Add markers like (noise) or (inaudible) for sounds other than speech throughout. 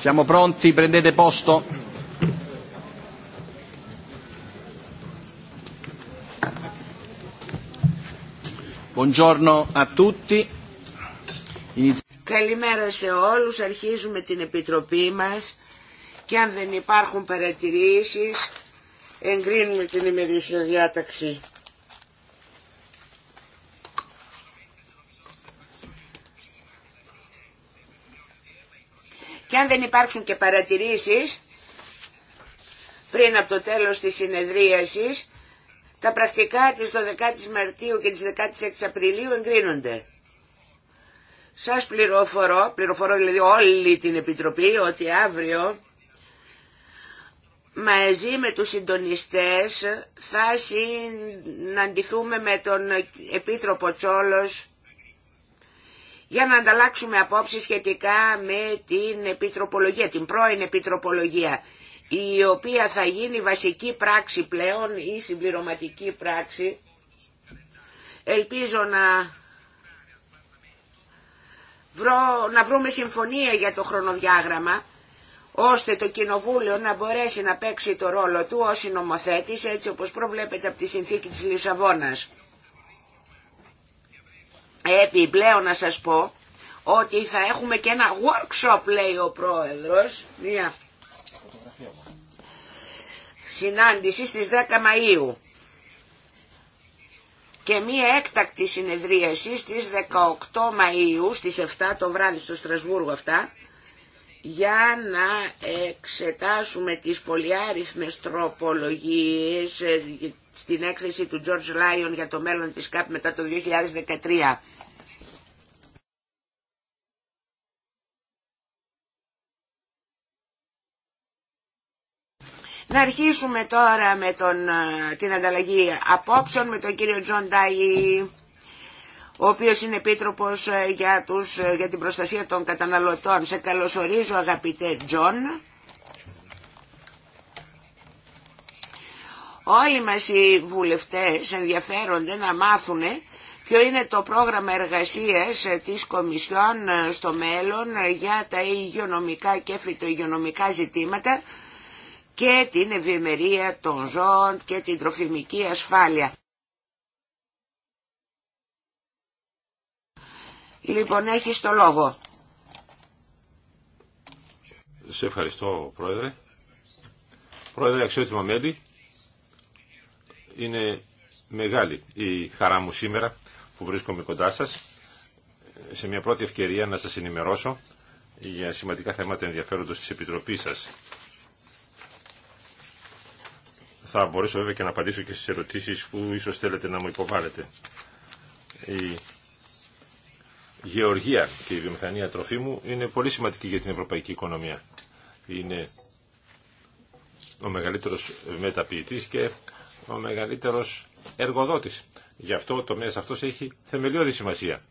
Siamo pronti? Prendete posto. Buongiorno Καλημέρα σε όλους. Αρχίζουμε την Επιτροπή μας και αν δεν υπάρχουν παρατηρήσεις εγκρίνουμε την ημερήσια διάταξη. Αν δεν υπάρξουν και παρατηρήσεις πριν από το τέλος της συνεδρίασης, τα πρακτικά της 12ης Μαρτίου και της 16ης Απριλίου εγκρίνονται. Σας πληροφορώ, πληροφορώ δηλαδή όλη την Επιτροπή, ότι αύριο μαζί με τους συντονιστές θα συναντηθούμε με τον Επίτροπο Τσόλος για να ανταλλάξουμε απόψεις σχετικά με την επιτροπολογία, την πρώην επιτροπολογία, η οποία θα γίνει βασική πράξη πλέον ή συμπληρωματική πράξη. Ελπίζω να, βρω, να βρούμε συμφωνία για το χρονοδιάγραμμα, ώστε το Κοινοβούλιο να μπορέσει να παίξει το ρόλο του ως νομοθέτηση, έτσι όπως προβλέπεται από τη Συνθήκη της Λισαβόνας. Επιπλέον να σας πω ότι θα έχουμε και ένα workshop λέει ο πρόεδρος, μια συνάντηση στις 10 Μαΐου και μία έκτακτη συνεδρίαση στις 18 Μαΐου, στις 7 το βράδυ στο Στρασβούργο αυτά, για να εξετάσουμε τις πολυάριθμες τροπολογίες ε, στην έκθεση του George Lyon για το μέλλον της ΚΑΠ μετά το 2013. Να αρχίσουμε τώρα με ε, την ανταλλαγή απόψεων με τον κύριο Τζον Ντάι, ο οποίος είναι επίτροπος ε, για, τους, ε, για την προστασία των καταναλωτών. Σε καλωσορίζω αγαπητέ Τζον. Όλοι μας οι βουλευτές ενδιαφέρονται να μάθουν ποιο είναι το πρόγραμμα εργασίας της Κομισιόν στο μέλλον για τα υγειονομικά και φυτοϊγειονομικά ζητήματα και την ευημερία των ζώων και την τροφιμική ασφάλεια. Λοιπόν, έχεις το λόγο. Σε ευχαριστώ, Πρόεδρε. Πρόεδρε, αξιότιμα μέλη, είναι μεγάλη η χαρά μου σήμερα που βρίσκομαι κοντά σας σε μια πρώτη ευκαιρία να σας ενημερώσω για σημαντικά θέματα ενδιαφέροντος της Επιτροπής σας. Θα μπορέσω βέβαια και να απαντήσω και στις ερωτήσεις που ίσως θέλετε να μου υποβάλλετε. Η γεωργία και η βιομηχανία τροφίμου είναι πολύ σημαντική για την ευρωπαϊκή οικονομία. Είναι ο μεγαλύτερος μεταποιητής και ο μεγαλύτερος εργοδότης. Γι' αυτό το τομέας αυτός έχει θεμελιώδη σημασία.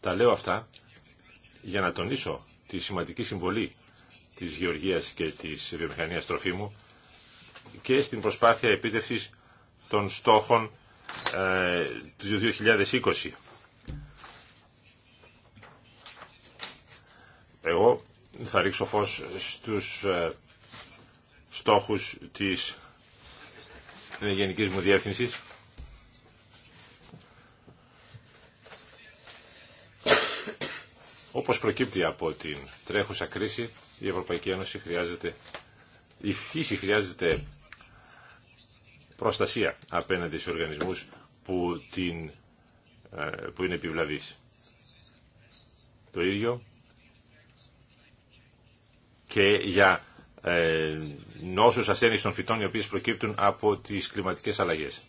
Τα λέω αυτά για να τονίσω τη σημαντική συμβολή της γεωργίας και της βιομηχανίας τροφίμου και στην προσπάθεια επίτευξης των στόχων ε, του 2020. Εγώ θα ρίξω φως στους ε, στόχους της Γενικής μου Διεύθυνσης. Όπως προκύπτει από την τρέχουσα κρίση, η Ευρωπαϊκή Ένωση χρειάζεται, η φύση χρειάζεται προστασία απέναντι στους οργανισμούς που, την, ε, που είναι επιβλαβείς. Το ίδιο και για ε, νόσους ασθένειες των φυτών οι οποίες προκύπτουν από τις κλιματικές αλλαγές.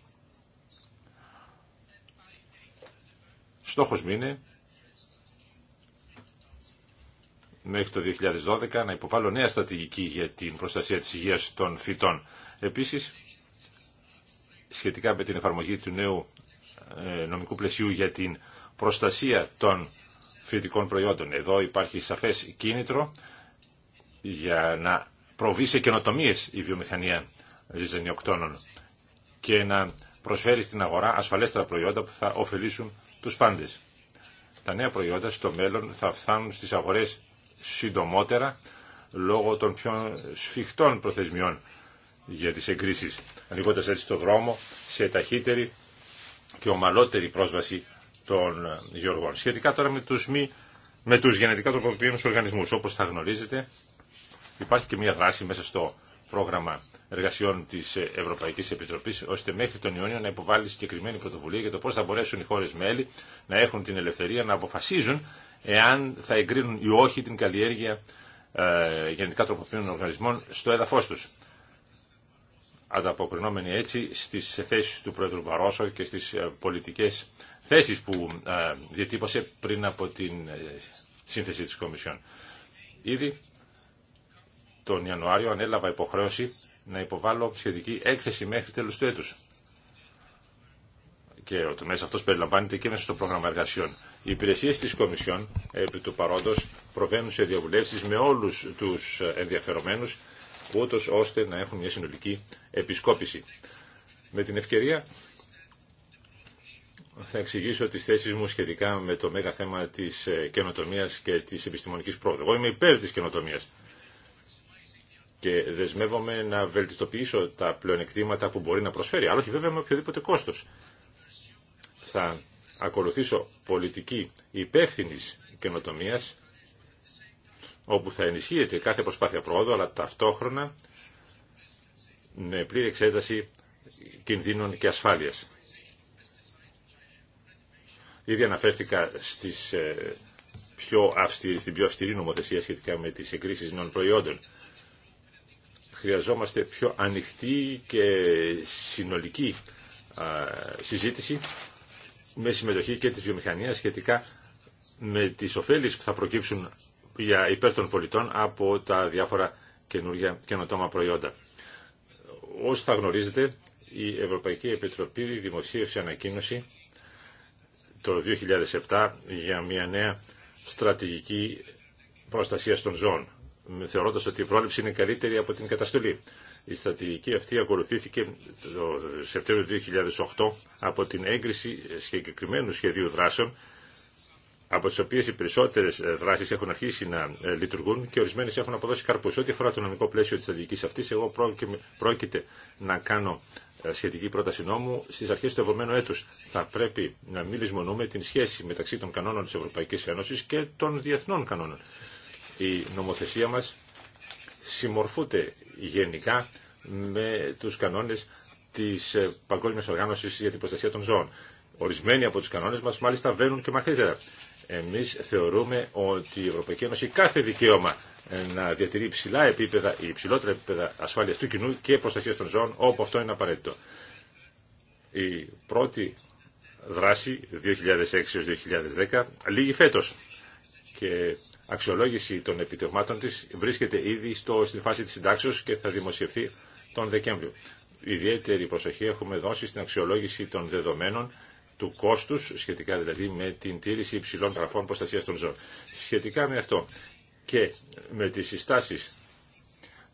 Στόχος μου είναι μέχρι το 2012 να υποβάλω νέα στρατηγική για την προστασία της υγείας των φυτών. Επίσης, σχετικά με την εφαρμογή του νέου ε, νομικού πλαισίου για την προστασία των φυτικών προϊόντων. Εδώ υπάρχει σαφές κίνητρο για να προβεί σε καινοτομίε η βιομηχανία ζυζανιοκτώνων και να προσφέρει στην αγορά ασφαλέστερα προϊόντα που θα ωφελήσουν του πάντε. Τα νέα προϊόντα στο μέλλον θα φθάνουν στι αγορέ συντομότερα λόγω των πιο σφιχτών προθεσμιών για τις εγκρίσεις, ανοίγοντα έτσι το δρόμο σε ταχύτερη και ομαλότερη πρόσβαση των γεωργών. Σχετικά τώρα με τους, μη, με τους γενετικά τροποποιημένους οργανισμούς, όπως θα γνωρίζετε, υπάρχει και μια δράση μέσα στο πρόγραμμα εργασιών τη Ευρωπαϊκή Επιτροπή, ώστε μέχρι τον Ιούνιο να υποβάλει συγκεκριμένη πρωτοβουλία για το πώ θα μπορέσουν οι χώρε μέλη να έχουν την ελευθερία να αποφασίζουν εάν θα εγκρίνουν ή όχι την καλλιέργεια ε, γενετικά τροποποιημένων οργανισμών στο έδαφο του. Ανταποκρινόμενοι έτσι στι θέσει του Πρόεδρου Βαρόσο και στι ε, πολιτικέ θέσει που ε, διατύπωσε πριν από την ε, σύνθεση τη Κομισιόν. Ήδη τον Ιανουάριο ανέλαβα υποχρέωση να υποβάλω σχετική έκθεση μέχρι τέλους του έτους. Και ο τομέας αυτός περιλαμβάνεται και μέσα στο πρόγραμμα εργασιών. Οι υπηρεσίες της Κομισιόν, επί του παρόντος, προβαίνουν σε διαβουλεύσεις με όλους τους ενδιαφερομένους, ούτως ώστε να έχουν μια συνολική επισκόπηση. Με την ευκαιρία θα εξηγήσω τις θέσεις μου σχετικά με το μέγα θέμα της καινοτομίας και της επιστημονικής πρόοδου. Εγώ είμαι υπέρ της καινοτομίας και δεσμεύομαι να βελτιστοποιήσω τα πλεονεκτήματα που μπορεί να προσφέρει, αλλά και βέβαια με οποιοδήποτε κόστος. Θα ακολουθήσω πολιτική υπεύθυνη καινοτομία, όπου θα ενισχύεται κάθε προσπάθεια πρόοδου, αλλά ταυτόχρονα με πλήρη εξέταση κινδύνων και ασφάλειας. Ήδη αναφέρθηκα στις ε, πιο αυστηρή, στην πιο αυστηρή νομοθεσία σχετικά με τις εγκρίσεις νέων προϊόντων. Χρειαζόμαστε πιο ανοιχτή και συνολική συζήτηση με συμμετοχή και της βιομηχανίας σχετικά με τις ωφέλειες που θα προκύψουν για υπέρ των πολιτών από τα διάφορα καινούργια καινοτόμα προϊόντα. Όσο θα γνωρίζετε, η Ευρωπαϊκή Επιτροπή δημοσίευσε ανακοίνωση το 2007 για μια νέα στρατηγική προστασία των ζώων θεωρώντα ότι η πρόληψη είναι καλύτερη από την καταστολή. Η στρατηγική αυτή ακολουθήθηκε το Σεπτέμβριο 2008 από την έγκριση συγκεκριμένου σχεδίου δράσεων, από τι οποίε οι περισσότερε δράσει έχουν αρχίσει να ε, λειτουργούν και ορισμένε έχουν αποδώσει καρπούς. Ό,τι αφορά το νομικό πλαίσιο τη στρατηγικής αυτή, εγώ πρόκειται να κάνω ε, σχετική πρόταση νόμου στι αρχέ του επόμενου έτου. Θα πρέπει να μην λησμονούμε την σχέση μεταξύ των κανόνων τη Ευρωπαϊκή Ένωση και των διεθνών κανόνων η νομοθεσία μας συμμορφούται γενικά με τους κανόνες της ε, Παγκόσμιας Οργάνωσης για την Προστασία των Ζώων. Ορισμένοι από τους κανόνες μας μάλιστα βαίνουν και μακρύτερα. Εμείς θεωρούμε ότι η Ευρωπαϊκή Ένωση κάθε δικαίωμα ε, να διατηρεί υψηλά επίπεδα ή υψηλότερα επίπεδα ασφάλειας του κοινού και προστασίας των ζώων όπου αυτό είναι απαραίτητο. Η πρώτη δράση 2006-2010 λύγει φέτος και αξιολόγηση των επιτευγμάτων της βρίσκεται ήδη στο, στη φάση της συντάξεως και θα δημοσιευθεί τον Δεκέμβριο. Ιδιαίτερη προσοχή έχουμε δώσει στην αξιολόγηση των δεδομένων του κόστους, σχετικά δηλαδή με την τήρηση υψηλών γραφών προστασία των ζώων. Σχετικά με αυτό και με τις συστάσεις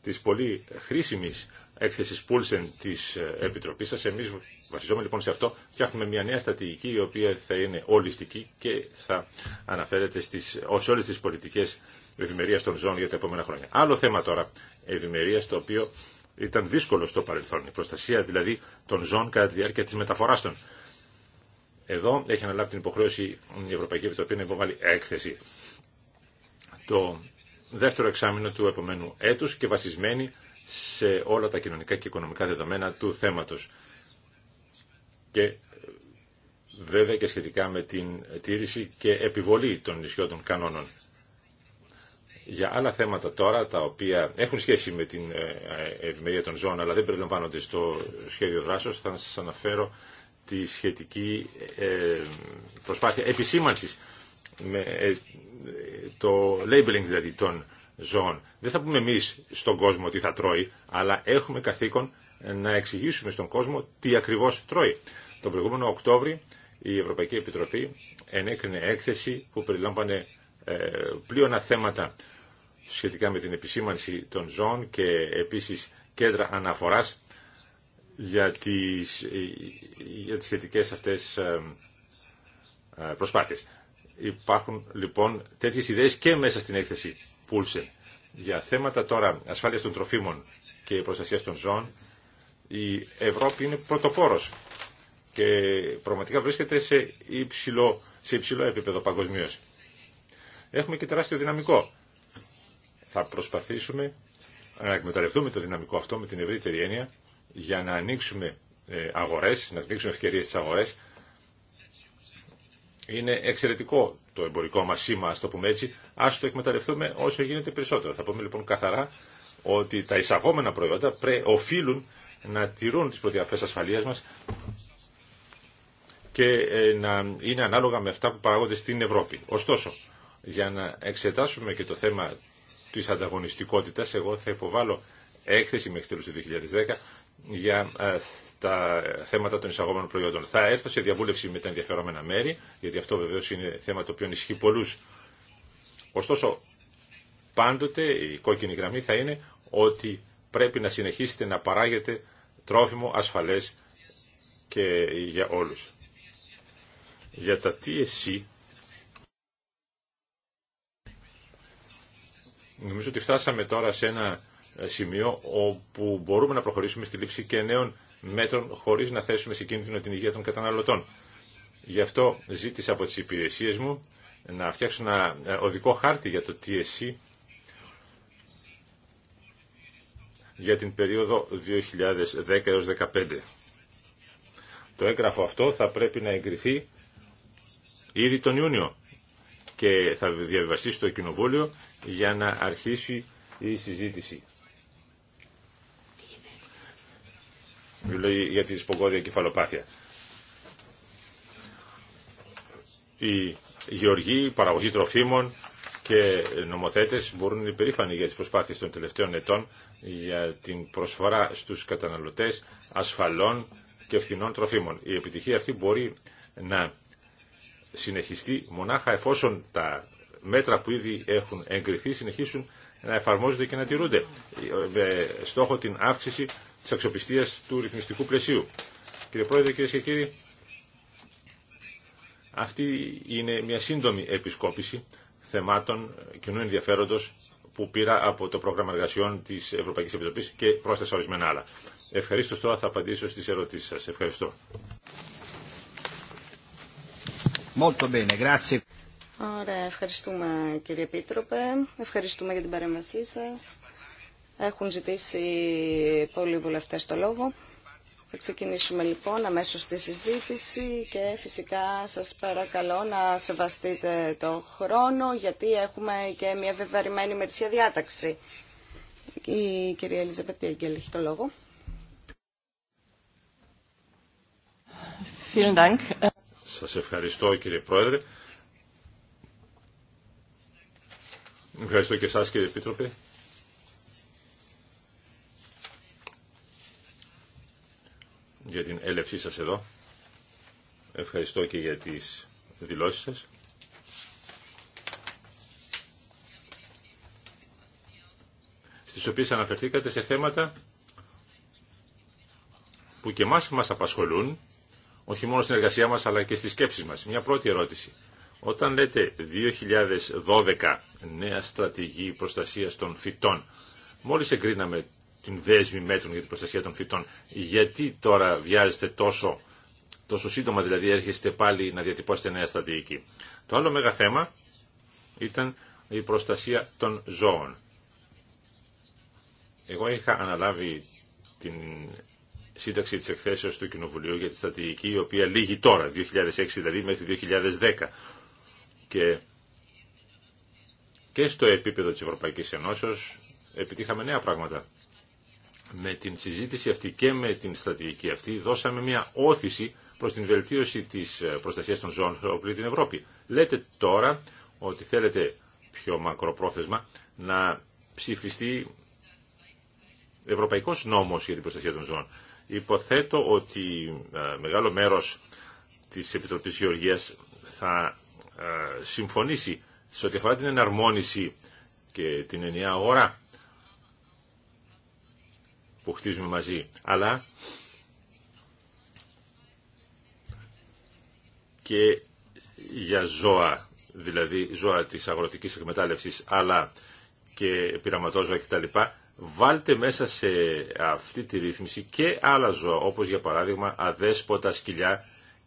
της πολύ χρήσιμης Έκθεση Πούλσεν τη ε, επιτροπή σα. Εμεί βασιζόμενοι λοιπόν σε αυτό φτιάχνουμε μια νέα στρατηγική η οποία θα είναι ολιστική και θα αναφέρεται στις, ως όλες τις πολιτικές ευημερία των ζώων για τα επόμενα χρόνια. Άλλο θέμα τώρα ευημερία το οποίο ήταν δύσκολο στο παρελθόν. Η προστασία δηλαδή των ζώων κατά τη διάρκεια τη μεταφορά των. Εδώ έχει αναλάβει την υποχρέωση η Ευρωπαϊκή Επιτροπή να υποβάλει έκθεση το δεύτερο εξάμεινο του επομένου έτους και βασισμένη σε όλα τα κοινωνικά και οικονομικά δεδομένα του θέματος. Και βέβαια και σχετικά με την τήρηση και επιβολή των νησιώτων κανόνων. Για άλλα θέματα τώρα, τα οποία έχουν σχέση με την ευημερία ε, των ζώων, αλλά δεν περιλαμβάνονται στο σχέδιο δράσεως, θα σας αναφέρω τη σχετική ε, προσπάθεια επισήμανσης, με ε, το labeling δηλαδή των δεν θα πούμε εμείς στον κόσμο τι θα τρώει, αλλά έχουμε καθήκον να εξηγήσουμε στον κόσμο τι ακριβώς τρώει. Τον προηγούμενο Οκτώβρη η Ευρωπαϊκή Επιτροπή ενέκρινε έκθεση που περιλάμβανε ε, πλήωνα θέματα σχετικά με την επισήμανση των ζώων και επίσης κέντρα αναφοράς για τις, για τις σχετικές αυτές ε, ε, προσπάθειες. Υπάρχουν λοιπόν τέτοιες ιδέες και μέσα στην έκθεση για θέματα τώρα ασφάλειας των τροφίμων και προστασίας των ζώων, η Ευρώπη είναι πρωτοπόρος και πραγματικά βρίσκεται σε υψηλό, επίπεδο παγκοσμίω. Έχουμε και τεράστιο δυναμικό. Θα προσπαθήσουμε να εκμεταλλευτούμε το δυναμικό αυτό με την ευρύτερη έννοια για να ανοίξουμε ε, αγορές, να ανοίξουμε ευκαιρίες στις αγορές. Είναι εξαιρετικό το εμπορικό μα σήμα, α το πούμε έτσι, α το εκμεταλλευτούμε όσο γίνεται περισσότερο. Θα πούμε λοιπόν καθαρά ότι τα εισαγόμενα προϊόντα πρέ, οφείλουν να τηρούν τις προδιαφέ ασφαλείας μας και ε, να είναι ανάλογα με αυτά που παράγονται στην Ευρώπη. Ωστόσο, για να εξετάσουμε και το θέμα της ανταγωνιστικότητας, εγώ θα υποβάλω έκθεση μέχρι τέλος του 2010 για ε, τα θέματα των εισαγόμενων προϊόντων. Θα έρθω σε διαβούλευση με τα ενδιαφερόμενα μέρη, γιατί αυτό βεβαίω είναι θέμα το οποίο ενισχύει πολλού. Ωστόσο, πάντοτε η κόκκινη γραμμή θα είναι ότι πρέπει να συνεχίσετε να παράγετε τρόφιμο ασφαλές και για όλους. Για τα TSC, νομίζω ότι φτάσαμε τώρα σε ένα σημείο όπου μπορούμε να προχωρήσουμε στη λήψη και νέων μέτρων χωρίς να θέσουμε σε κίνδυνο την υγεία των καταναλωτών. Γι' αυτό ζήτησα από τι υπηρεσίε μου να φτιάξω ένα ε, οδικό χάρτη για το TSC για την περίοδο 2010 2015. Το έγγραφο αυτό θα πρέπει να εγκριθεί ήδη τον Ιούνιο και θα διαβιβαστεί στο Κοινοβούλιο για να αρχίσει η συζήτηση. για τη σπογγόδια κεφαλοπάθεια. Οι γεωργοί, παραγωγή τροφίμων και νομοθέτες μπορούν να υπερήφανοι για τις προσπάθειες των τελευταίων ετών για την προσφορά στους καταναλωτές ασφαλών και φθηνών τροφίμων. Η επιτυχία αυτή μπορεί να συνεχιστεί μονάχα εφόσον τα μέτρα που ήδη έχουν εγκριθεί συνεχίσουν να εφαρμόζονται και να τηρούνται ε, στόχο την αύξηση Τη αξιοπιστία του ρυθμιστικού πλαισίου. Κύριε Πρόεδρε, κύριε και κύριοι, αυτή είναι μια σύντομη επισκόπηση θεμάτων κοινού ενδιαφέροντος που πήρα από το πρόγραμμα εργασιών της Ευρωπαϊκής Επιτροπή και πρόσθεσα ορισμένα άλλα. Ευχαρίστω τώρα θα απαντήσω στις ερωτήσεις σας. Ευχαριστώ. Ωραία, ευχαριστούμε κύριε Επίτροπε. Ευχαριστούμε για την παρέμβασή σας. Έχουν ζητήσει πολλοί βουλευτέ το λόγο. Θα ξεκινήσουμε λοιπόν αμέσως τη συζήτηση και φυσικά σας παρακαλώ να σεβαστείτε το χρόνο γιατί έχουμε και μια βεβαρημένη μερισιά διάταξη. Η κυρία Ελίζαπετ Αγγέλ έχει το λόγο. Σας ευχαριστώ κύριε Πρόεδρε. Ευχαριστώ και εσάς κύριε Επίτροπε για την έλευσή σας εδώ. Ευχαριστώ και για τις δηλώσεις σας. Στις οποίες αναφερθήκατε σε θέματα που και μας μας απασχολούν, όχι μόνο στην εργασία μας αλλά και στις σκέψεις μας. Μια πρώτη ερώτηση. Όταν λέτε 2012 νέα στρατηγή προστασίας των φυτών, μόλις εγκρίναμε την δέσμη μέτρων για την προστασία των φυτών. Γιατί τώρα βιάζεστε τόσο, τόσο σύντομα, δηλαδή έρχεστε πάλι να διατυπώσετε νέα στρατηγική. Το άλλο μεγάλο θέμα ήταν η προστασία των ζώων. Εγώ είχα αναλάβει την σύνταξη της εκθέσεως του Κοινοβουλίου για τη στρατηγική, η οποία λύγει τώρα, 2006 δηλαδή μέχρι 2010. Και, και στο επίπεδο της Ευρωπαϊκής Ενώσεως επιτύχαμε νέα πράγματα με την συζήτηση αυτή και με την στρατηγική αυτή δώσαμε μια όθηση προς την βελτίωση της ε, προστασίας των ζώων σε όλη την Ευρώπη. Λέτε τώρα ότι θέλετε πιο μακροπρόθεσμα να ψηφιστεί ευρωπαϊκός νόμος για την προστασία των ζώων. Υποθέτω ότι ε, μεγάλο μέρος της Επιτροπής Γεωργίας θα ε, συμφωνήσει σε ό,τι αφορά την εναρμόνιση και την ενιαία αγορά που χτίζουμε μαζί. Αλλά και για ζώα, δηλαδή ζώα της αγροτικής εκμετάλλευσης, αλλά και πειραματόζωα κτλ. Βάλτε μέσα σε αυτή τη ρύθμιση και άλλα ζώα, όπως για παράδειγμα αδέσποτα σκυλιά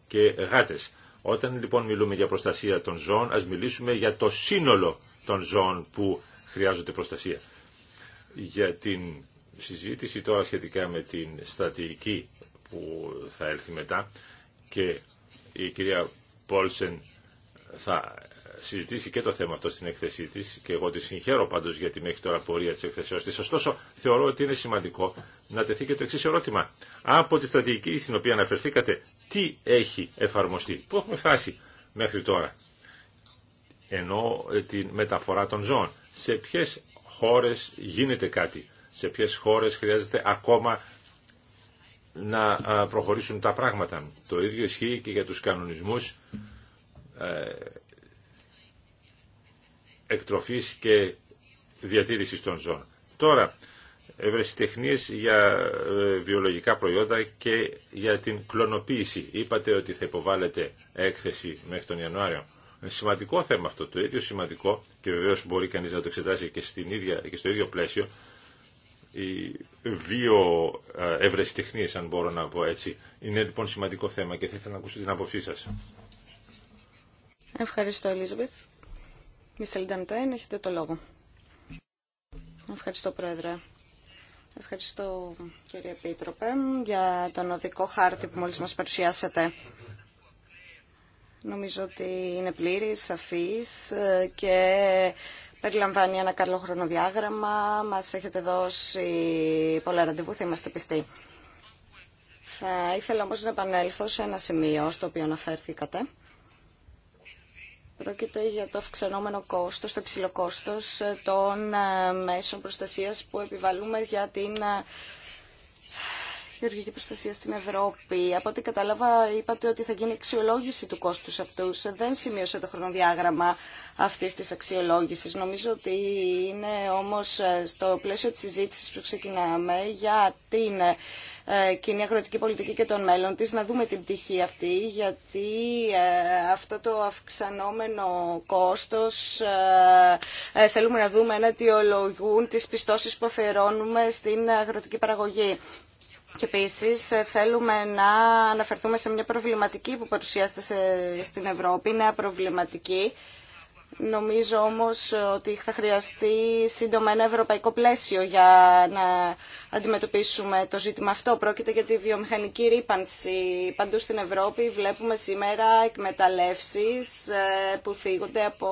και γάτες. Όταν λοιπόν μιλούμε για προστασία των ζώων, ας μιλήσουμε για το σύνολο των ζώων που χρειάζονται προστασία. Για την συζήτηση τώρα σχετικά με την στρατηγική που θα έρθει μετά και η κυρία Πόλσεν θα συζητήσει και το θέμα αυτό στην έκθεσή της και εγώ τη συγχαίρω πάντως για τη μέχρι τώρα πορεία της εκθεσεώς της. Ωστόσο θεωρώ ότι είναι σημαντικό να τεθεί και το εξής ερώτημα. Από τη στρατηγική στην οποία αναφερθήκατε τι έχει εφαρμοστεί, πού έχουμε φτάσει μέχρι τώρα ενώ τη μεταφορά των ζώων. Σε ποιες χώρες γίνεται κάτι σε ποιες χώρες χρειάζεται ακόμα να προχωρήσουν τα πράγματα. Το ίδιο ισχύει και για τους κανονισμούς ε, εκτροφής και διατήρησης των ζώων. Τώρα, ευρεσιτεχνίες για ε, βιολογικά προϊόντα και για την κλωνοποίηση. Είπατε ότι θα υποβάλλετε έκθεση μέχρι τον Ιανουάριο. Ε, σημαντικό θέμα αυτό, το ίδιο σημαντικό και βεβαίως μπορεί κανείς να το εξετάσει και, στην ίδια, και στο ίδιο πλαίσιο οι δύο ε, ευρεσιτεχνίε, αν μπορώ να πω έτσι. Είναι λοιπόν σημαντικό θέμα και θα ήθελα να ακούσω την άποψή σας. Ευχαριστώ, Ελίζαμπεθ. Μισελ Νταντέν, έχετε το λόγο. Ευχαριστώ, Πρόεδρε. Ευχαριστώ, κύριε Επίτροπε, για τον οδικό χάρτη που μόλις μας παρουσιάσατε. Νομίζω ότι είναι πλήρης, σαφής ε, και περιλαμβάνει ένα καλό χρονοδιάγραμμα, μας έχετε δώσει πολλά ραντεβού, θα είμαστε πιστοί. Θα ήθελα όμως να επανέλθω σε ένα σημείο στο οποίο αναφέρθηκατε. Πρόκειται για το αυξανόμενο κόστος, το υψηλό κόστος των ε, μέσων προστασίας που επιβαλούμε για την ε, χειρουργική προστασία στην Ευρώπη. Από ό,τι κατάλαβα είπατε ότι θα γίνει αξιολόγηση του κόστου αυτού. Δεν σημείωσε το χρονοδιάγραμμα αυτή τη αξιολόγηση. Νομίζω ότι είναι όμω ε, στο πλαίσιο τη συζήτηση που ξεκινάμε για την ε, κοινή αγροτική πολιτική και των μέλλον τη να δούμε την πτυχή αυτή, γιατί ε, αυτό το αυξανόμενο κόστο θέλουμε να δούμε να αιτιολογούν τι πιστώσει που αφαιρώνουμε στην αγροτική παραγωγή. Και επίση ε, θέλουμε να αναφερθούμε σε μια προβληματική που παρουσιάζεται στην Ευρώπη, νέα προβληματική. Νομίζω όμως ότι θα χρειαστεί σύντομα ένα ευρωπαϊκό πλαίσιο για να αντιμετωπίσουμε το ζήτημα αυτό. Πρόκειται για τη βιομηχανική ρήπανση. Παντού στην Ευρώπη βλέπουμε σήμερα εκμεταλλεύσεις ε, που φύγονται από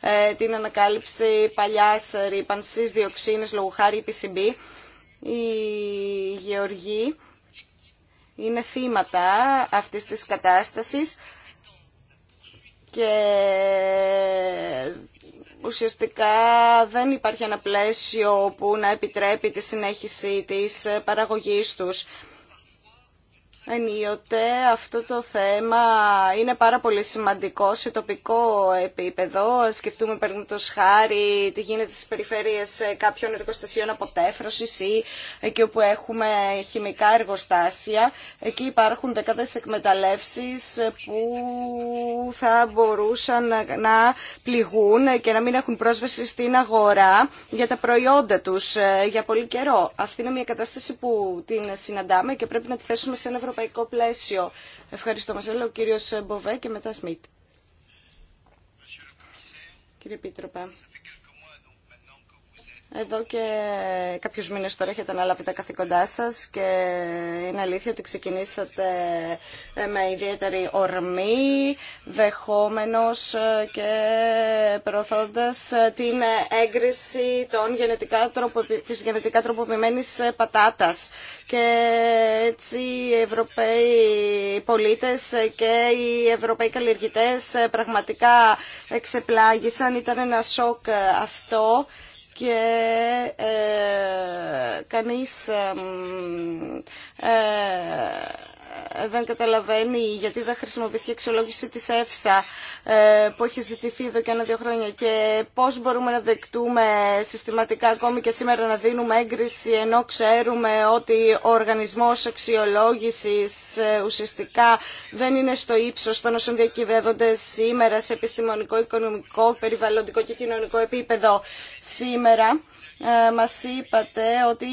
ε, την ανακάλυψη παλιάς ρήπανσης, διοξίνες, χάρη, PCB οι γεωργοί είναι θύματα αυτής της κατάστασης και ουσιαστικά δεν υπάρχει ένα πλαίσιο που να επιτρέπει τη συνέχιση της παραγωγής τους. Ενίοτε αυτό το θέμα είναι πάρα πολύ σημαντικό σε τοπικό επίπεδο. Σκεφτούμε το χάρη τι γίνεται στις περιφέρειες κάποιων εργοστασίων αποτέφρωση ή εκεί όπου έχουμε χημικά εργοστάσια. Εκεί υπάρχουν δεκάδες εκμεταλλεύσεις που θα μπορούσαν να πληγούν και να μην έχουν πρόσβαση στην αγορά για τα προϊόντα τους ε, για πολύ καιρό. Αυτή είναι μια κατάσταση που την συναντάμε και πρέπει να τη θέσουμε σε ένα ευρωπαϊκό ευρωπαϊκό πλαίσιο. Ευχαριστώ μας. Λέω ο κύριος Μποβέ και μετά Σμιτ. Κύριε Πίτροπε, εδώ και κάποιου μήνε τώρα έχετε αναλάβει τα καθήκοντά σα και είναι αλήθεια ότι ξεκινήσατε ε, με ιδιαίτερη ορμή, δεχόμενο ε, και προωθώντα ε, την έγκριση των γενετικά, τροπο, της γενετικά τροποποιημένης πατάτας. Και έτσι οι Ευρωπαίοι πολίτες και οι Ευρωπαίοι καλλιεργητέ πραγματικά εξεπλάγησαν. Ήταν ένα σοκ αυτό και ε, κανείς ε, ε, ε, δεν καταλαβαίνει γιατί δεν χρησιμοποιήθηκε η αξιολόγηση της ΕΦΣΑ ε, που έχει ζητηθεί εδώ και ένα-δύο χρόνια και πώς μπορούμε να δεκτούμε συστηματικά ακόμη και σήμερα να δίνουμε έγκριση ενώ ξέρουμε ότι ο οργανισμός αξιολόγησης ε, ουσιαστικά δεν είναι στο ύψος των όσων διακυβεύονται σήμερα σε επιστημονικό, οικονομικό, περιβαλλοντικό και κοινωνικό επίπεδο σήμερα. Ε, μας είπατε ότι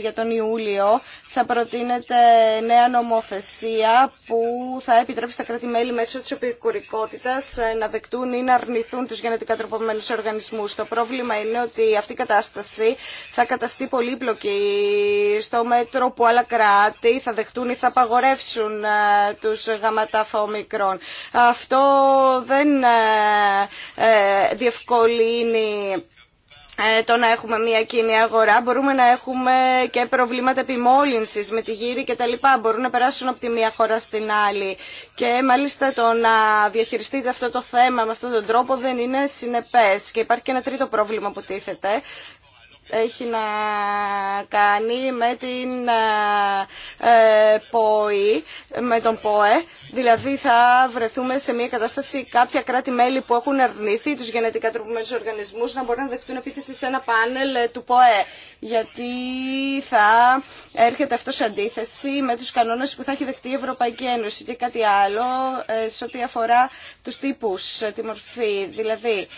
για τον Ιούλιο θα προτείνετε νέα νομοθεσία που θα επιτρέψει στα κράτη-μέλη μέσω της επικουρικότητας ε, να δεκτούν ή να αρνηθούν τους γενετικά τροποποιημένους οργανισμούς. Το πρόβλημα είναι ότι αυτή η κατάσταση θα καταστεί πολύπλοκη στο μέτρο που άλλα κράτη θα δεχτούν ή θα απαγορεύσουν ε, τους γενετικα τροπομενους οργανισμους το προβλημα ειναι οτι αυτη η ομικρών. Αυτό δεν διευκολύνει ε, το να έχουμε μια κοινή αγορά. Μπορούμε να έχουμε και προβλήματα επιμόλυνσης με τη γύρη και τα λοιπά. Μπορούν να περάσουν από τη μία χώρα στην άλλη. Και μάλιστα το να διαχειριστείτε αυτό το θέμα με αυτόν τον τρόπο δεν είναι συνεπές. Και υπάρχει και ένα τρίτο πρόβλημα που τίθεται έχει να κάνει με την ε, ε με τον ΠΟΕ. Δηλαδή θα βρεθούμε σε μια κατάσταση κάποια κράτη-μέλη που έχουν αρνηθεί τους γενετικά τροπομένους οργανισμούς να μπορούν να δεχτούν επίθεση σε ένα πάνελ ε, του ΠΟΕ. Γιατί θα έρχεται αυτό σε αντίθεση με τους κανόνες που θα έχει δεχτεί η Ευρωπαϊκή Ένωση και κάτι άλλο ε, σε ό,τι αφορά τους τύπους, τη μορφή. Δηλαδή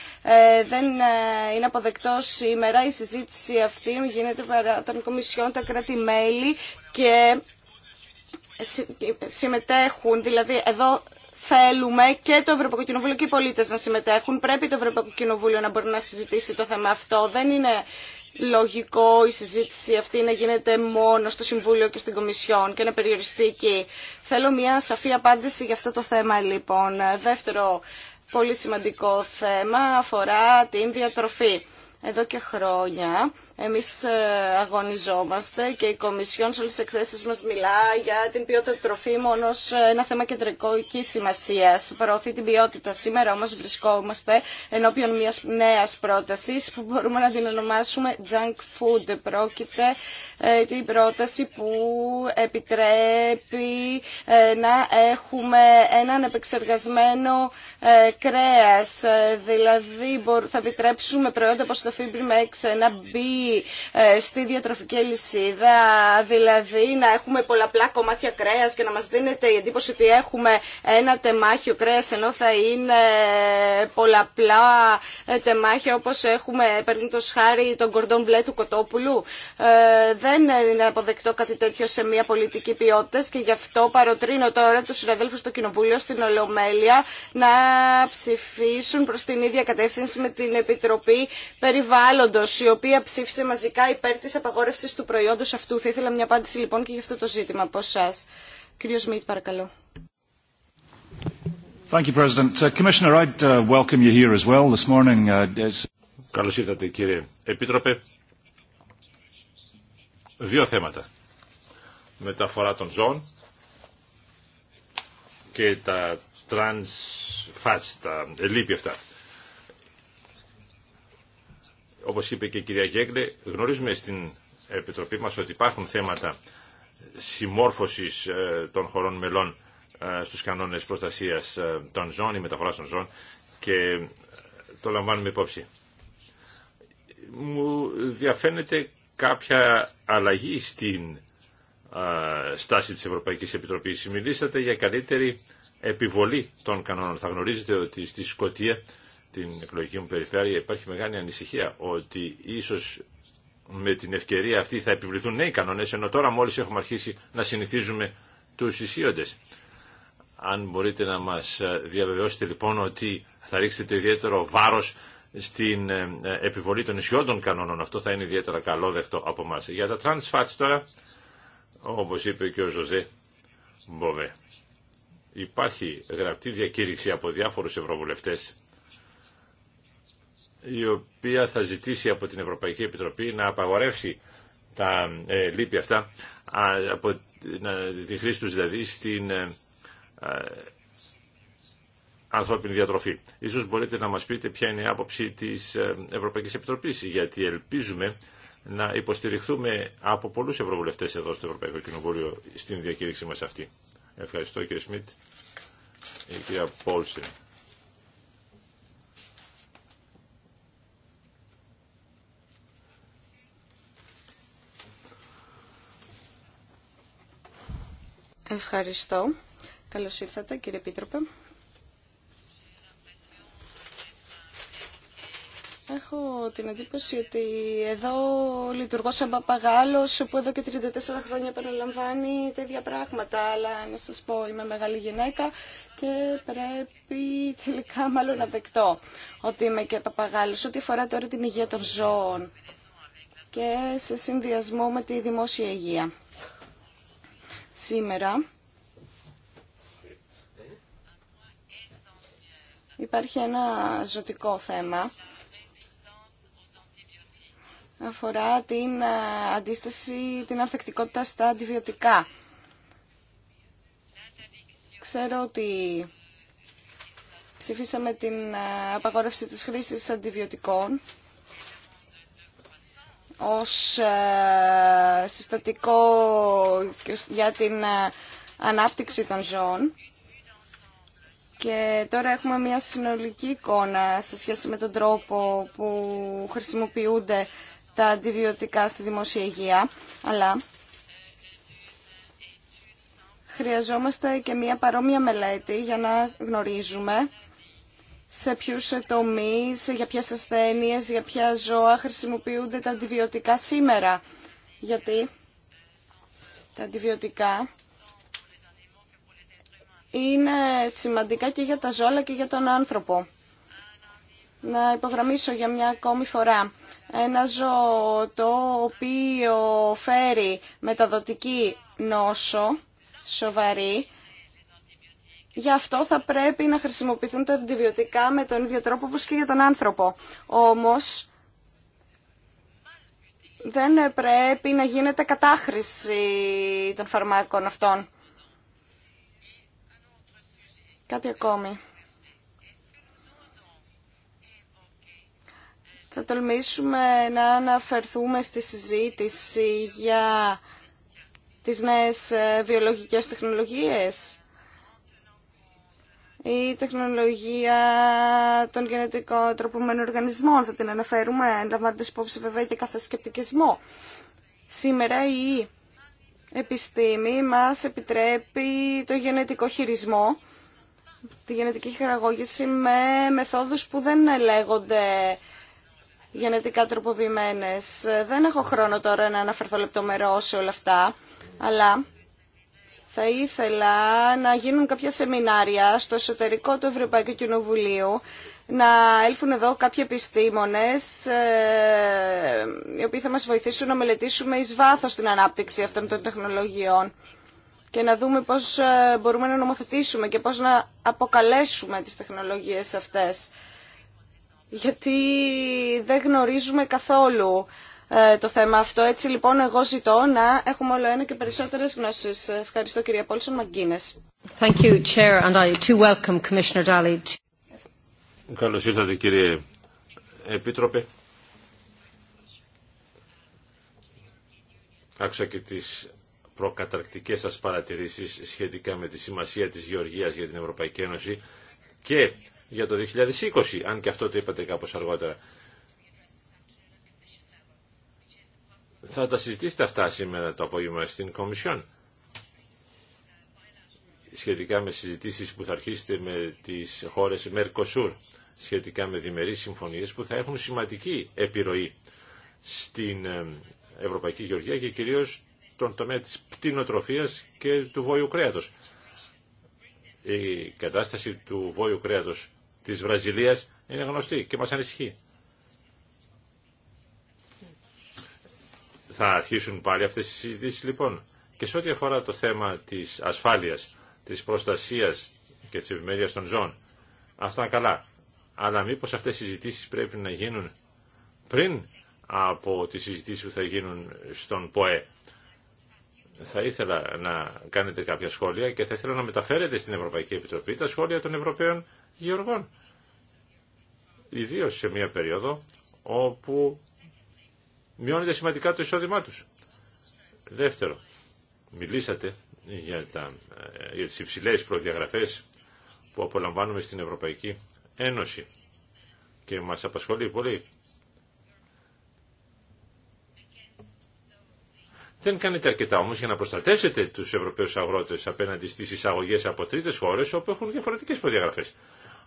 δεν είναι αποδεκτό σήμερα η συζήτηση συζήτηση αυτή γίνεται παρά των Κομισιών, τα κράτη-μέλη και συμμετέχουν. Δηλαδή εδώ θέλουμε και το Ευρωπαϊκό Κοινοβούλιο και οι πολίτες να συμμετέχουν. Πρέπει το Ευρωπαϊκό Κοινοβούλιο να μπορεί να συζητήσει το θέμα αυτό. Δεν είναι λογικό η συζήτηση αυτή να γίνεται μόνο στο Συμβούλιο και στην Κομισιόν και να περιοριστεί εκεί. Θέλω μια σαφή απάντηση για αυτό το θέμα λοιπόν. Δεύτερο πολύ σημαντικό θέμα αφορά την διατροφή εδώ και χρόνια εμείς ε, αγωνιζόμαστε και η Κομισιόν σε όλες τις εκθέσεις μας μιλά για την ποιότητα μόνο σε ένα θέμα κεντρικής σημασίας. Προωθεί την ποιότητα. Σήμερα όμως βρισκόμαστε ενώπιον μιας νέας πρότασης που μπορούμε να την ονομάσουμε junk food. Πρόκειται ε, την πρόταση που επιτρέπει ε, να έχουμε έναν επεξεργασμένο κρέας. Δηλαδή θα επιτρέψουμε προϊόντα όπως το Fibrimex να μπει ε, στη διατροφική αλυσίδα, δηλαδή να έχουμε πολλαπλά κομμάτια κρέας και να μας δίνεται η εντύπωση ότι έχουμε ένα τεμάχιο κρέας ενώ θα είναι πολλαπλά ε, τεμάχια όπως έχουμε παίρνει το τον κορδόν μπλε του κοτόπουλου. Ε, δεν είναι αποδεκτό κάτι τέτοιο σε μια πολιτική ποιότητα και γι' αυτό παροτρύνω τώρα τους συναδέλφους στο Κοινοβούλιο στην Ολομέλεια να ψηφίσουν προς την ίδια κατεύθυνση με την Επιτροπή Περιβάλλοντος η οποία ψήφισε σε μαζικά υπέρ τη απαγόρευση του προϊόντος αυτού. Θα ήθελα μια απάντηση λοιπόν και για αυτό το ζήτημα από εσά. Κύριο Σμιτ, παρακαλώ. Uh, uh, uh, Καλώ ήρθατε κύριε Επίτροπε. Δύο θέματα. Μεταφορά των ζώων και τα trans τα ε, αυτά. Όπω είπε και η κυρία Γέγλε, γνωρίζουμε στην Επιτροπή μας ότι υπάρχουν θέματα συμμόρφωσης ε, των χωρών μελών ε, στους κανόνες προστασίας ε, των ζώων ή μεταφορά των και το λαμβάνουμε υπόψη. Μου διαφαίνεται κάποια αλλαγή στην στάση της Ευρωπαϊκής Επιτροπής. Μιλήσατε για καλύτερη επιβολή των κανόνων. Θα γνωρίζετε ότι στη Σκωτία την εκλογική μου περιφέρεια υπάρχει μεγάλη ανησυχία ότι ίσως με την ευκαιρία αυτή θα επιβληθούν νέοι κανόνες ενώ τώρα μόλις έχουμε αρχίσει να συνηθίζουμε τους ισίοντες. Αν μπορείτε να μας διαβεβαιώσετε λοιπόν ότι θα ρίξετε ιδιαίτερο βάρος στην ε, επιβολή των ισχυρων κανόνων. Αυτό θα είναι ιδιαίτερα καλό δεκτό από εμά. Για τα trans τώρα, όπως είπε και ο Ζωζέ Μποβέ, υπάρχει γραπτή διακήρυξη από διάφορους ευρωβουλευτές η οποία θα ζητήσει από την Ευρωπαϊκή Επιτροπή να απαγορεύσει τα ε, λύπη αυτά από ε, τη χρήση τους δηλαδή στην ε, ε, ανθρώπινη διατροφή. Ίσως μπορείτε να μας πείτε ποια είναι η άποψη της Ευρωπαϊκής Επιτροπής γιατί ελπίζουμε να υποστηριχθούμε από πολλούς ευρωβουλευτές εδώ στο Ευρωπαϊκό Κοινοβούλιο στην διακήρυξη μας αυτή. Ευχαριστώ κύριε Σμιτ. Η κυρία Πόλσεν. Ευχαριστώ. Καλώς ήρθατε κύριε Επίτροπε. Έχω την εντύπωση ότι εδώ λειτουργώ σαν παπαγάλος που εδώ και 34 χρόνια επαναλαμβάνει τέτοια πράγματα. Αλλά να σας πω, είμαι μεγάλη γυναίκα και πρέπει τελικά μάλλον να δεκτώ ότι είμαι και παπαγάλος. Ό,τι αφορά τώρα την υγεία των ζώων και σε συνδυασμό με τη δημόσια υγεία. Σήμερα υπάρχει ένα ζωτικό θέμα αφορά την ε, αντίσταση, την ανθεκτικότητα στα αντιβιωτικά. Ξέρω ότι ψηφίσαμε την ε, απαγόρευση της χρήσης αντιβιωτικών ως ε, συστατικό για την ε, ανάπτυξη των ζώων. Και τώρα έχουμε μια συνολική εικόνα σε σχέση με τον τρόπο που χρησιμοποιούνται τα αντιβιωτικά στη δημόσια υγεία, αλλά χρειαζόμαστε και μια παρόμοια μελέτη για να γνωρίζουμε σε ποιους τομείς, για ποιες ασθένειες, για ποια ζώα χρησιμοποιούνται τα αντιβιωτικά σήμερα. Γιατί τα αντιβιωτικά είναι σημαντικά και για τα ζώα αλλά και για τον άνθρωπο. Να υπογραμμίσω για μια ακόμη φορά. Ένα ζώο το οποίο φέρει μεταδοτική νόσο, σοβαρή, Γι' αυτό θα πρέπει να χρησιμοποιηθούν τα αντιβιωτικά με τον ίδιο τρόπο όπως και για τον άνθρωπο. Όμως δεν πρέπει να γίνεται κατάχρηση των φαρμάκων αυτών. Κάτι ακόμη. Θα τολμήσουμε να αναφερθούμε στη συζήτηση για τις νέες βιολογικές τεχνολογίες η τεχνολογία των γενετικών τροπομενων οργανισμών, θα την αναφέρουμε, λαμβάνοντας υπόψη βέβαια και κάθε σκεπτικισμό. Σήμερα η επιστήμη μας επιτρέπει το γενετικό χειρισμό, τη γενετική χειραγώγηση με μεθόδους που δεν λέγονται γενετικά τροποποιημένες. Δεν έχω χρόνο τώρα να αναφερθώ λεπτομερώς σε όλα αυτά, αλλά θα ήθελα να γίνουν κάποια σεμινάρια στο εσωτερικό του Ευρωπαϊκού Κοινοβουλίου, να έλθουν εδώ κάποιοι επιστήμονες ε, οι οποίοι θα μας βοηθήσουν να μελετήσουμε εις βάθος την ανάπτυξη αυτών των τεχνολογιών και να δούμε πώς ε, μπορούμε να νομοθετήσουμε και πώς να αποκαλέσουμε τις τεχνολογίες αυτές. Γιατί δεν γνωρίζουμε καθόλου ε, το θέμα αυτό. Έτσι λοιπόν εγώ ζητώ να έχουμε όλο ένα και περισσότερες γνώσεις. Ευχαριστώ κυρία Πόλσον Μαγκίνες. Thank Καλώς ήρθατε κύριε Επίτροπε. Άκουσα και τις προκαταρκτικές σας παρατηρήσεις σχετικά με τη σημασία της Γεωργίας για την Ευρωπαϊκή Ένωση και για το 2020, αν και αυτό το είπατε κάπως αργότερα. θα τα συζητήσετε αυτά σήμερα το απόγευμα στην Κομισιόν σχετικά με συζητήσεις που θα αρχίσετε με τις χώρες Mercosur σχετικά με διμερείς συμφωνίες που θα έχουν σημαντική επιρροή στην ε, Ευρωπαϊκή Γεωργία και κυρίως τον τομέα της πτηνοτροφίας και του βόλου κρέατος. Η κατάσταση του βόλου κρέατος της Βραζιλίας είναι γνωστή και μας ανησυχεί. Θα αρχίσουν πάλι αυτές οι συζητήσεις λοιπόν. Και σε ό,τι αφορά το θέμα της ασφάλειας, της προστασίας και της ευημερίας των ζώων, αυτά είναι καλά. Αλλά μήπως αυτές οι συζητήσεις πρέπει να γίνουν πριν από τις συζητήσεις που θα γίνουν στον ΠΟΕ. Θα ήθελα να κάνετε κάποια σχόλια και θα ήθελα να μεταφέρετε στην Ευρωπαϊκή Επιτροπή τα σχόλια των Ευρωπαίων Γεωργών. Ιδίω σε μια περίοδο όπου μειώνεται σημαντικά το εισόδημά τους. Δεύτερο, μιλήσατε για, τα, ε, για τις υψηλές προδιαγραφές που απολαμβάνουμε στην Ευρωπαϊκή Ένωση και μας απασχολεί πολύ. Δεν κάνετε αρκετά όμως για να προστατεύσετε τους Ευρωπαίους αγρότες απέναντι στις εισαγωγές από τρίτες χώρες όπου έχουν διαφορετικές προδιαγραφές.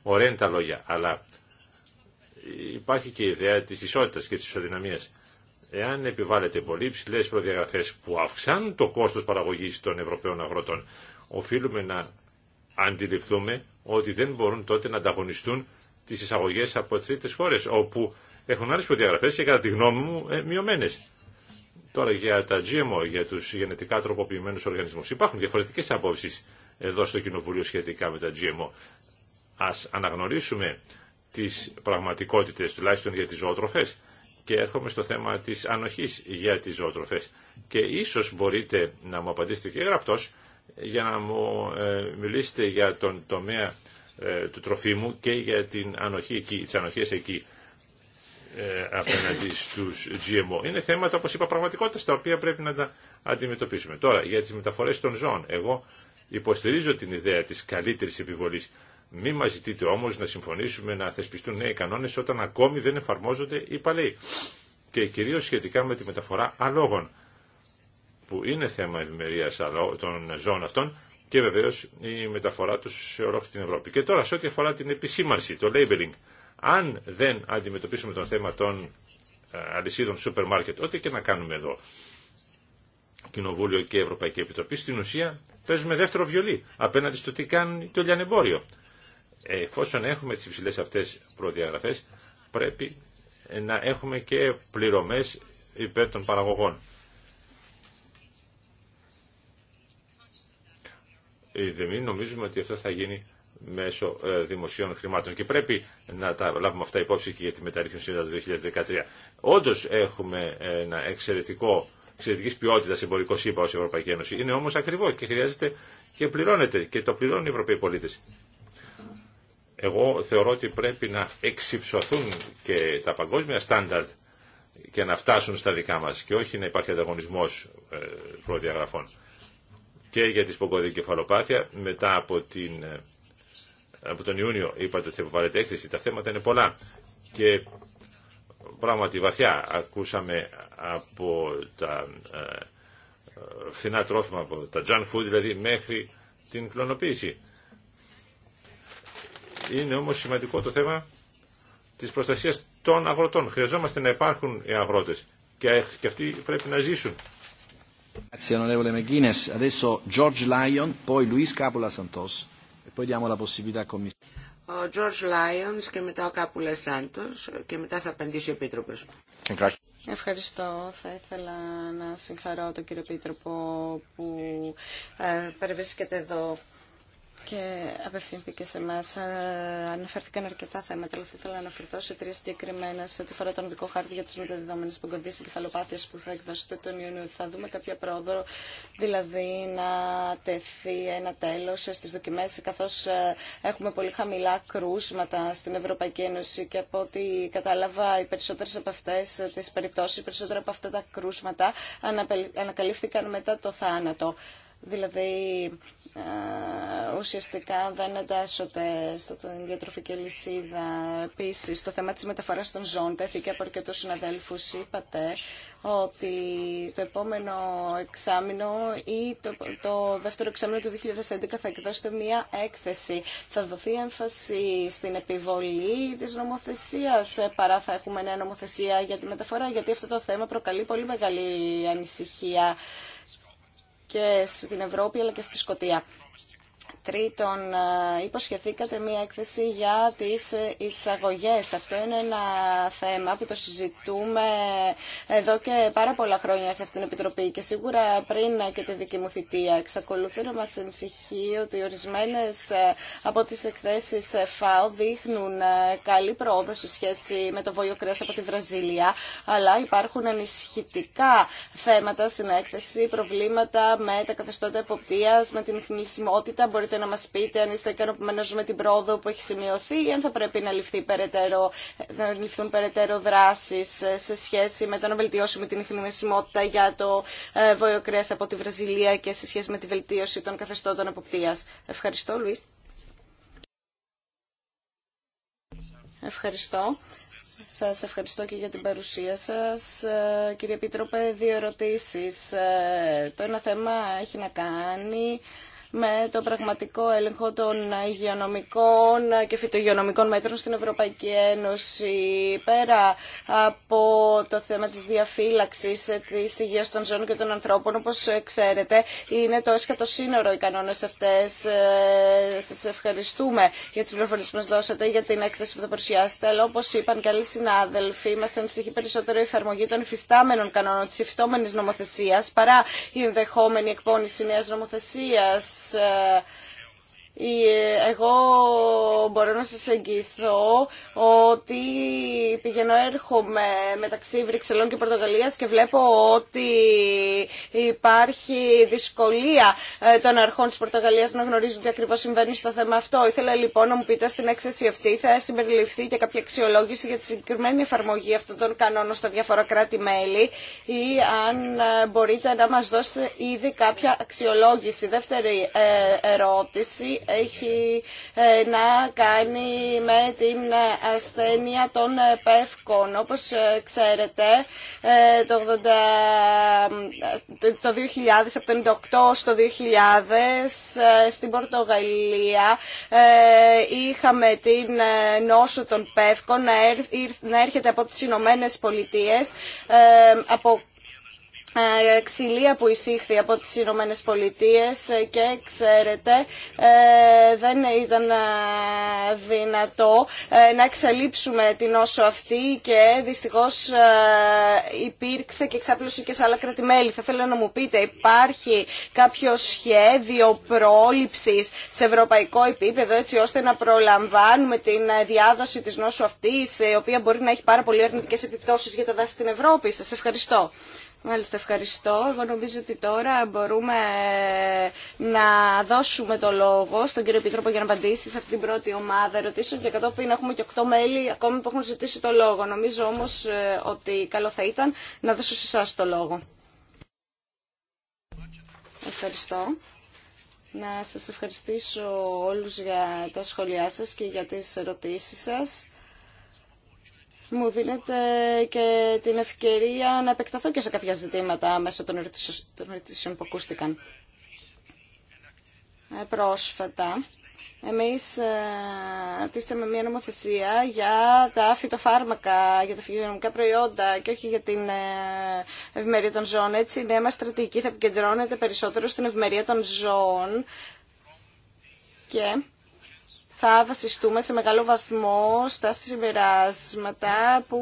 Ωραία είναι τα λόγια, αλλά υπάρχει και η ιδέα της ισότητας και της ισοδυναμίας. Εάν επιβάλλεται πολύ ψηλέ προδιαγραφέ που αυξάνουν το κόστο παραγωγή των Ευρωπαίων αγροτών, οφείλουμε να αντιληφθούμε ότι δεν μπορούν τότε να ανταγωνιστούν τι εισαγωγέ από τρίτε χώρε, όπου έχουν άλλε προδιαγραφέ και κατά τη γνώμη μου ε, μειωμένε. Τώρα για τα GMO, για του γενετικά τροποποιημένου οργανισμού. Υπάρχουν διαφορετικέ απόψει εδώ στο Κοινοβούλιο σχετικά με τα GMO. Α αναγνωρίσουμε τι πραγματικότητε, τουλάχιστον για τι ζωοτροφέ. Και έρχομαι στο θέμα της ανοχής για τις ζωοτροφές. Και ίσως μπορείτε να μου απαντήσετε και γραπτός για να μου ε, μιλήσετε για τον τομέα ε, του τροφίμου και για την ανοχή εκεί, τις ανοχές εκεί ε, απέναντι στους GMO. Είναι θέματα, όπως είπα, πραγματικότητα τα οποία πρέπει να τα αντιμετωπίσουμε. Τώρα, για τις μεταφορές των ζώων. Εγώ υποστηρίζω την ιδέα της καλύτερης επιβολής μην μα ζητείτε όμω να συμφωνήσουμε να θεσπιστούν νέοι κανόνε όταν ακόμη δεν εφαρμόζονται οι παλαιοί. Και κυρίω σχετικά με τη μεταφορά αλόγων, που είναι θέμα ευημερία των ζώων αυτών και βεβαίω η μεταφορά του σε ολόκληρη την Ευρώπη. Και τώρα σε ό,τι αφορά την επισήμανση, το labeling, αν δεν αντιμετωπίσουμε το θέμα των ε, αλυσίδων σούπερ μάρκετ, ό,τι και να κάνουμε εδώ, Κοινοβούλιο και Ευρωπαϊκή Επιτροπή, στην ουσία παίζουμε δεύτερο βιολί απέναντι στο τι κάνει το λιανεμπόριο εφόσον έχουμε τις υψηλές αυτές προδιαγραφές, πρέπει να έχουμε και πληρωμές υπέρ των παραγωγών. Δεν νομίζουμε ότι αυτό θα γίνει μέσω ε, δημοσίων χρημάτων και πρέπει να τα λάβουμε αυτά υπόψη και για τη μεταρρύθμιση του 2013. Όντω έχουμε ένα εξαιρετικό εξαιρετική ποιότητα εμπορικό ΣΥΠΑ ω Ευρωπαϊκή Ένωση. Είναι όμω ακριβό και χρειάζεται και πληρώνεται και το πληρώνουν οι Ευρωπαίοι πολίτε. Εγώ θεωρώ ότι πρέπει να εξυψωθούν και τα παγκόσμια στάνταρτ και να φτάσουν στα δικά μας και όχι να υπάρχει ανταγωνισμός ε, προδιαγραφών. Και για τη σπογκώδη κεφαλοπάθεια, μετά από, την, ε, από τον Ιούνιο είπατε ότι θα έκθεση, τα θέματα είναι πολλά και πράγματι βαθιά ακούσαμε από τα ε, φθηνά τρόφιμα, από τα junk food δηλαδή μέχρι την κλωνοποίηση. Είναι όμως σημαντικό το θέμα της προστασίας των αγροτών. Χρειαζόμαστε να υπάρχουν οι αγρότες και, και αυτοί πρέπει να ζήσουν. Grazie onorevole McGuinness. Adesso George Lyon, poi Luis Santos e poi diamo la possibilità a Commissione. Ο George Lyons και μετά ο Κάπουλα Σάντο, και μετά θα απαντήσει ο Επίτροπο. Ευχαριστώ. Θα ήθελα να συγχαρώ τον κύριο Επίτροπο που ε, παρευρίσκεται εδώ και απευθύνθηκε σε εμά. Ε, αναφέρθηκαν αρκετά θέματα, αλλά θα ήθελα να αναφερθώ σε τρία συγκεκριμένα σε ό,τι αφορά τον οδικό χάρτη για τι μεταδεδομένε και κεφαλοπάθειε που θα εκδώσετε τον Ιούνιο. Θα δούμε κάποια πρόοδο, δηλαδή να τεθεί ένα τέλο στι δοκιμέ, καθώ ε, έχουμε πολύ χαμηλά κρούσματα στην Ευρωπαϊκή Ένωση και από ό,τι κατάλαβα, οι περισσότερε από αυτέ ε, τι περιπτώσει, περισσότερα από αυτά τα κρούσματα ανακαλύφθηκαν μετά το θάνατο. Δηλαδή, ε, ουσιαστικά δεν εντάσσονται στο διατροφική λυσίδα. Επίση, το θέμα τη μεταφορά των ζώων τέθηκε από αρκετού συναδέλφου. Είπατε ότι το επόμενο εξάμεινο ή το, δεύτερο εξάμεινο του 2011 θα εκδώσετε μία έκθεση. Θα δοθεί έμφαση στην επιβολή της νομοθεσίας ε, παρά θα έχουμε νέα νομοθεσία για τη μεταφορά, γιατί αυτό το θέμα προκαλεί πολύ μεγάλη ανησυχία και στην Ευρώπη αλλά και στη Σκωτία. Τρίτον, ε, υποσχεθήκατε μία έκθεση για τις ε, εισαγωγές. Αυτό είναι ένα θέμα που το συζητούμε εδώ και πάρα πολλά χρόνια σε αυτήν την Επιτροπή και σίγουρα πριν και τη δική μου θητεία. Εξακολουθεί να μας ενσυχεί ότι ορισμένες ε, από τις εκθέσεις ΦΑΟ δείχνουν καλή πρόοδο σε σχέση με το βόλιο κρέας από τη Βραζιλία, αλλά υπάρχουν ανησυχητικά θέματα στην έκθεση, προβλήματα με τα καθεστώτα εποπτείας, με την χνησιμότητα μπορείτε να μα πείτε αν είστε ικανοποιημένο με την πρόοδο που έχει σημειωθεί ή αν θα πρέπει να, ληφθεί περαιτέρω, να ληφθούν περαιτέρω δράσεις σε σχέση με το να βελτιώσουμε την ειχνημεσιμότητα για το ε, βόλιο κρέα από τη Βραζιλία και σε σχέση με τη βελτίωση των καθεστώτων αποκτία. Ευχαριστώ, Λουίς. Ευχαριστώ. Σας ευχαριστώ και για την παρουσία σας. Ε, κύριε Επίτροπε, δύο ερωτήσεις. Ε, το ένα θέμα έχει να κάνει με το πραγματικό έλεγχο των υγειονομικών και φυτογειονομικών μέτρων στην Ευρωπαϊκή Ένωση. Πέρα από το θέμα της διαφύλαξης της υγείας των ζώων και των ανθρώπων, όπως ξέρετε, είναι το έσχατο σύνορο οι κανόνες αυτές. Ε, σας ευχαριστούμε για τις πληροφορίες που μας δώσατε, για την έκθεση που θα παρουσιάσετε, αλλά όπως είπαν και άλλοι συνάδελφοι, μας ανησυχεί περισσότερο η εφαρμογή των υφιστάμενων κανόνων της υφιστόμενη νομοθεσίας παρά η ενδεχόμενη εκπόνηση νέας νομοθεσίας Σα ε, εγώ μπορώ να σας εγγυηθώ ότι πηγαίνω έρχομαι μεταξύ Βρυξελών και Πορτογαλίας και βλέπω ότι υπάρχει δυσκολία ε, των αρχών της Πορτογαλίας να γνωρίζουν τι ακριβώς συμβαίνει στο θέμα αυτό. Ήθελα λοιπόν να μου πείτε στην έκθεση αυτή θα συμπεριληφθεί και κάποια αξιολόγηση για τη συγκεκριμένη εφαρμογή αυτών των κανόνων στα διάφορα κράτη-μέλη ή αν ε, μπορείτε να μας δώσετε ήδη κάποια αξιολόγηση. Δεύτερη ε, ερώτηση έχει ε, να κάνει με την ασθένεια των ε, πεύκων. Όπως ε, ξέρετε, το, 80, το 2000, από το στο 2000, στην Πορτογαλία είχαμε την νόσο των πεύκων να έρχεται από τις Ηνωμένε Πολιτείες, από ε, ξυλία που εισήχθη από τις Ηνωμένε Πολιτείε, ε, και ξέρετε ε, δεν ήταν δυνατό να εξαλείψουμε την όσο αυτή και δυστυχώς υπήρξε και εξάπλωση και σε άλλα κρατημέλη. Θα θέλω να μου πείτε υπάρχει κάποιο σχέδιο πρόληψης σε ευρωπαϊκό επίπεδο έτσι ώστε να προλαμβάνουμε την διάδοση της νόσου αυτής η οποία μπορεί να έχει πάρα πολύ αρνητικές επιπτώσεις για τα δάση στην Ευρώπη. Σας ευχαριστώ. Μάλιστα, ευχαριστώ. Εγώ νομίζω ότι τώρα μπορούμε να δώσουμε το λόγο στον κύριο Επίτροπο για να απαντήσει σε αυτή την πρώτη ομάδα ερωτήσεων και κατόπιν έχουμε και οκτώ μέλη ακόμη που έχουν ζητήσει το λόγο. Νομίζω όμως ε, ότι καλό θα ήταν να δώσω σε εσά το λόγο. Ευχαριστώ. Να σας ευχαριστήσω όλους για τα σχόλιά σας και για τις ερωτήσεις σας μου δίνεται και την ευκαιρία να επεκταθώ και σε κάποια ζητήματα μέσω των ερωτήσεων που ακούστηκαν. Ε, πρόσφατα, εμείς ε, με μια νομοθεσία για τα φυτοφάρμακα, για τα φυτοφάρμακα προϊόντα και όχι για την ε, ευημερία των ζώων. Έτσι, η νέα μας στρατηγική θα επικεντρώνεται περισσότερο στην ευημερία των ζώων και θα βασιστούμε σε μεγάλο βαθμό στα συμπεράσματα που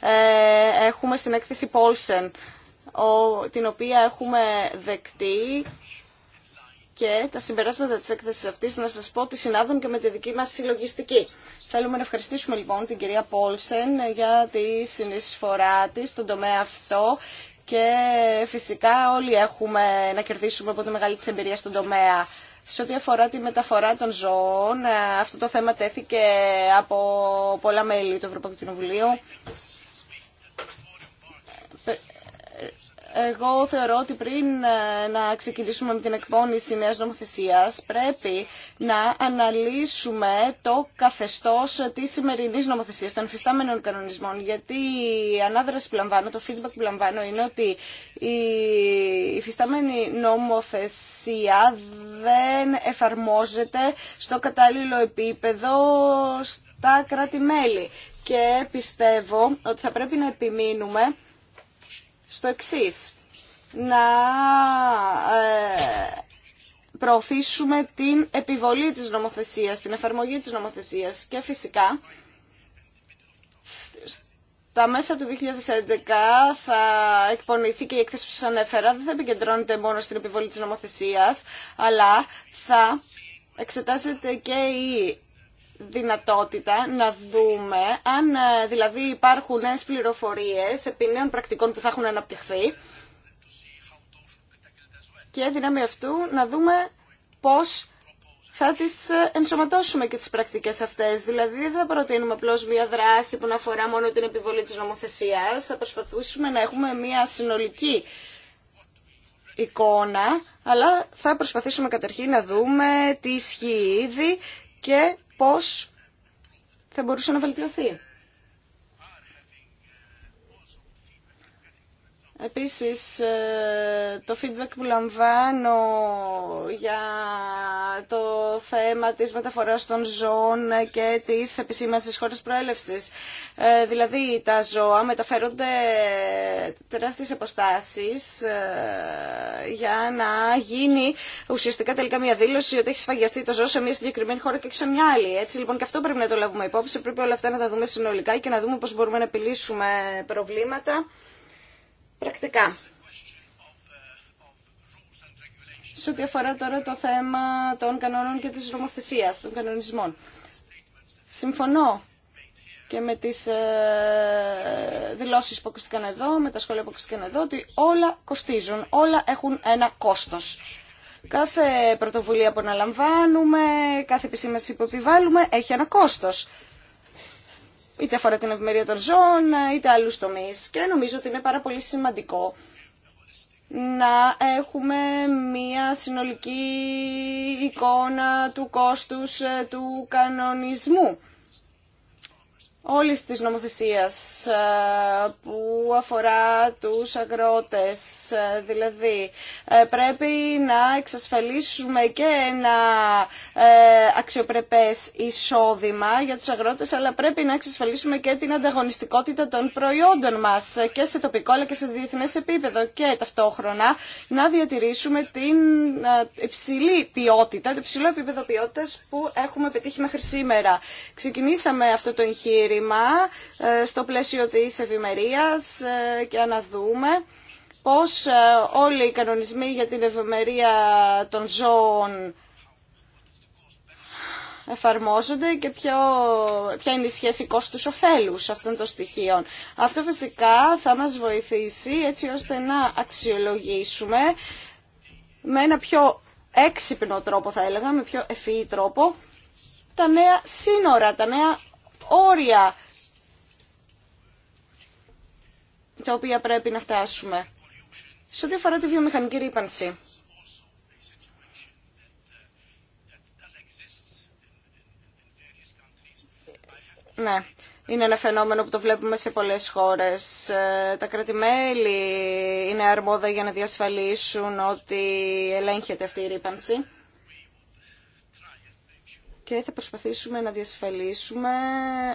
ε, έχουμε στην έκθεση Πόλσεν, την οποία έχουμε δεκτεί και τα συμπεράσματα της έκθεσης αυτής να σας πω ότι συνάδουν και με τη δική μας συλλογιστική. Θέλουμε να ευχαριστήσουμε λοιπόν την κυρία Πόλσεν για τη συνεισφορά της στον τομέα αυτό και φυσικά όλοι έχουμε να κερδίσουμε από τη μεγάλη της εμπειρία στον τομέα. Σε ό,τι αφορά τη μεταφορά των ζώων, ε, αυτό το θέμα τέθηκε από πολλά μέλη του Ευρωπαϊκού Κοινοβουλίου Εγώ θεωρώ ότι πριν ε, να ξεκινήσουμε με την εκπόνηση νέας νομοθεσίας πρέπει να αναλύσουμε το καθεστώς της σημερινής νομοθεσίας των φυστάμενων κανονισμών γιατί η ανάδραση που λαμβάνω, το feedback που λαμβάνω είναι ότι η φυστάμενη νομοθεσία δεν εφαρμόζεται στο κατάλληλο επίπεδο στα κράτη-μέλη και πιστεύω ότι θα πρέπει να επιμείνουμε στο εξή. Να ε, προωθήσουμε την επιβολή της νομοθεσίας, την εφαρμογή της νομοθεσίας και φυσικά τα μέσα του 2011 θα εκπονηθεί και η έκθεση που σας ανέφερα δεν θα επικεντρώνεται μόνο στην επιβολή της νομοθεσίας αλλά θα εξετάζεται και η δυνατότητα να δούμε αν ε, δηλαδή υπάρχουν νέε πληροφορίες επί νέων πρακτικών που θα έχουν αναπτυχθεί και δυνάμει αυτού να δούμε πώς θα τις ε, ενσωματώσουμε και τις πρακτικές αυτές. Δηλαδή δεν θα προτείνουμε απλώ μια δράση που να αφορά μόνο την επιβολή της νομοθεσίας. Θα προσπαθήσουμε να έχουμε μια συνολική εικόνα, αλλά θα προσπαθήσουμε καταρχήν να δούμε τι ισχύει ήδη και πώς θα μπορούσε να βελτιωθεί. Επίσης, ε, το feedback που λαμβάνω για το θέμα της μεταφοράς των ζώων και της επισήμανσης της χώρας προέλευσης. Ε, δηλαδή, τα ζώα μεταφέρονται τεράστιες αποστάσεις ε, για να γίνει ουσιαστικά τελικά μια δήλωση ότι έχει σφαγιαστεί το ζώο σε μια συγκεκριμένη χώρα και όχι σε μια άλλη. Έτσι, λοιπόν, και αυτό πρέπει να το λάβουμε υπόψη. Πρέπει όλα αυτά να τα δούμε συνολικά και να δούμε πώς μπορούμε να επιλύσουμε προβλήματα πρακτικά. Σε ό,τι αφορά τώρα το θέμα των κανόνων και της νομοθεσίας, των κανονισμών. Συμφωνώ και με τις ε, δηλώσεις που ακούστηκαν εδώ, με τα σχόλια που ακούστηκαν εδώ, ότι όλα κοστίζουν, όλα έχουν ένα κόστος. Κάθε πρωτοβουλία που αναλαμβάνουμε, κάθε επισήμαση που επιβάλλουμε έχει ένα κόστος είτε αφορά την ευημερία των ζώων, είτε άλλους τομείς. Και νομίζω ότι είναι πάρα πολύ σημαντικό να έχουμε μία συνολική εικόνα του κόστους ε, του κανονισμού όλης της νομοθεσίας ε, που αφορά τους αγρότες. Ε, δηλαδή ε, πρέπει να εξασφαλίσουμε και ένα αξιοπρεπές εισόδημα για τους αγρότες αλλά πρέπει να εξασφαλίσουμε και την ανταγωνιστικότητα των προϊόντων μας και σε τοπικό αλλά και σε διεθνές επίπεδο και ταυτόχρονα να διατηρήσουμε την υψηλή ποιότητα, το υψηλό επίπεδο ποιότητας που έχουμε πετύχει μέχρι σήμερα. Ξεκινήσαμε αυτό το εγχείρημα ε, στο πλαίσιο της ευημερίας ε, και αναδούμε πώς ε, όλοι οι κανονισμοί για την ευημερία των ζώων εφαρμόζονται και ποια είναι η σχέση κόστους κόστους-οφέλους αυτών των στοιχείων. Αυτό φυσικά θα μας βοηθήσει έτσι ώστε να αξιολογήσουμε με ένα πιο έξυπνο τρόπο θα έλεγα, με πιο ευφυή τρόπο, τα νέα σύνορα, τα νέα όρια τα οποία πρέπει να φτάσουμε. Σε ό,τι αφορά τη βιομηχανική ρήπανση. Ναι, είναι ένα φαινόμενο που το βλέπουμε σε πολλές χώρες. Τα κρατημέλη είναι αρμόδα για να διασφαλίσουν ότι ελέγχεται αυτή η ρήπανση και θα προσπαθήσουμε να διασφαλίσουμε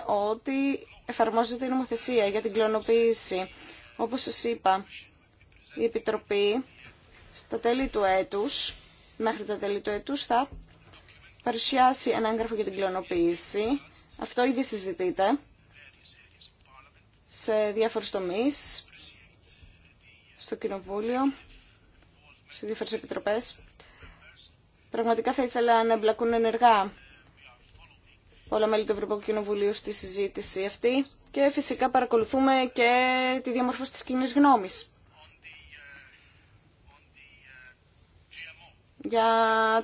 ότι εφαρμόζεται η νομοθεσία για την κλωνοποίηση. Όπως σας είπα, η Επιτροπή στα τέλη του έτους, μέχρι τα τέλη του έτους, θα παρουσιάσει ένα έγγραφο για την κλωνοποίηση. Αυτό ήδη συζητείται σε διάφορους τομείς, στο Κοινοβούλιο, σε διάφορες επιτροπές. Πραγματικά θα ήθελα να εμπλακούν ενεργά όλα μέλη του Ευρωπαϊκού Κοινοβουλίου στη συζήτηση αυτή και φυσικά παρακολουθούμε και τη διαμορφώση της κοινή γνώμης. για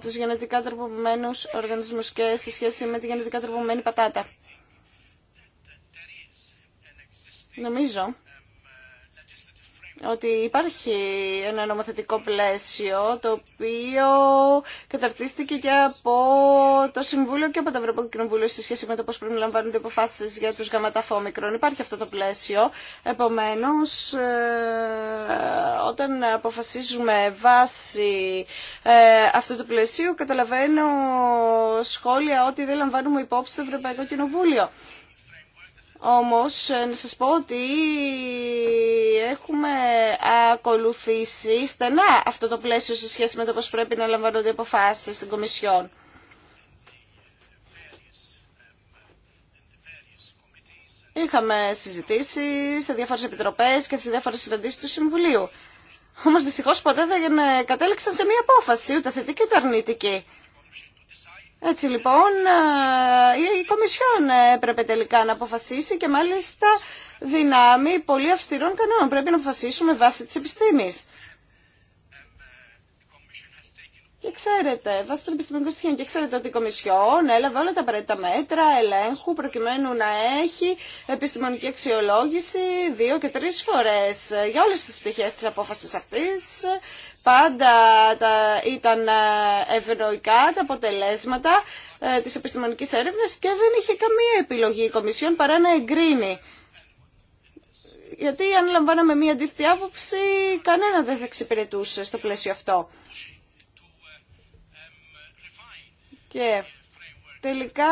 τους γενετικά τροποποιημένους οργανισμούς και σε σχέση με τη γενετικά τροποποιημένη πατάτα. Νομίζω ότι υπάρχει ένα νομοθετικό πλαίσιο το οποίο καταρτίστηκε και από το Συμβούλιο και από το Ευρωπαϊκό Κοινοβούλιο σε σχέση με το πώς πρέπει να λαμβάνονται αποφάσεις για τους γαματαφόμικρων. Υπάρχει αυτό το πλαίσιο. Επομένως, ε, όταν αποφασίζουμε βάση ε, αυτού του πλαισίου, καταλαβαίνω σχόλια ότι δεν λαμβάνουμε υπόψη το Ευρωπαϊκό Κοινοβούλιο. Όμως να σας πω ότι έχουμε ακολουθήσει στενά αυτό το πλαίσιο σε σχέση με το πώς πρέπει να λαμβάνονται οι αποφάσεις στην Κομισιόν. Είχαμε συζητήσει σε διάφορες επιτροπές και σε διάφορες συναντήσεις του Συμβουλίου. Όμως δυστυχώς ποτέ δεν κατέληξαν σε μία απόφαση, ούτε θετική ούτε αρνητική. Έτσι λοιπόν ε, η Κομισιόν έπρεπε τελικά να αποφασίσει και μάλιστα δυνάμει πολύ αυστηρών κανόνων. Πρέπει να αποφασίσουμε βάσει της επιστήμης. Και ξέρετε, βάσει των επιστημονικών στοιχείων, και ξέρετε ότι η Κομισιόν έλαβε όλα τα απαραίτητα μέτρα ελέγχου προκειμένου να έχει επιστημονική αξιολόγηση δύο και τρει φορέ για όλε τι πτυχέ τη απόφαση αυτή. Πάντα τα, ήταν ε, ευνοϊκά τα αποτελέσματα ε, της επιστημονικής έρευνας και δεν είχε καμία επιλογή η Κομισιόν παρά να εγκρίνει γιατί αν λαμβάναμε μία αντίθετη άποψη, κανένα δεν θα εξυπηρετούσε στο πλαίσιο αυτό. Και τελικά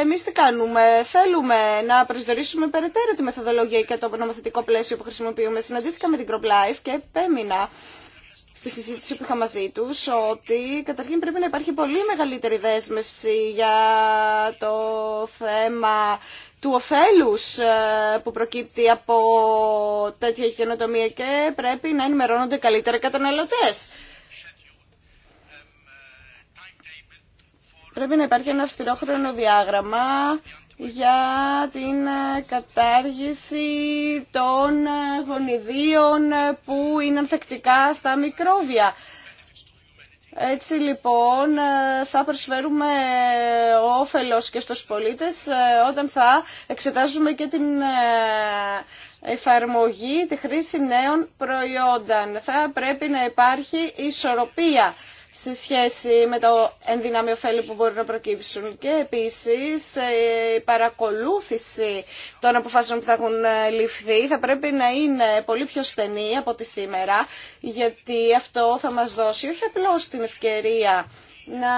εμείς τι κάνουμε. Θέλουμε να προσδιορίσουμε περαιτέρω τη μεθοδολογία και το νομοθετικό πλαίσιο που χρησιμοποιούμε. Συναντήθηκα με την Group και επέμεινα στη συζήτηση που είχα μαζί του ότι καταρχήν πρέπει να υπάρχει πολύ μεγαλύτερη δέσμευση για το θέμα του ωφέλους ε, που προκύπτει από τέτοια καινοτομία και πρέπει να ενημερώνονται καλύτερα καταναλωτές. Πρέπει να υπάρχει ένα αυστηρό χρονοδιάγραμμα για την ε, κατάργηση των ε, γονιδίων ε, που είναι ανθεκτικά στα μικρόβια. Έτσι λοιπόν θα προσφέρουμε όφελος και στους πολίτες όταν θα εξετάζουμε και την εφαρμογή, τη χρήση νέων προϊόντων. Θα πρέπει να υπάρχει ισορροπία σε σχέση με το ενδυνάμιο ωφέλη που μπορεί να προκύψουν και επίσης ε, η παρακολούθηση των αποφάσεων που θα έχουν ε, ληφθεί θα πρέπει να είναι πολύ πιο στενή από τη σήμερα γιατί αυτό θα μας δώσει όχι απλώς την ευκαιρία να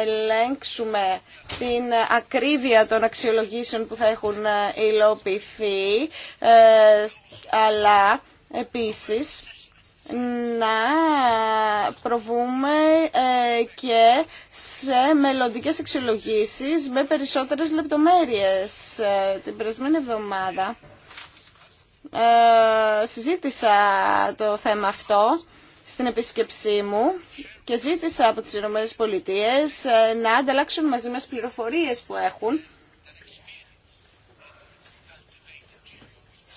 ελέγξουμε την ακρίβεια των αξιολογήσεων που θα έχουν ε, υλοποιηθεί αλλά επίσης να προβούμε ε, και σε μελλοντικές εξολογήσεις με περισσότερες λεπτομέρειες. Ε, την περασμένη εβδομάδα ε, συζήτησα το θέμα αυτό στην επίσκεψή μου και ζήτησα από τις Ηνωμένες να ανταλλάξουν μαζί μας πληροφορίες που έχουν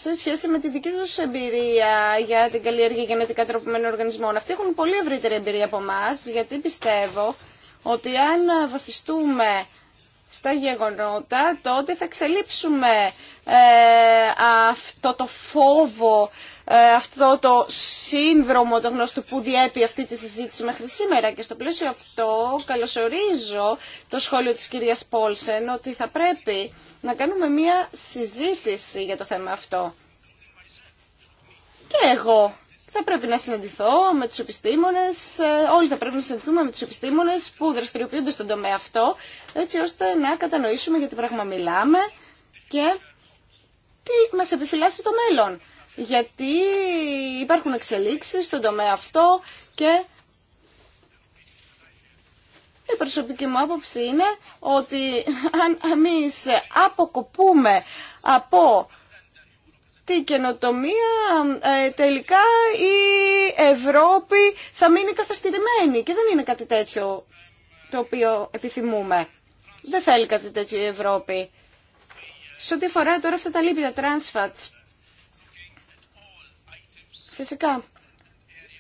σε σχέση με τη δική του εμπειρία για την καλλιέργεια γενετικά τροπημένων οργανισμών. Αυτοί έχουν πολύ ευρύτερη εμπειρία από εμά, γιατί πιστεύω ότι αν βασιστούμε στα γεγονότα, τότε θα εξελίψουμε ε, αυτό το φόβο, ε, αυτό το σύνδρομο το γνωστό που διέπει αυτή τη συζήτηση μέχρι σήμερα. Και στο πλαίσιο αυτό καλωσορίζω το σχόλιο της κυρίας Πόλσεν ότι θα πρέπει να κάνουμε μία συζήτηση για το θέμα αυτό. Και εγώ θα πρέπει να συναντηθώ με τους επιστήμονες, ε, όλοι θα πρέπει να συναντηθούμε με τους επιστήμονες που δραστηριοποιούνται στον τομέα αυτό, έτσι ώστε να κατανοήσουμε γιατί πράγμα μιλάμε και τι μας επιφυλάσσει το μέλλον. Γιατί υπάρχουν εξελίξεις στον τομέα αυτό και η προσωπική μου άποψη είναι ότι αν εμείς αποκοπούμε από τι καινοτομία ε, τελικά η Ευρώπη θα μείνει καθαστηριμένη και δεν είναι κάτι τέτοιο το οποίο επιθυμούμε. Δεν θέλει κάτι τέτοιο η Ευρώπη. Σε ό,τι αφορά τώρα αυτά τα λίπητα, trans φυσικά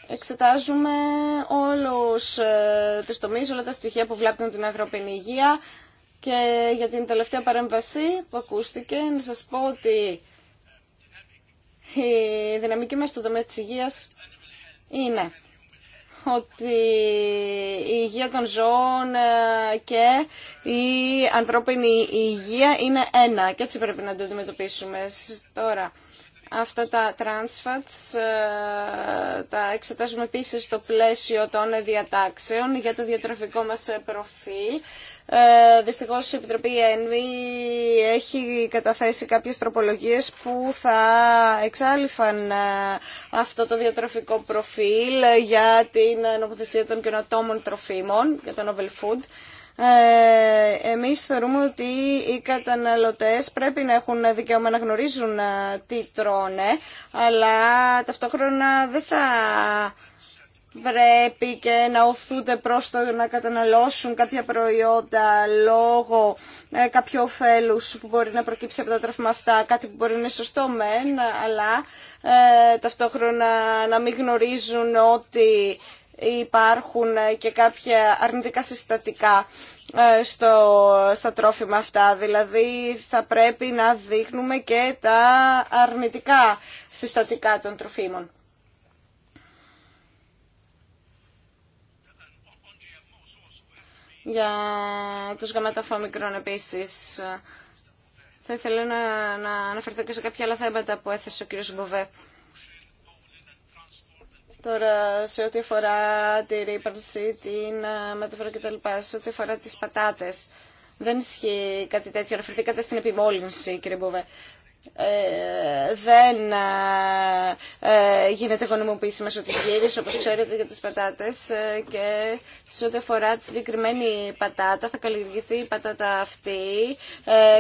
εξετάζουμε όλους ε, τους τομείς, όλα τα στοιχεία που βλέπουν την ανθρώπινη υγεία και για την τελευταία παρέμβαση που ακούστηκε να σας πω ότι η δυναμική μας στο τομέα της υγείας είναι ότι η υγεία των ζώων ε, και η ανθρώπινη υγεία είναι ένα και έτσι πρέπει να το αντιμετωπίσουμε. Τώρα, Αυτά τα transfats ε, τα εξετάζουμε επίσης στο πλαίσιο των διατάξεων για το διατροφικό μας προφίλ. Ε, Δυστυχώ, η Επιτροπή ΕΝΒΗ έχει καταθέσει κάποιες τροπολογίες που θα εξάλληφαν ε, αυτό το διατροφικό προφίλ για την νομοθεσία των καινοτόμων τροφίμων, για το novel food. Ε, εμείς θεωρούμε ότι οι καταναλωτές πρέπει να έχουν δικαίωμα να γνωρίζουν ε, τι τρώνε, αλλά ταυτόχρονα δεν θα πρέπει και να οθούνται προς το να καταναλώσουν κάποια προϊόντα λόγω ε, κάποιου ωφέλου που μπορεί να προκύψει από τα τρόφιμα αυτά, κάτι που μπορεί να είναι σωστό μεν, αλλά ε, ταυτόχρονα να μην γνωρίζουν ότι υπάρχουν ε, και κάποια αρνητικά συστατικά ε, στο, στα τρόφιμα αυτά. Δηλαδή θα πρέπει να δείχνουμε και τα αρνητικά συστατικά των τροφίμων. Για τους γαματαφόμικρων μικρών επίσης. Ε, θα ήθελα να, να αναφερθώ και σε κάποια άλλα θέματα που έθεσε ο κ. Μποβέ. Τώρα, σε ό,τι αφορά τη ρήπανση, την ε, μεταφορά κτλ. Σε ό,τι αφορά τις πατάτες. Δεν ισχύει κάτι τέτοιο. Αναφερθήκατε στην επιμόλυνση, κύριε Μποβέ. Ε, δεν ε, ε, γίνεται γονιμοποίηση μέσω της γύρης, όπως ξέρετε για τις πατάτες και σε ό,τι αφορά τη συγκεκριμένη πατάτα θα καλλιεργηθεί η πατάτα αυτή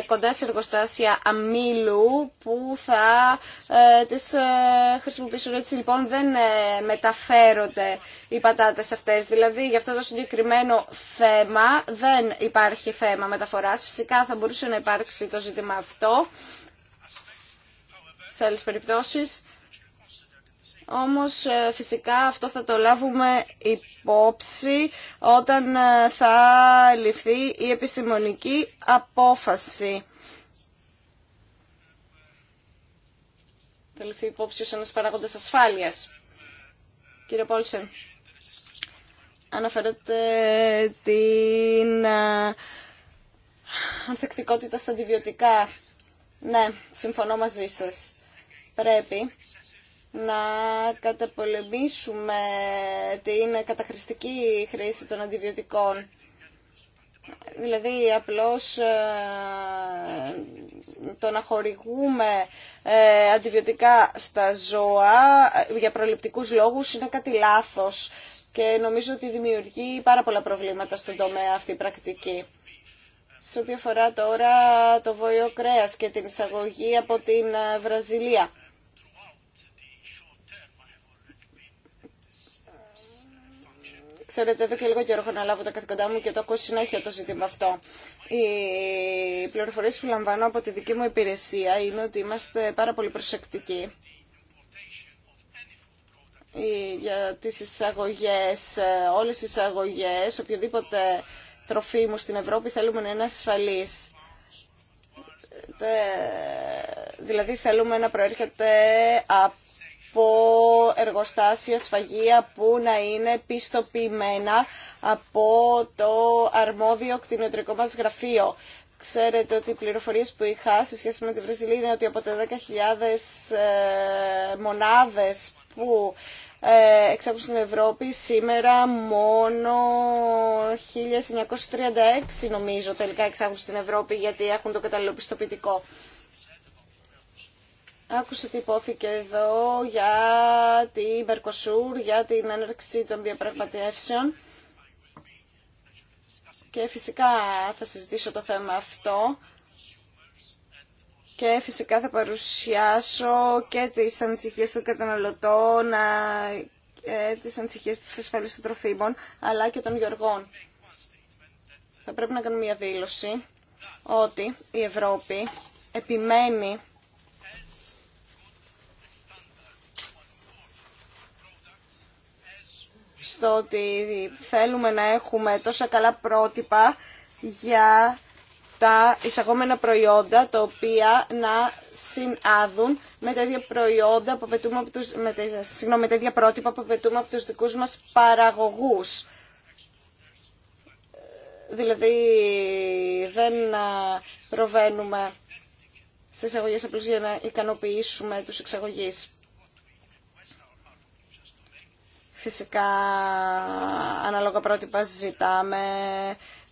κοντά σε εργοστάσια αμύλου που θα τις χρησιμοποιήσουν έτσι λοιπόν δεν μεταφέρονται οι πατάτες αυτές δηλαδή για αυτό το συγκεκριμένο θέμα δεν υπάρχει θέμα μεταφοράς φυσικά θα μπορούσε να υπάρξει το ζήτημα αυτό σε άλλες περιπτώσεις. Όμως ε, φυσικά αυτό θα το λάβουμε υπόψη όταν ε, θα ληφθεί η επιστημονική απόφαση. Θα ληφθεί υπόψη ως ένας παράγοντας ασφάλειας. Κύριε Πόλσεν, αναφέρετε την ε, ανθεκτικότητα στα αντιβιωτικά. Ναι, συμφωνώ μαζί σας πρέπει να καταπολεμήσουμε την καταχρηστική χρήση των αντιβιωτικών. Δηλαδή απλώς ε, το να χορηγούμε ε, αντιβιωτικά στα ζώα ε, για προληπτικούς λόγους είναι κάτι λάθος και νομίζω ότι δημιουργεί πάρα πολλά προβλήματα στον τομέα αυτή η πρακτική. Σε ό,τι αφορά τώρα το βοηό κρέας και την εισαγωγή από την Βραζιλία. Ξέρετε, εδώ και λίγο καιρό έχω να λάβω τα καθηκοντά μου και το ακούω συνέχεια το ζήτημα αυτό. Οι πληροφορίε που λαμβάνω από τη δική μου υπηρεσία είναι ότι είμαστε πάρα πολύ προσεκτικοί για τις εισαγωγές, όλες τις εισαγωγές, οποιοδήποτε μου στην Ευρώπη θέλουμε να είναι ασφαλής. Ε, δηλαδή θέλουμε να προέρχεται από από εργοστάσια, σφαγεία που να είναι πιστοποιημένα από το αρμόδιο κτηνοτρικό μας γραφείο. Ξέρετε ότι οι πληροφορίες που είχα σε σχέση με τη Βραζιλία είναι ότι από τα 10.000 ε, μονάδες που ε, εξάγουν στην Ευρώπη σήμερα μόνο 1936 νομίζω τελικά εξάγουν στην Ευρώπη γιατί έχουν το καταλληλοπιστοποιητικό. πιστοποιητικό. Άκουσε τι υπόθηκε εδώ για την Μπερκοσούρ, για την έναρξη των διαπραγματεύσεων και φυσικά θα συζητήσω το θέμα αυτό και φυσικά θα παρουσιάσω και τις ανησυχίες των καταναλωτών και τις ανησυχίες της ασφάλειας των τροφίμων αλλά και των γεωργών. Θα πρέπει να κάνω μια δήλωση ότι η Ευρώπη επιμένει στο ότι θέλουμε να έχουμε τόσα καλά πρότυπα για τα εισαγόμενα προϊόντα τα οποία να συνάδουν με τα ίδια προϊόντα που απαιτούμε τους, με πρότυπα που απαιτούμε από τους δικούς μας παραγωγούς. Δηλαδή δεν προβαίνουμε σε εισαγωγές απλώς για να ικανοποιήσουμε τους εξαγωγείς. Φυσικά, ανάλογα πρότυπα ζητάμε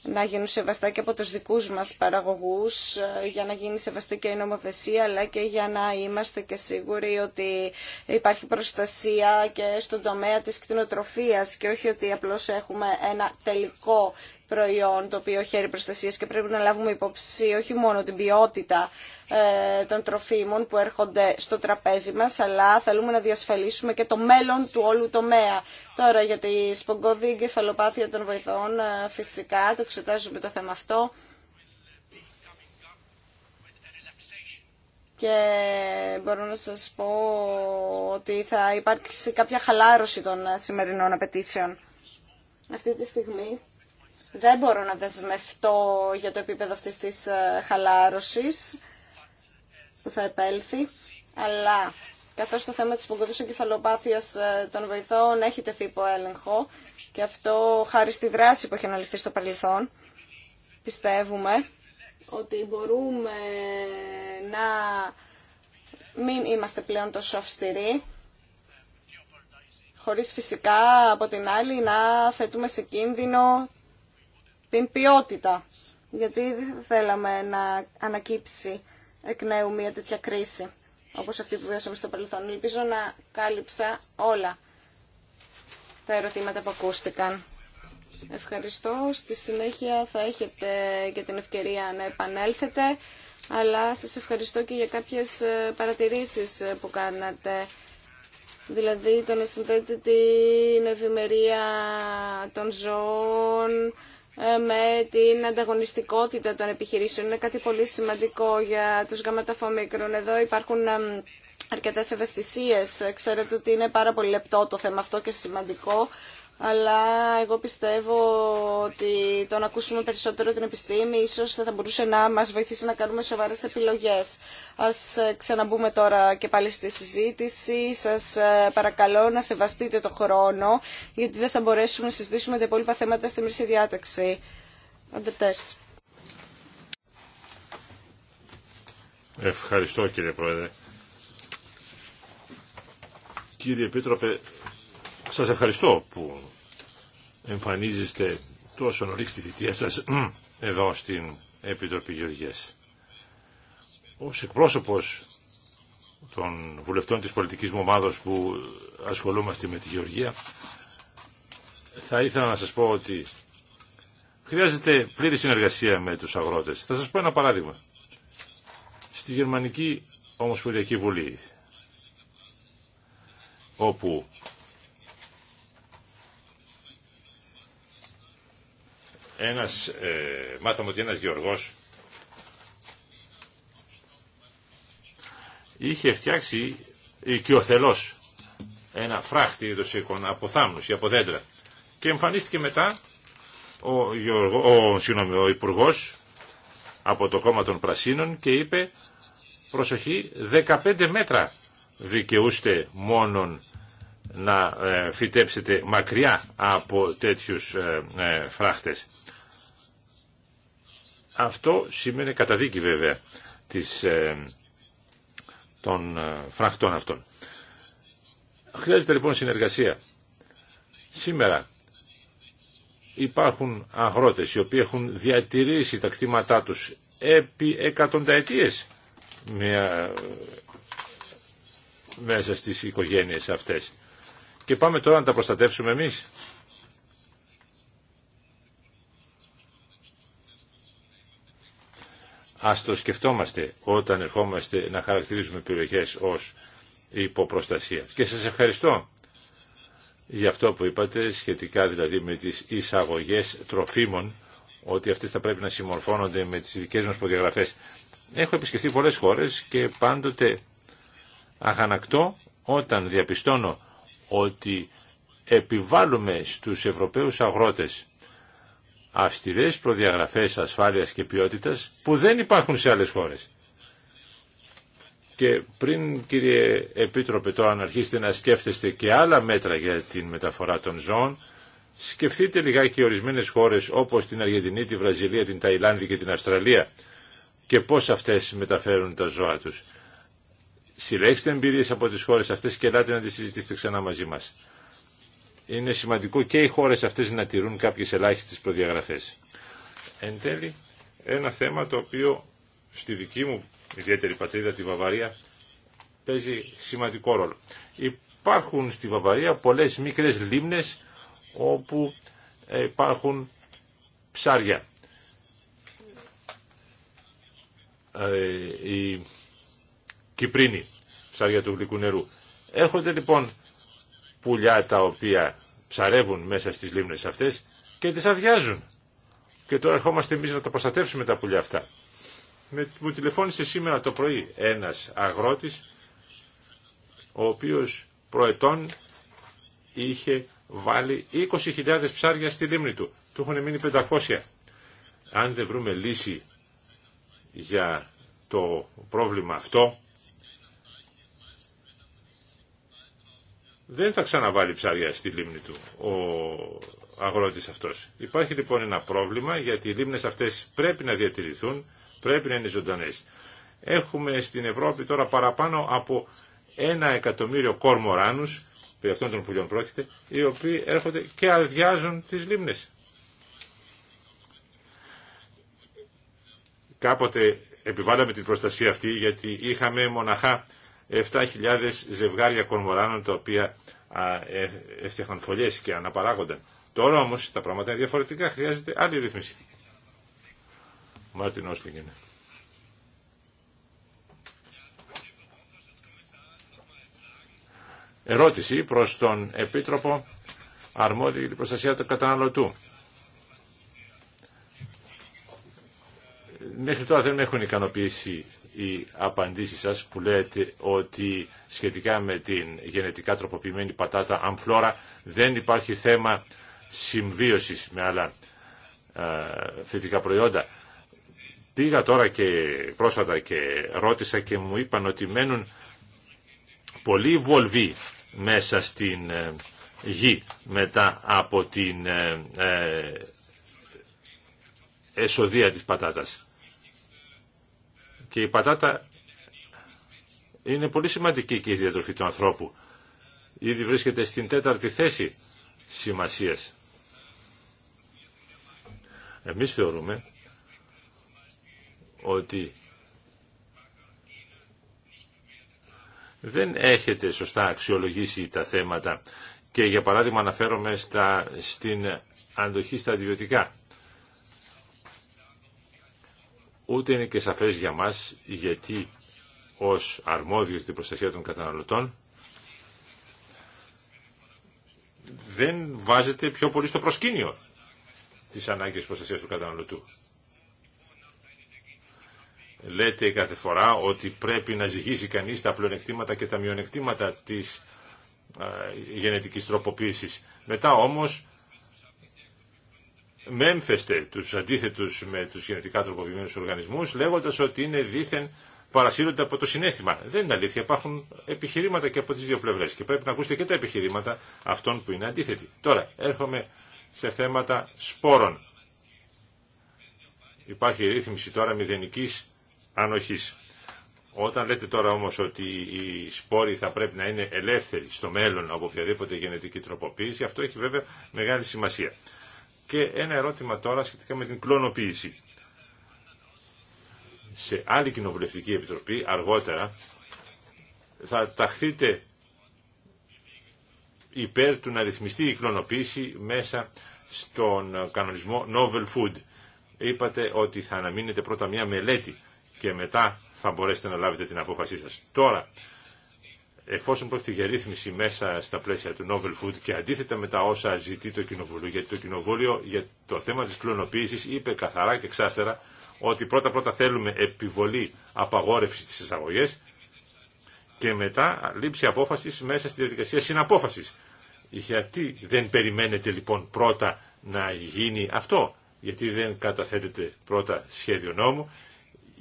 να γίνουν σεβαστά και από τους δικούς μας παραγωγούς ε, για να γίνει σεβαστή και η νομοθεσία αλλά και για να είμαστε και σίγουροι ότι υπάρχει προστασία και στον τομέα της κτηνοτροφίας και όχι ότι απλώς έχουμε ένα τελικό προϊόν το οποίο χαίρει προστασίας και πρέπει να λάβουμε υπόψη όχι μόνο την ποιότητα ε, των τροφίμων που έρχονται στο τραπέζι μας, αλλά θέλουμε να διασφαλίσουμε και το μέλλον του όλου τομέα. Τώρα για τη σπογκώδη εγκεφαλοπάθεια των βοηθών, ε, φυσικά το εξετάζουμε το θέμα αυτό. και μπορώ να σας πω ότι θα υπάρξει κάποια χαλάρωση των ε, σημερινών απαιτήσεων. Αυτή τη στιγμή δεν μπορώ να δεσμευτώ για το επίπεδο αυτής της ε, χαλάρωσης που θα επέλθει, αλλά καθώς το θέμα της πογκοδούς εγκεφαλοπάθειας ε, των βοηθών έχει τεθεί υπό έλεγχο και αυτό χάρη στη δράση που έχει αναλυθεί στο παρελθόν, πιστεύουμε ότι μπορούμε να μην είμαστε πλέον τόσο αυστηροί, χωρίς φυσικά από την άλλη να θέτουμε σε κίνδυνο την ποιότητα, γιατί δεν θέλαμε να ανακύψει εκ νέου μια τέτοια κρίση όπως αυτή που βιώσαμε στο παρελθόν. Ελπίζω να κάλυψα όλα τα ερωτήματα που ακούστηκαν. Ευχαριστώ. Στη συνέχεια θα έχετε και την ευκαιρία να επανέλθετε, αλλά σας ευχαριστώ και για κάποιες ε, παρατηρήσεις ε, που κάνατε. Δηλαδή το να συνδέετε την ευημερία των ζώων, ε, με την ανταγωνιστικότητα των επιχειρήσεων. Είναι κάτι πολύ σημαντικό για τους γαματαφομίκρων. Εδώ υπάρχουν ε, αρκετές ευαισθησίες. Ξέρετε ότι είναι πάρα πολύ λεπτό το θέμα αυτό και σημαντικό αλλά εγώ πιστεύω ότι το να ακούσουμε περισσότερο την επιστήμη ίσως θα μπορούσε να μας βοηθήσει να κάνουμε σοβαρές επιλογές. Ας ε, ξαναμπούμε τώρα και πάλι στη συζήτηση. Σας ε, παρακαλώ να σεβαστείτε το χρόνο, γιατί δεν θα μπορέσουμε να συζητήσουμε τα υπόλοιπα θέματα στη μυρση διάταξη. Αντετές. Ευχαριστώ κύριε Πρόεδρε. Κύριε Επίτροπε, σας ευχαριστώ που εμφανίζεστε τόσο νωρίς στη θητεία σας (clears throat) εδώ στην Επιτροπή Γεωργίας. Ως εκπρόσωπος των βουλευτών της πολιτικής μου που ασχολούμαστε με τη Γεωργία, θα ήθελα να σας πω ότι χρειάζεται πλήρη συνεργασία με τους αγρότες. Θα σας πω ένα παράδειγμα. Στη Γερμανική Ομοσπονδιακή Βουλή, όπου ένας, ε, μάθαμε ότι ένας γεωργός είχε φτιάξει οικειοθελώς ένα φράχτη το από θάμνους ή από δέντρα και εμφανίστηκε μετά ο, Γεωργό, ο, ο Υπουργός από το κόμμα των Πρασίνων και είπε προσοχή 15 μέτρα δικαιούστε μόνον να ε, φυτέψετε μακριά από τέτοιους ε, ε, φράχτες. Αυτό σημαίνει καταδίκη βέβαια της, ε, των ε, φραχτών αυτών. Χρειάζεται λοιπόν συνεργασία. Σήμερα υπάρχουν αγρότες οι οποίοι έχουν διατηρήσει τα κτήματά τους επί εκατονταετίες ε, μέσα στις οικογένειες αυτές. Και πάμε τώρα να τα προστατεύσουμε εμείς. Ας το σκεφτόμαστε όταν ερχόμαστε να χαρακτηρίζουμε περιοχές ως υποπροστασία. Και σας ευχαριστώ για αυτό που είπατε σχετικά δηλαδή με τις εισαγωγές τροφίμων ότι αυτές θα πρέπει να συμμορφώνονται με τις δικές μας προδιαγραφές. Έχω επισκεφθεί πολλές χώρες και πάντοτε αγανακτώ όταν διαπιστώνω ότι επιβάλλουμε στους Ευρωπαίους αγρότες αυστηρές προδιαγραφές ασφάλειας και ποιότητας που δεν υπάρχουν σε άλλες χώρες. Και πριν κύριε Επίτροπε τώρα αν αρχίσετε να σκέφτεστε και άλλα μέτρα για την μεταφορά των ζώων, σκεφτείτε λιγάκι ορισμένες χώρες όπως την Αργεντινή, τη Βραζιλία, την Ταϊλάνδη και την Αυστραλία και πώς αυτές μεταφέρουν τα ζώα τους. Συλλέξτε εμπειρίες από τις χώρες αυτές και ελάτε να τις συζητήσετε ξανά μαζί μας είναι σημαντικό και οι χώρες αυτές να τηρούν κάποιες ελάχιστες προδιαγραφές. Εν τέλει, ένα θέμα το οποίο στη δική μου ιδιαίτερη πατρίδα, τη Βαβαρία, παίζει σημαντικό ρόλο. Υπάρχουν στη Βαβαρία πολλές μικρές λίμνες όπου υπάρχουν ψάρια. Ε, οι Κυπρίνοι, ψάρια του γλυκού νερού. Έρχονται λοιπόν πουλιά τα οποία ψαρεύουν μέσα στις λίμνες αυτές και τις αδειάζουν. Και τώρα ερχόμαστε εμείς να τα προστατεύσουμε τα πουλιά αυτά. Με, μου τηλεφώνησε σήμερα το πρωί ένας αγρότης ο οποίος προετών είχε βάλει 20.000 ψάρια στη λίμνη του. Του έχουν μείνει 500. Αν δεν βρούμε λύση για το πρόβλημα αυτό δεν θα ξαναβάλει ψάρια στη λίμνη του ο αγρότης αυτός. Υπάρχει λοιπόν ένα πρόβλημα γιατί οι λίμνες αυτές πρέπει να διατηρηθούν, πρέπει να είναι ζωντανέ. Έχουμε στην Ευρώπη τώρα παραπάνω από ένα εκατομμύριο κόρμοράνους, περί αυτών των πουλιών πρόκειται, οι οποίοι έρχονται και αδειάζουν τις λίμνες. Κάποτε επιβάλαμε την προστασία αυτή γιατί είχαμε μοναχά 7.000 ζευγάρια κορμοράνων τα οποία ε, έφτιαχναν φωλιέ και αναπαράγονταν. Τώρα όμως τα πράγματα είναι διαφορετικά, χρειάζεται άλλη ρύθμιση. Μάρτιν Ερώτηση προς τον Επίτροπο Αρμόδιο για την Προστασία του Καταναλωτού. Μέχρι τώρα δεν έχουν ικανοποιήσει οι απαντήσεις σας που λέτε ότι σχετικά με την γενετικά τροποποιημένη πατάτα αμφλόρα δεν υπάρχει θέμα συμβίωσης με άλλα ε, θετικά προϊόντα. Πήγα τώρα και πρόσφατα και ρώτησα και μου είπαν ότι μένουν πολλοί βολβοί μέσα στην ε, γη μετά από την ε, εσοδεία της πατάτας. Και η πατάτα είναι πολύ σημαντική και η διατροφή του ανθρώπου. Ήδη βρίσκεται στην τέταρτη θέση σημασίας. Εμείς θεωρούμε ότι δεν έχετε σωστά αξιολογήσει τα θέματα και για παράδειγμα αναφέρομαι στα, στην αντοχή στα αντιβιωτικά. ούτε είναι και σαφές για μας γιατί ως αρμόδιο στην προστασία των καταναλωτών δεν βάζεται πιο πολύ στο προσκήνιο της ανάγκης προστασίας του καταναλωτού. Λέτε κάθε φορά ότι πρέπει να ζυγίσει κανείς τα πλεονεκτήματα και τα μειονεκτήματα της γενετικής τροποποίησης. Μετά όμως μέμφεστε του αντίθετου με τους γενετικά τροποποιημένους οργανισμούς λέγοντα ότι είναι δήθεν παρασύρονται από το συνέστημα. Δεν είναι αλήθεια. Υπάρχουν επιχειρήματα και από τις δύο πλευρές και πρέπει να ακούσετε και τα επιχειρήματα αυτών που είναι αντίθετοι. Τώρα έρχομαι σε θέματα σπόρων. Υπάρχει ρύθμιση τώρα μηδενική ανοχής. Όταν λέτε τώρα όμως ότι οι σπόροι θα πρέπει να είναι ελεύθεροι στο μέλλον από οποιαδήποτε γενετική τροποποίηση, αυτό έχει βέβαια μεγάλη σημασία. Και ένα ερώτημα τώρα σχετικά με την κλωνοποίηση. Σε άλλη κοινοβουλευτική επιτροπή αργότερα θα ταχθείτε υπέρ του να ρυθμιστεί η κλωνοποίηση μέσα στον κανονισμό Novel Food. Είπατε ότι θα αναμείνετε πρώτα μια μελέτη και μετά θα μπορέσετε να λάβετε την απόφασή σας. Τώρα, εφόσον πρόκειται για ρύθμιση μέσα στα πλαίσια του Novel Food και αντίθετα με τα όσα ζητεί το Κοινοβούλιο, γιατί το Κοινοβούλιο για το θέμα της κλωνοποίησης είπε καθαρά και εξάστερα οτι ότι πρώτα-πρώτα θέλουμε επιβολή απαγόρευση της εισαγωγής και μετά λήψη απόφασης μέσα στη διαδικασία συναπόφασης. Γιατί δεν περιμένετε λοιπόν πρώτα να γίνει αυτό, γιατί δεν καταθέτεται πρώτα σχέδιο νόμου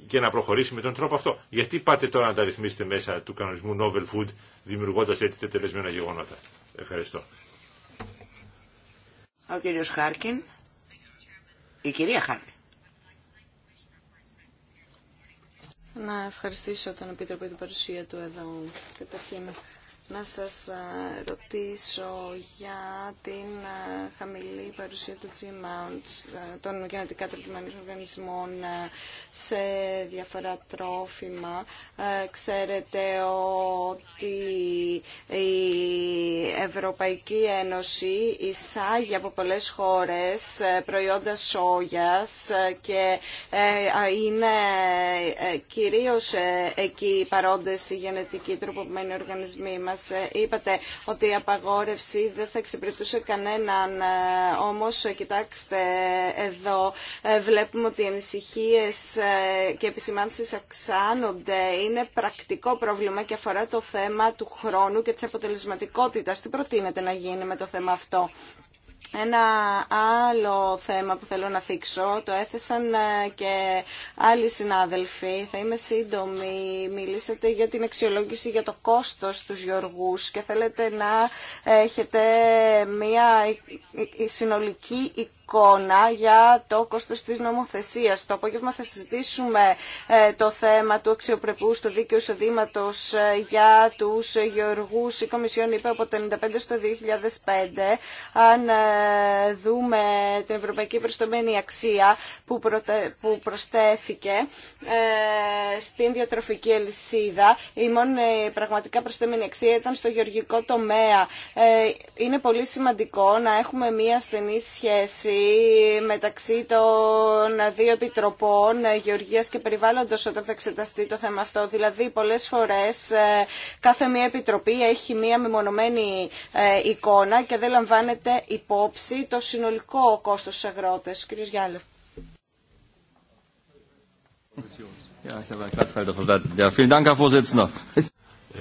και να προχωρήσει με τον τρόπο αυτό. Γιατί πάτε τώρα να τα ρυθμίσετε μέσα του κανονισμού Novel Food, δημιουργώντας έτσι τελεσμένα γεγονότα. Ευχαριστώ. Ο κύριος Χάρκιν. Η κυρία Χάρκιν. Να ευχαριστήσω τον Επίτροπο για την παρουσία του εδώ. Καταρχήν, να σας ρωτήσω για την χαμηλή παρουσία του G-Mount των γενετικά τροποποιημένων οργανισμών σε διάφορα τρόφιμα. Ξέρετε ότι η Ευρωπαϊκή Ένωση εισάγει από πολλές χώρες ε, προϊόντα σόγιας ε, και ε, είναι κυρίως εκεί παρόντες οι γενετικοί τροποποιημένοι οργανισμοί μας είπατε ότι η απαγόρευση δεν θα εξυπηρετούσε κανέναν. Ε, όμως, κοιτάξτε, εδώ ε, βλέπουμε ότι οι ανησυχίες ε, και επισημάνσεις αυξάνονται. Είναι πρακτικό πρόβλημα και αφορά το θέμα του χρόνου και της αποτελεσματικότητας. Τι προτείνετε να γίνει με το θέμα αυτό. Ένα άλλο θέμα που θέλω να θίξω, το έθεσαν ε, και άλλοι συνάδελφοι, θα είμαι σύντομη, μιλήσατε για την αξιολόγηση για το κόστος τους γιοργούς και θέλετε να έχετε μια ε, ε, συνολική εικόνα για το κόστος της νομοθεσίας. Το απόγευμα θα συζητήσουμε ε, το θέμα του αξιοπρεπού στο δίκαιο εισοδήματο ε, για τους γεωργούς. Η Κομισιόν είπε από το 1995 στο 2005. Αν ε, δούμε την ευρωπαϊκή προστομένη αξία που, προτε... που προστέθηκε στην διατροφική αλυσίδα, η μόνη πραγματικά προστέμενη αξία ήταν στο γεωργικό τομέα. Είναι πολύ σημαντικό να έχουμε μία στενή σχέση μεταξύ των δύο επιτροπών ε, Γεωργίας και Περιβάλλοντος όταν θα εξεταστεί το θέμα αυτό. Δηλαδή πολλές φορές ε, κάθε μία επιτροπή έχει μία μεμονωμένη ε, εικόνα και δεν λαμβάνεται υπόψη το συνολικό κόστος στους αγρότες. Κύριος Γιάλεφ.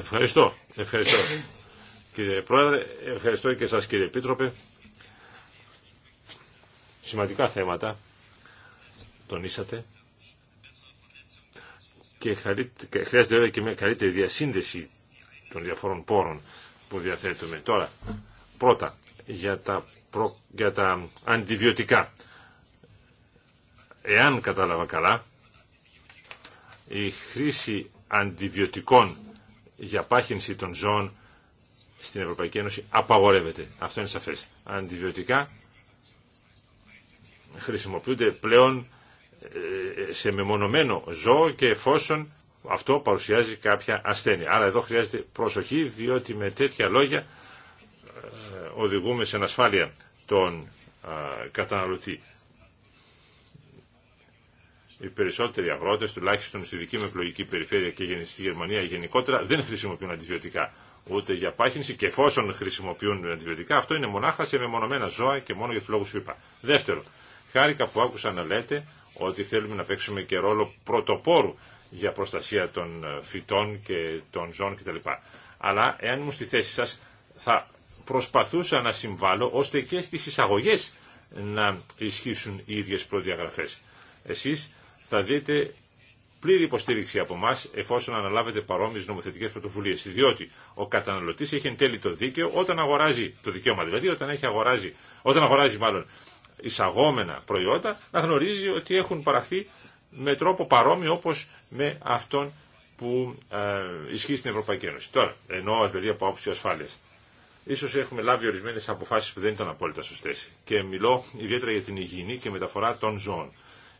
Ευχαριστώ. Ευχαριστώ. Κύριε Πρόεδρε, ευχαριστώ και σας κύριε Επίτροπε. Σημαντικά θέματα τονίσατε και χρειάζεται βέβαια και μια καλύτερη διασύνδεση των διαφόρων πόρων που διαθέτουμε. Τώρα, πρώτα, για τα, για τα αντιβιωτικά. Εάν κατάλαβα καλά, η χρήση αντιβιωτικών για πάχυνση των ζώων στην Ευρωπαϊκή Ένωση απαγορεύεται. Αυτό είναι σαφές. Αντιβιωτικά χρησιμοποιούνται πλέον ε, σε μεμονωμένο ζώο και εφόσον αυτό παρουσιάζει κάποια ασθένεια. Άρα εδώ χρειάζεται προσοχή διότι με τέτοια λόγια ε, οδηγούμε σε ασφάλεια τον ε, καταναλωτή. Οι περισσότεροι αγρότε, τουλάχιστον στη δική μου εκλογική περιφέρεια και στη Γερμανία γενικότερα, δεν χρησιμοποιούν αντιβιωτικά ούτε για πάχυνση και εφόσον χρησιμοποιούν αντιβιωτικά, αυτό είναι μονάχα σε μεμονωμένα ζώα και μόνο για του λόγου είπα. Δεύτερο, Χάρηκα που άκουσα να λέτε ότι θέλουμε να παίξουμε και ρόλο πρωτοπόρου για προστασία των ε, φυτών και των ζώων κτλ. Αλλά εάν ήμουν στη θέση σας θα προσπαθούσα να συμβάλλω ώστε και στις εισαγωγές να ισχύσουν οι ίδιες προδιαγραφές. Εσείς θα δείτε πλήρη υποστήριξη από εμά εφόσον αναλάβετε παρόμοιε νομοθετικέ πρωτοβουλίε. Διότι ο καταναλωτή έχει εν τέλει το δίκαιο όταν αγοράζει το δικαίωμα, δηλαδή όταν έχει αγοράζει, όταν αγοράζει μάλλον εισαγόμενα προϊόντα να γνωρίζει ότι έχουν παραχθεί με τρόπο παρόμοιο όπως με αυτόν που ε, ισχύει στην Ευρωπαϊκή Ένωση. Τώρα, ενώ δηλαδή από άποψη ασφάλεια. Ίσως έχουμε λάβει ορισμένε αποφάσει που δεν ήταν απόλυτα σωστέ. Και μιλώ ιδιαίτερα για την υγιεινή και μεταφορά των ζώων.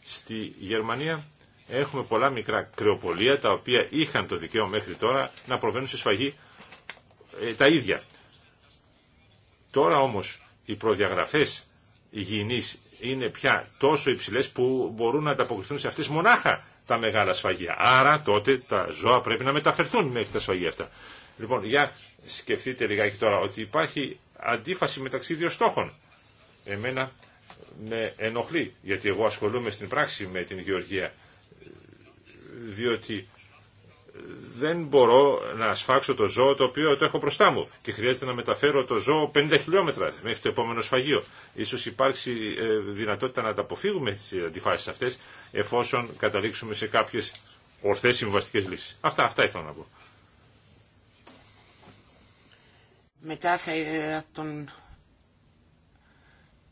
Στη Γερμανία έχουμε πολλά μικρά κρεοπολία τα οποία είχαν το δικαίωμα μέχρι τώρα να προβαίνουν σε σφαγή ε, τα ίδια. Τώρα όμω οι προδιαγραφέ υγιεινής είναι πια τόσο υψηλές που μπορούν να ανταποκριθούν σε αυτές μονάχα τα μεγάλα σφαγεία. Άρα τότε τα ζώα πρέπει να μεταφερθούν μέχρι τα σφαγεία αυτά. Λοιπόν, για σκεφτείτε λιγάκι τώρα ότι υπάρχει αντίφαση μεταξύ δύο στόχων. Εμένα με ενοχλεί, γιατί εγώ ασχολούμαι στην πράξη με την γεωργία, διότι δεν μπορώ να σφάξω το ζώο το οποίο το έχω μπροστά μου και χρειάζεται να μεταφέρω το ζώο 50 χιλιόμετρα μέχρι το επόμενο σφαγείο. Ίσως υπάρξει ε, δυνατότητα να τα αποφύγουμε τις αντιφάσει αυτές εφόσον καταλήξουμε σε κάποιες ορθές συμβαστικέ λύσεις. Αυτά, αυτά ήθελα να πω. Μετά θα, από ε, τον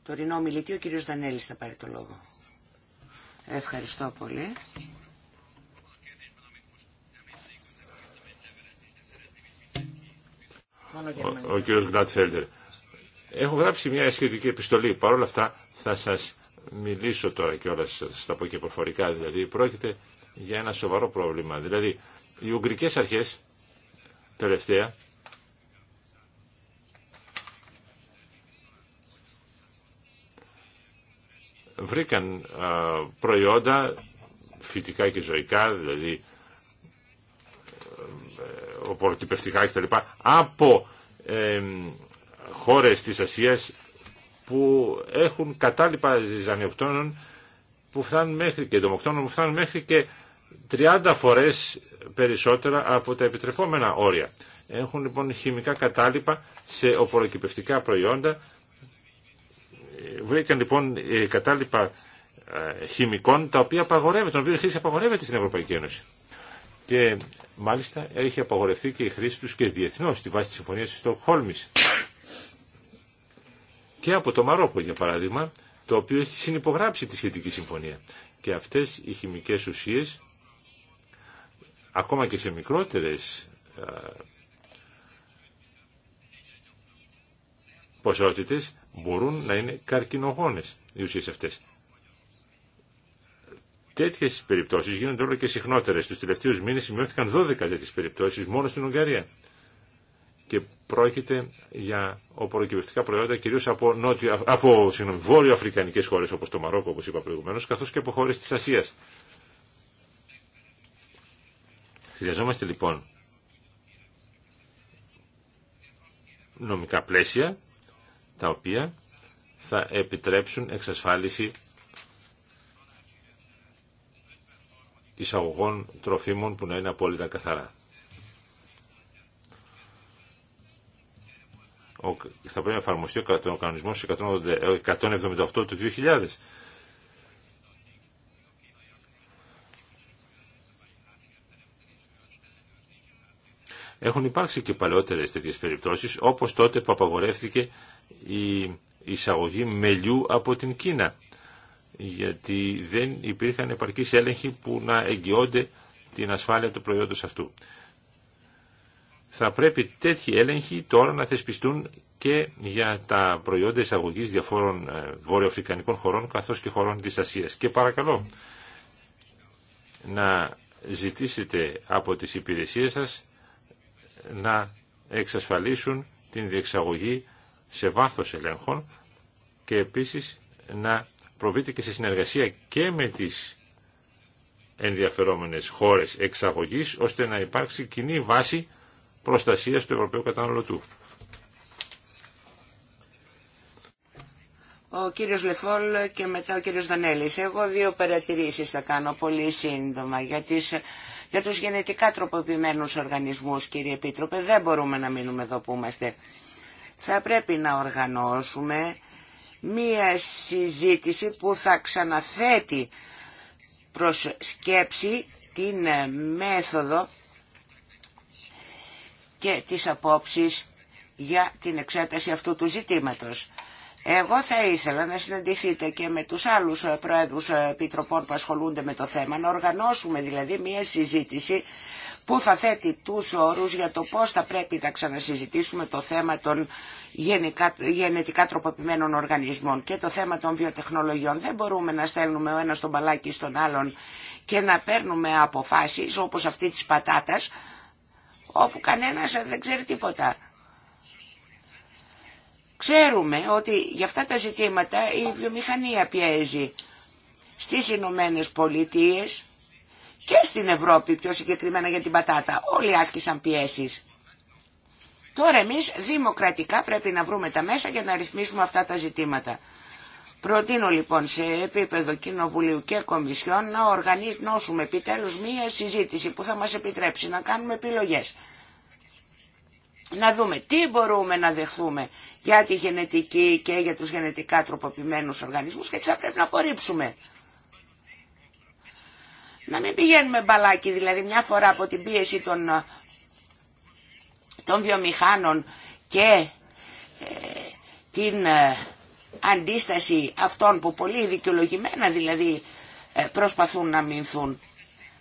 τωρινό μιλητή ο κύριος Δανέλη θα πάρει το λόγο. Ευχαριστώ πολύ. ο, ο κ. Γκλάτφελτερ. Έχω γράψει μια σχετική επιστολή. Παρ' όλα αυτά θα σας μιλήσω τώρα και όλα σας τα πω και προφορικά. Δηλαδή πρόκειται για ένα σοβαρό πρόβλημα. Δηλαδή οι Ουγγρικές αρχές τελευταία βρήκαν προϊόντα φυτικά και ζωικά, δηλαδή κτλ. από ε, χώρες της Ασίας που έχουν κατάλοιπα ζυζανιοκτώνων που φτάνουν μέχρι και εντομοκτώνων που φτάνουν μέχρι και 30 φορές περισσότερα από τα επιτρεπόμενα όρια. Έχουν λοιπόν χημικά κατάλοιπα σε οποροκυπευτικά προϊόντα. Βρήκαν λοιπόν ε, κατάλοιπα ε, χημικών τα οποία απαγορεύεται, των οποίων χρήση απαγορεύεται στην Ευρωπαϊκή Ένωση και μάλιστα έχει απαγορευτεί και η χρήση τους και διεθνώς στη βάση της Συμφωνίας της Στοκχόλμης. Και από το Μαρόκο, για παράδειγμα, το οποίο έχει συνυπογράψει τη σχετική συμφωνία. Και αυτές οι χημικές ουσίες, ακόμα και σε μικρότερες ε, ποσότητες, μπορούν να είναι καρκινογόνες οι ουσίες αυτές τέτοιε περιπτώσει γίνονται όλο και συχνότερε. Στου τελευταίου μήνες σημειώθηκαν 12 τέτοιε περιπτώσει μόνο στην Ουγγαρία. Και πρόκειται για οπωροκυβευτικά προϊόντα κυρίω από, νότιο, από βόρειο βόρειο-αφρικανικέ χώρες όπως το Μαρόκο όπω είπα προηγουμένως καθώ και από χώρε τη Ασία. Χρειαζόμαστε λοιπόν νομικά πλαίσια τα οποία θα επιτρέψουν εξασφάλιση εισαγωγών τροφίμων που να είναι απόλυτα καθαρά. θα πρέπει να εφαρμοστεί ο κανονισμός 178 ε, του 2000. Έχουν υπάρξει και παλαιότερες τέτοιες περιπτώσεις, όπως τότε που απαγορεύτηκε η εισαγωγή μελιού από την Κίνα γιατί δεν υπήρχαν επαρκείς έλεγχοι που να εγγυώνται την ασφάλεια του προϊόντος αυτού. Θα πρέπει τέτοιοι έλεγχοι τώρα να θεσπιστούν και για τα προιοντα εισαγωγής εισαγωγή βορειοαφρικανικών χωρών καθώς και χωρών της Ασίας. Και παρακαλώ να ζητήσετε από τις υπηρεσίες σας να εξασφαλίσουν την διεξαγωγή σε βάθος ελέγχων και επίσης να προβείται και σε συνεργασία και με τις ενδιαφερόμενες χώρες εξαγωγής, ώστε να υπάρξει κοινή βάση προστασίας του Ευρωπαίου καταναλωτού. Ο κύριος Λεφόλ και μετά ο κύριος Δανέλης. Εγώ δύο παρατηρήσεις θα κάνω πολύ σύντομα για, τις, για τους γενετικά τροποποιημένους οργανισμούς, κύριε Επίτροπε. Δεν μπορούμε να μείνουμε εδώ που είμαστε. Θα πρέπει να οργανώσουμε μία συζήτηση που θα ξαναθέτει προς σκέψη την ε, μέθοδο και τις απόψεις για την εξέταση αυτού του ζητήματος. Εγώ θα ήθελα να συναντηθείτε και με τους άλλους ε, πρόεδρους ε, επιτροπών που ασχολούνται με το θέμα, να οργανώσουμε δηλαδή μία συζήτηση που θα θέτει τους όρους για το πώς θα πρέπει να ξανασυζητήσουμε το θέμα των γενετικά τροποποιημένων οργανισμών και το θέμα των βιοτεχνολογιών. Δεν μπορούμε να στέλνουμε ο ένας τον μπαλάκι στον άλλον και να παίρνουμε αποφάσεις όπως αυτή της πατάτας όπου κανένας δεν ξέρει τίποτα. Ξέρουμε ότι για αυτά τα ζητήματα η βιομηχανία πιέζει στις Ηνωμένε Πολιτείες και στην Ευρώπη πιο συγκεκριμένα για την πατάτα. Όλοι άσκησαν πιέσεις. Τώρα εμείς δημοκρατικά πρέπει να βρούμε τα μέσα για να ρυθμίσουμε αυτά τα ζητήματα. Προτείνω λοιπόν σε επίπεδο Κοινοβουλίου και κομισιών να οργανώσουμε επιτέλους μία συζήτηση που θα μας επιτρέψει να κάνουμε επιλογές. Να δούμε τι μπορούμε να δεχθούμε για τη γενετική και για τους γενετικά τροποποιημένους οργανισμούς και τι θα πρέπει να απορρίψουμε. Να μην πηγαίνουμε μπαλάκι, δηλαδή μια φορά από την πίεση των των βιομηχάνων και ε, την ε, αντίσταση αυτών που πολύ δικαιολογημένα δηλαδή ε, προσπαθούν να μηνθούν.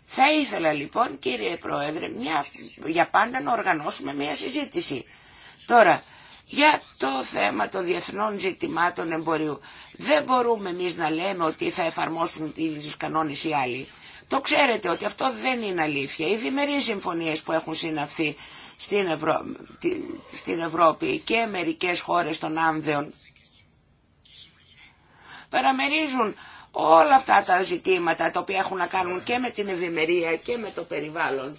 Θα ήθελα λοιπόν κύριε Πρόεδρε μια, για πάντα να οργανώσουμε μια συζήτηση. Τώρα για το θέμα των διεθνών ζητημάτων εμπορίου δεν μπορούμε εμείς να λέμε ότι θα εφαρμόσουν τους κανόνες οι άλλοι. Το ξέρετε ότι αυτό δεν είναι αλήθεια. Οι διμερείς συμφωνίες που έχουν συναυθεί στην, Ευρώπη και μερικές χώρες των Άνδεων παραμερίζουν όλα αυτά τα ζητήματα τα οποία έχουν να κάνουν και με την ευημερία και με το περιβάλλον.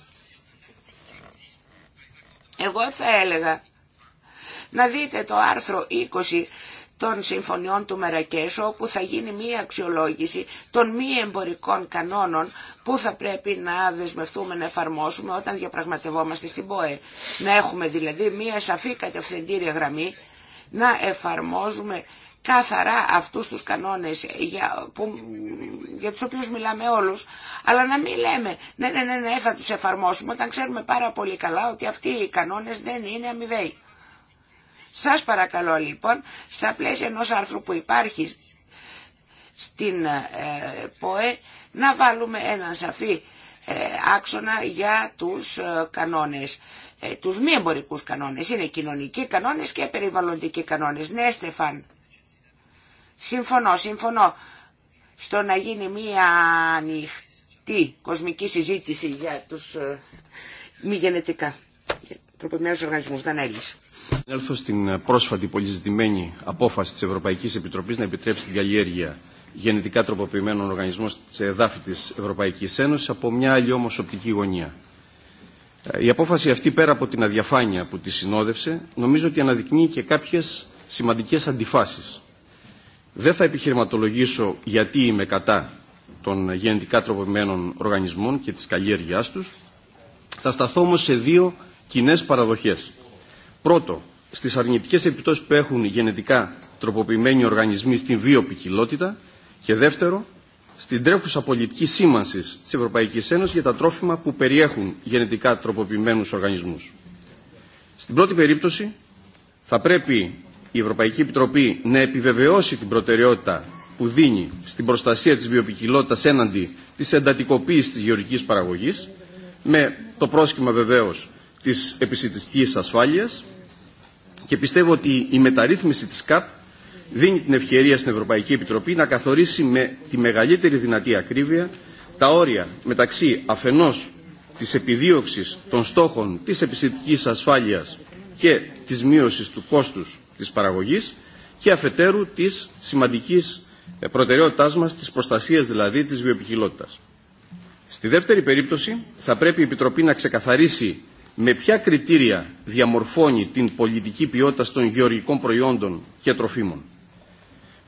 Εγώ θα έλεγα να δείτε το άρθρο 20 των συμφωνιών του Μερακέσου όπου θα γίνει μία αξιολόγηση των μη εμπορικών κανόνων που θα πρέπει να δεσμευτούμε να εφαρμόσουμε όταν διαπραγματευόμαστε στην ΠΟΕ. Να έχουμε δηλαδή μία σαφή κατευθυντήρια γραμμή να εφαρμόζουμε καθαρά αυτούς τους κανόνες για, που, για τους οποίους μιλάμε όλους, αλλά να μην λέμε ναι, ναι, ναι, ναι, θα τους εφαρμόσουμε όταν ξέρουμε πάρα πολύ καλά ότι αυτοί οι κανόνες δεν είναι αμοιβαίοι. Σας παρακαλώ λοιπόν, στα πλαίσια ενός άρθρου που υπάρχει στην ε, ΠΟΕ, να βάλουμε έναν σαφή ε, άξονα για τους ε, κανόνες, τους μη εμπορικού κανόνες. Είναι κοινωνικοί κανόνες και περιβαλλοντικοί κανόνες. Ναι, Στεφάν, συμφωνώ, συμφωνώ στο να γίνει μία ανοιχτή κοσμική συζήτηση για τους μη γενετικά Προπομένως οργανισμούς. Δανέλης. Έλθω στην ε, πρόσφατη πολυζητημένη απόφαση της Ευρωπαϊκής Επιτροπής να επιτρέψει την καλλιέργεια γενετικά τροποποιημένων οργανισμών σε εδάφη της Ευρωπαϊκής Ένωσης από μια άλλη όμως οπτική γωνία. Ε, η απόφαση αυτή πέρα από την αδιαφάνεια που τη συνόδευσε νομίζω ότι αναδεικνύει και κάποιες σημαντικές αντιφάσεις. Δεν θα επιχειρηματολογήσω γιατί είμαι κατά των γενετικά τροποποιημένων οργανισμών και της καλλιέργειάς τους. Θα σταθώ όμως σε δύο κοινέ παραδοχές Πρώτο, στι αρνητικέ επιπτώσει που έχουν οι γενετικά τροποποιημένοι οργανισμοί στην βιοπικιλότητα και δεύτερο, στην τρέχουσα πολιτική σήμανση τη Ευρωπαϊκής Ένωσης για τα τρόφιμα που περιέχουν γενετικά τροποποιημένου οργανισμού. Στην πρώτη περίπτωση, θα πρέπει η Ευρωπαϊκή Επιτροπή να επιβεβαιώσει την προτεραιότητα που δίνει στην προστασία της βιοπικιλότητας έναντι της εντατικοποίησης της γεωργικής παραγωγής, με το πρόσχημα βεβαίως της επιστημιστικής ασφάλειας και πιστεύω ότι η μεταρρύθμιση της ΚΑΠ δίνει την ευκαιρία στην Ευρωπαϊκή Επιτροπή να καθορίσει με τη μεγαλύτερη δυνατή ακρίβεια τα όρια μεταξύ αφενός της επιδίωξης των στόχων της επιστημιστικής ασφάλειας και της μείωσης του κόστους της παραγωγής και αφετέρου της σημαντικής ε, προτεραιότητάς μας, της προστασίας δηλαδή της βιοποικιλότητας. Στη δεύτερη περίπτωση θα πρέπει η Επιτροπή να ξεκαθαρίσει με ποια κριτήρια διαμορφώνει την πολιτική ποιότητα των γεωργικών προϊόντων και τροφίμων.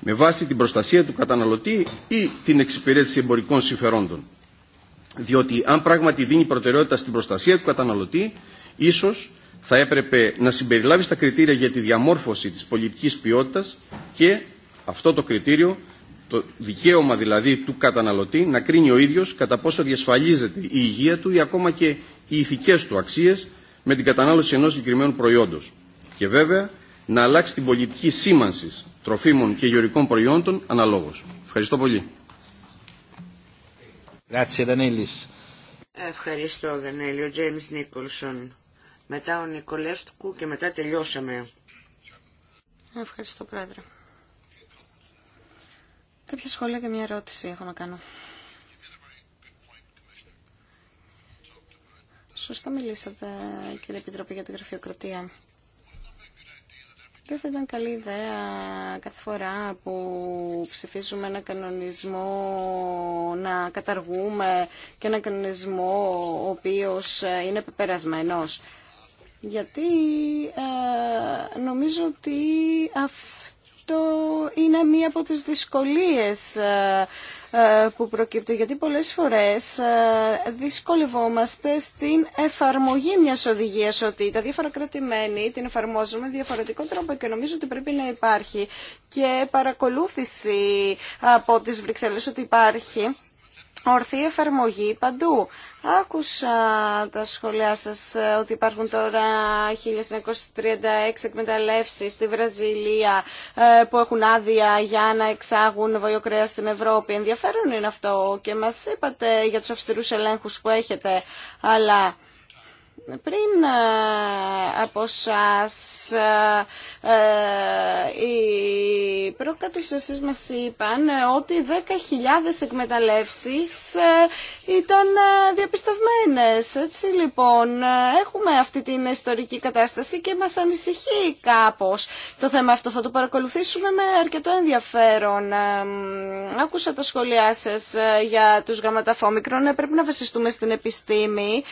Με βάση την προστασία του καταναλωτή ή την εξυπηρέτηση εμπορικών συμφερόντων. Διότι αν πράγματι δίνει προτεραιότητα στην προστασία του καταναλωτή, ίσως θα έπρεπε να συμπεριλάβει στα κριτήρια για τη διαμόρφωση της πολιτικής ποιότητας και αυτό το κριτήριο, το δικαίωμα δηλαδή του καταναλωτή, να κρίνει ο ίδιος κατά πόσο διασφαλίζεται η υγεία του ή ακόμα και οι ηθικές του αξίες με την κατανάλωση ενός συγκεκριμένου προϊόντος. Και βέβαια να αλλάξει την πολιτική σήμανση τροφίμων και γεωρικών προϊόντων αναλόγως. Ευχαριστώ πολύ. Ευχαριστώ, Δανέλη. Ο Τζέιμς Νίκολσον. Μετά ο Νικολέστουκου και μετά τελειώσαμε. Ευχαριστώ, Πρόεδρε. Κάποια σχόλια και μια ερώτηση έχω να κάνω. Σωστά μιλήσατε, κύριε Επιτροπή, για την γραφειοκρατία. Δεν θα ήταν καλή ιδέα κάθε φορά που ψηφίζουμε ένα κανονισμό να καταργούμε και ένα κανονισμό ο οποίος είναι πεπερασμένος. Γιατί ε, νομίζω ότι αυτό είναι μία από τις δυσκολίες ε, ε, που προκύπτει, γιατί πολλές φορές ε, δυσκολευόμαστε στην εφαρμογή μιας οδηγίας, ότι τα διάφορα κρατημένη την εφαρμόζουμε διαφορετικό τρόπο και νομίζω ότι πρέπει να υπάρχει και παρακολούθηση από τις Βρυξέλλες ότι υπάρχει ορθή εφαρμογή παντού. Άκουσα τα σχολιά σας ε, ότι υπάρχουν τώρα 1936 εκμεταλλεύσει στη Βραζιλία ε, που έχουν άδεια για να εξάγουν βοιοκρέα στην Ευρώπη. Ενδιαφέρον είναι αυτό και μας είπατε για τους αυστηρούς ελέγχους που έχετε, αλλά πριν ε, από σας ε, ε, οι σας μας είπαν ότι 10.000 εκμεταλλεύσεις ήταν διαπιστευμένες. Έτσι λοιπόν έχουμε αυτή την ιστορική κατάσταση και μας ανησυχεί κάπως το θέμα αυτό. Θα το παρακολουθήσουμε με αρκετό ενδιαφέρον. Άκουσα τα σχόλιά σας για τους γαματαφόμικρων. Πρέπει να βασιστούμε στην επιστήμη.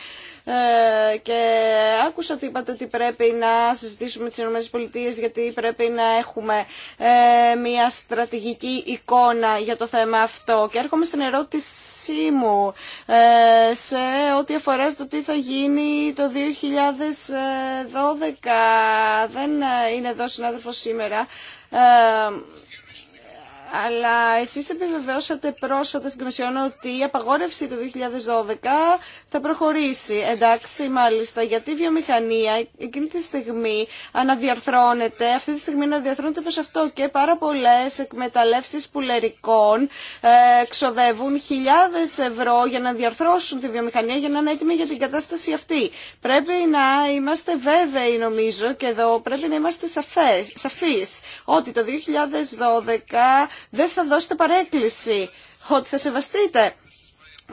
Ε, και άκουσα ότι είπατε ότι πρέπει να συζητήσουμε τις ΗΠΑ γιατί πρέπει να έχουμε ε, μια στρατηγική εικόνα για το θέμα αυτό. Και έρχομαι στην ερώτησή μου ε, σε ό,τι αφορά στο τι θα γίνει το 2012. Δεν είναι εδώ συνάδελφος σήμερα. Αλλά εσείς επιβεβαιώσατε πρόσφατα στην Κομισιόν ότι η απαγόρευση του 2012 θα προχωρήσει. Εντάξει, μάλιστα, γιατί η βιομηχανία εκείνη τη στιγμή αναδιαρθρώνεται, αυτή τη στιγμή αναδιαρθρώνεται προς αυτό και πάρα πολλές εκμεταλλεύσεις πουλερικών ε, ξοδεύουν χιλιάδες ευρώ για να διαρθρώσουν τη βιομηχανία για να είναι έτοιμη για την κατάσταση αυτή. Πρέπει να είμαστε βέβαιοι νομίζω και εδώ πρέπει να είμαστε σαφές, σαφείς ότι το 2012 δεν θα δώσετε παρέκκληση ότι θα σεβαστείτε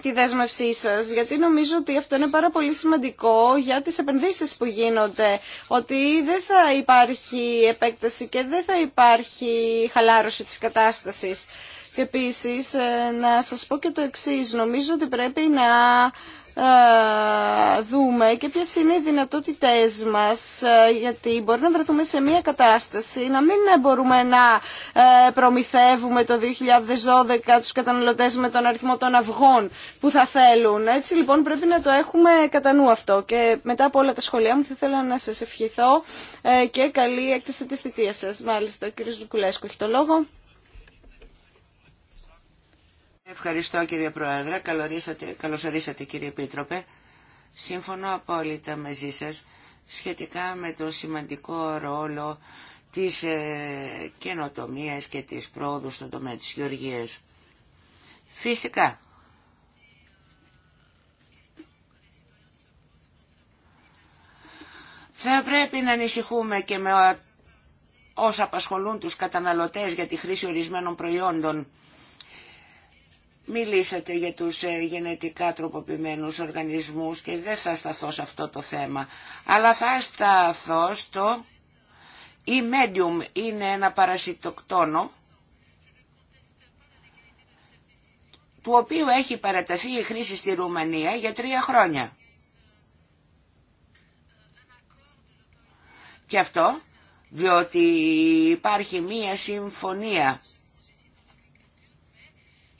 τη δέσμευσή σας, γιατί νομίζω ότι αυτό είναι πάρα πολύ σημαντικό για τις επενδύσεις που γίνονται, ότι δεν θα υπάρχει επέκταση και δεν θα υπάρχει χαλάρωση της κατάστασης. Και επίσης ε, να σας πω και το εξής, νομίζω ότι πρέπει να δούμε και ποιε είναι οι δυνατότητε μας, γιατί μπορεί να βρεθούμε σε μια κατάσταση, να μην μπορούμε να ε, προμηθεύουμε το 2012 του καταναλωτέ με τον αριθμό των αυγών που θα θέλουν. Έτσι λοιπόν πρέπει να το έχουμε κατά νου αυτό. Και μετά από όλα τα σχολεία μου θα ήθελα να σα ευχηθώ ε, και καλή έκτιση της θητείας σας. Μάλιστα, ο κ. Λουκουλέσκο έχει το λόγο. Ευχαριστώ κύριε Πρόεδρε, καλωσορίσατε κύριε Επίτροπε. Σύμφωνο απόλυτα μαζί σας σχετικά με το σημαντικό ρόλο της ε, καινοτομίας και της πρόοδου στον τομέα της γεωργίας. Φυσικά. Θα πρέπει να ανησυχούμε και με όσα απασχολούν τους καταναλωτές για τη χρήση ορισμένων προϊόντων Μιλήσατε για τους ε, γενετικά τροποποιημένους οργανισμούς και δεν θα σταθώ σε αυτό το θέμα. Αλλά θα σταθώ στο... Η medium είναι ένα παρασυτοκτόνο του οποίου έχει παραταθεί η χρήση στη Ρουμανία για τρία χρόνια. Και αυτό διότι υπάρχει μία συμφωνία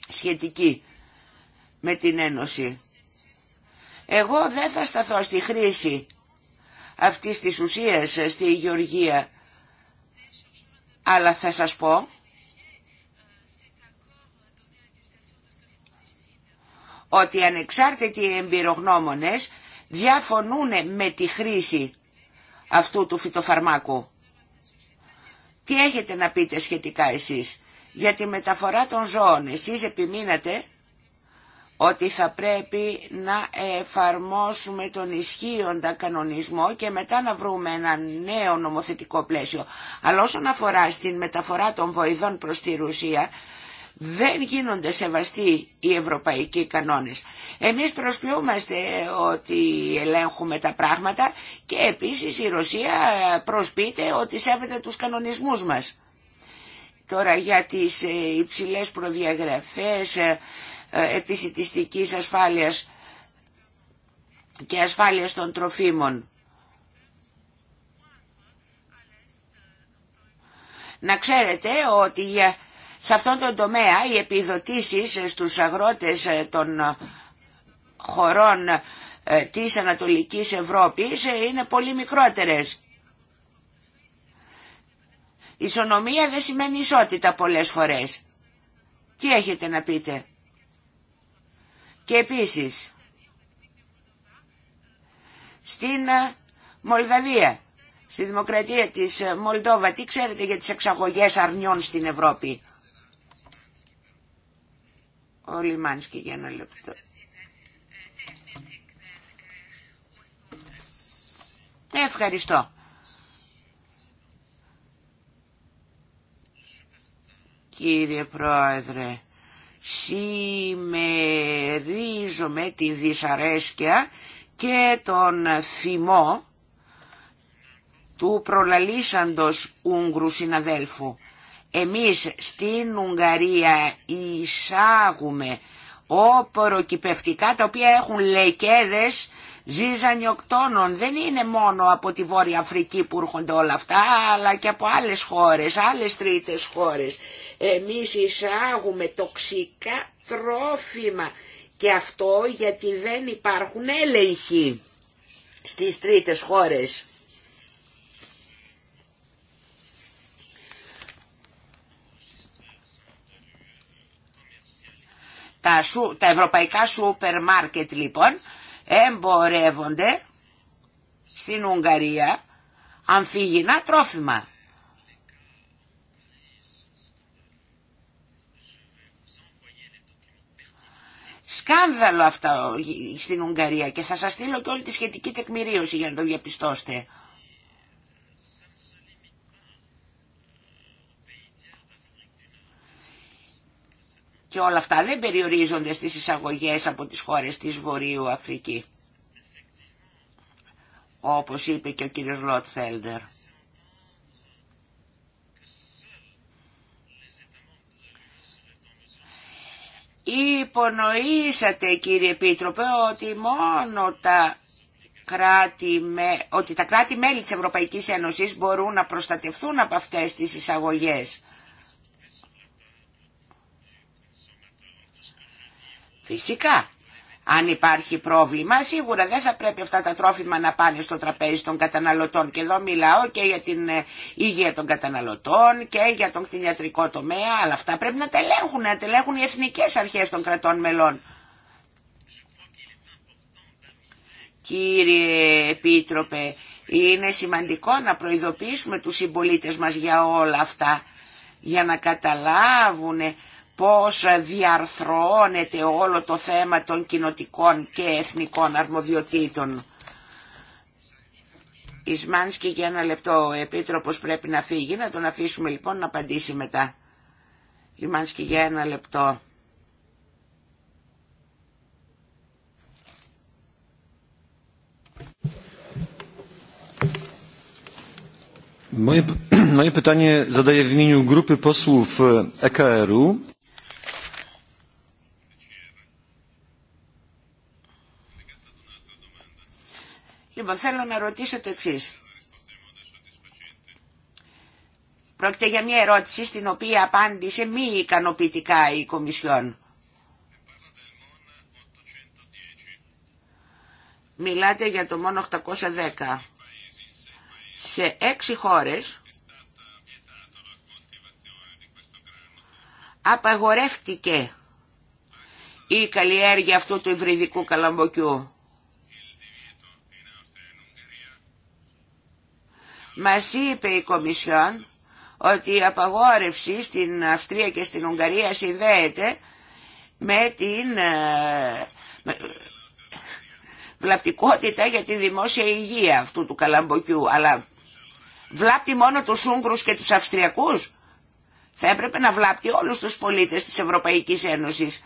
σχετική με την Ένωση. Εγώ δεν θα σταθώ στη χρήση αυτής της ουσίας ε, στη Γεωργία, αλλά θα σας πω ότι ανεξάρτητοι εμπειρογνώμονες διαφωνούν με τη χρήση αυτού του φυτοφαρμάκου. Τι έχετε να πείτε σχετικά εσείς για τη μεταφορά των ζώων. Εσείς επιμείνατε ότι θα πρέπει να εφαρμόσουμε τον ισχύοντα κανονισμό και μετά να βρούμε ένα νέο νομοθετικό πλαίσιο. Αλλά όσον αφορά στην μεταφορά των βοηδών προς τη Ρουσία, δεν γίνονται σεβαστοί οι ευρωπαϊκοί κανόνες. Εμείς προσποιούμαστε ότι ελέγχουμε τα πράγματα και επίσης η Ρωσία προσποιείται ότι σέβεται τους κανονισμούς μας. Τώρα για τις ε, υψηλές προδιαγραφές ε, ε, επισητιστικής ασφάλειας και ασφάλειας των τροφίμων. Να ξέρετε ότι σε αυτόν τον τομέα οι επιδοτήσεις στους αγρότες των χωρών της Ανατολικής Ευρώπης είναι πολύ μικρότερες. Ισονομία δεν σημαίνει ισότητα πολλές φορές. Τι έχετε να πείτε. Και επίσης, στην ε, Μολδαβία, στη δημοκρατία της ε, Μολδόβα, τι ξέρετε για τις εξαγωγές αρνιών στην Ευρώπη. Ο Λιμάνσκι για ένα Ευχαριστώ. κύριε Πρόεδρε. Σημερίζομαι τη δυσαρέσκεια και τον θυμό του προλαλήσαντος Ούγγρου συναδέλφου. Εμείς στην Ουγγαρία εισάγουμε κυπευτικά τα οποία έχουν λεκέδες ζυζανιοκτώνων δεν είναι μόνο από τη Βόρεια Αφρική που έρχονται όλα αυτά αλλά και από άλλες χώρες, άλλες τρίτες χώρες. Εμείς εισάγουμε τοξικά τρόφιμα και αυτό γιατί δεν υπάρχουν έλεγχοι στις τρίτες χώρες. Τα, τα ευρωπαϊκά σούπερ μάρκετ λοιπόν εμπορεύονται στην Ουγγαρία αμφίγινα τρόφιμα. Σκάνδαλο αυτό στην Ουγγαρία και θα σας στείλω και όλη τη σχετική τεκμηρίωση για να το διαπιστώσετε. και όλα αυτά δεν περιορίζονται στις εισαγωγές από τις χώρες της Βορείου Αφρική. Όπως είπε και ο κύριος Λότφελντερ. Υπονοήσατε κύριε Επίτροπε ότι μόνο τα κράτη με, ότι τα κράτη-μέλη της Ευρωπαϊκής Ένωσης μπορούν να προστατευθούν από αυτές τις εισαγωγές. Φυσικά, αν υπάρχει πρόβλημα, σίγουρα δεν θα πρέπει αυτά τα τρόφιμα να πάνε στο τραπέζι των καταναλωτών. Και εδώ μιλάω και για την ε, υγεία των καταναλωτών και για τον κτηνιατρικό τομέα, αλλά αυτά πρέπει να τα ελέγχουν, να τα οι εθνικές αρχές των κρατών μελών. Κύριε Επίτροπε, είναι σημαντικό να προειδοποιήσουμε τους συμπολίτε μας για όλα αυτά, για να καταλάβουν πώς διαρθρώνεται όλο το θέμα των κοινοτικών και εθνικών αρμοδιοτήτων. Ισμάνσκι για ένα λεπτό, ο Επίτροπος πρέπει να φύγει, να τον αφήσουμε λοιπόν να απαντήσει μετά. Ισμάνσκι για ένα λεπτό. Moje (clears throat) pytanie zadaję w imieniu grupy posłów e, e Λοιπόν, θέλω να ρωτήσω το εξή. Πρόκειται για μια ερώτηση στην οποία απάντησε μη ικανοποιητικά η Κομισιόν. Μιλάτε για το μόνο 810. Σε έξι χώρες απαγορεύτηκε η καλλιέργεια αυτού του υβριδικού καλαμποκιού. Μας είπε η Κομισιόν ότι η απαγόρευση στην Αυστρία και στην Ουγγαρία συνδέεται με την ε, βλαπτικότητα για τη δημόσια υγεία αυτού του καλαμποκιού. Αλλά βλάπτει μόνο τους Ούγγρους και τους Αυστριακούς. Θα έπρεπε να βλάπτει όλους τους πολίτες της Ευρωπαϊκής Ένωσης.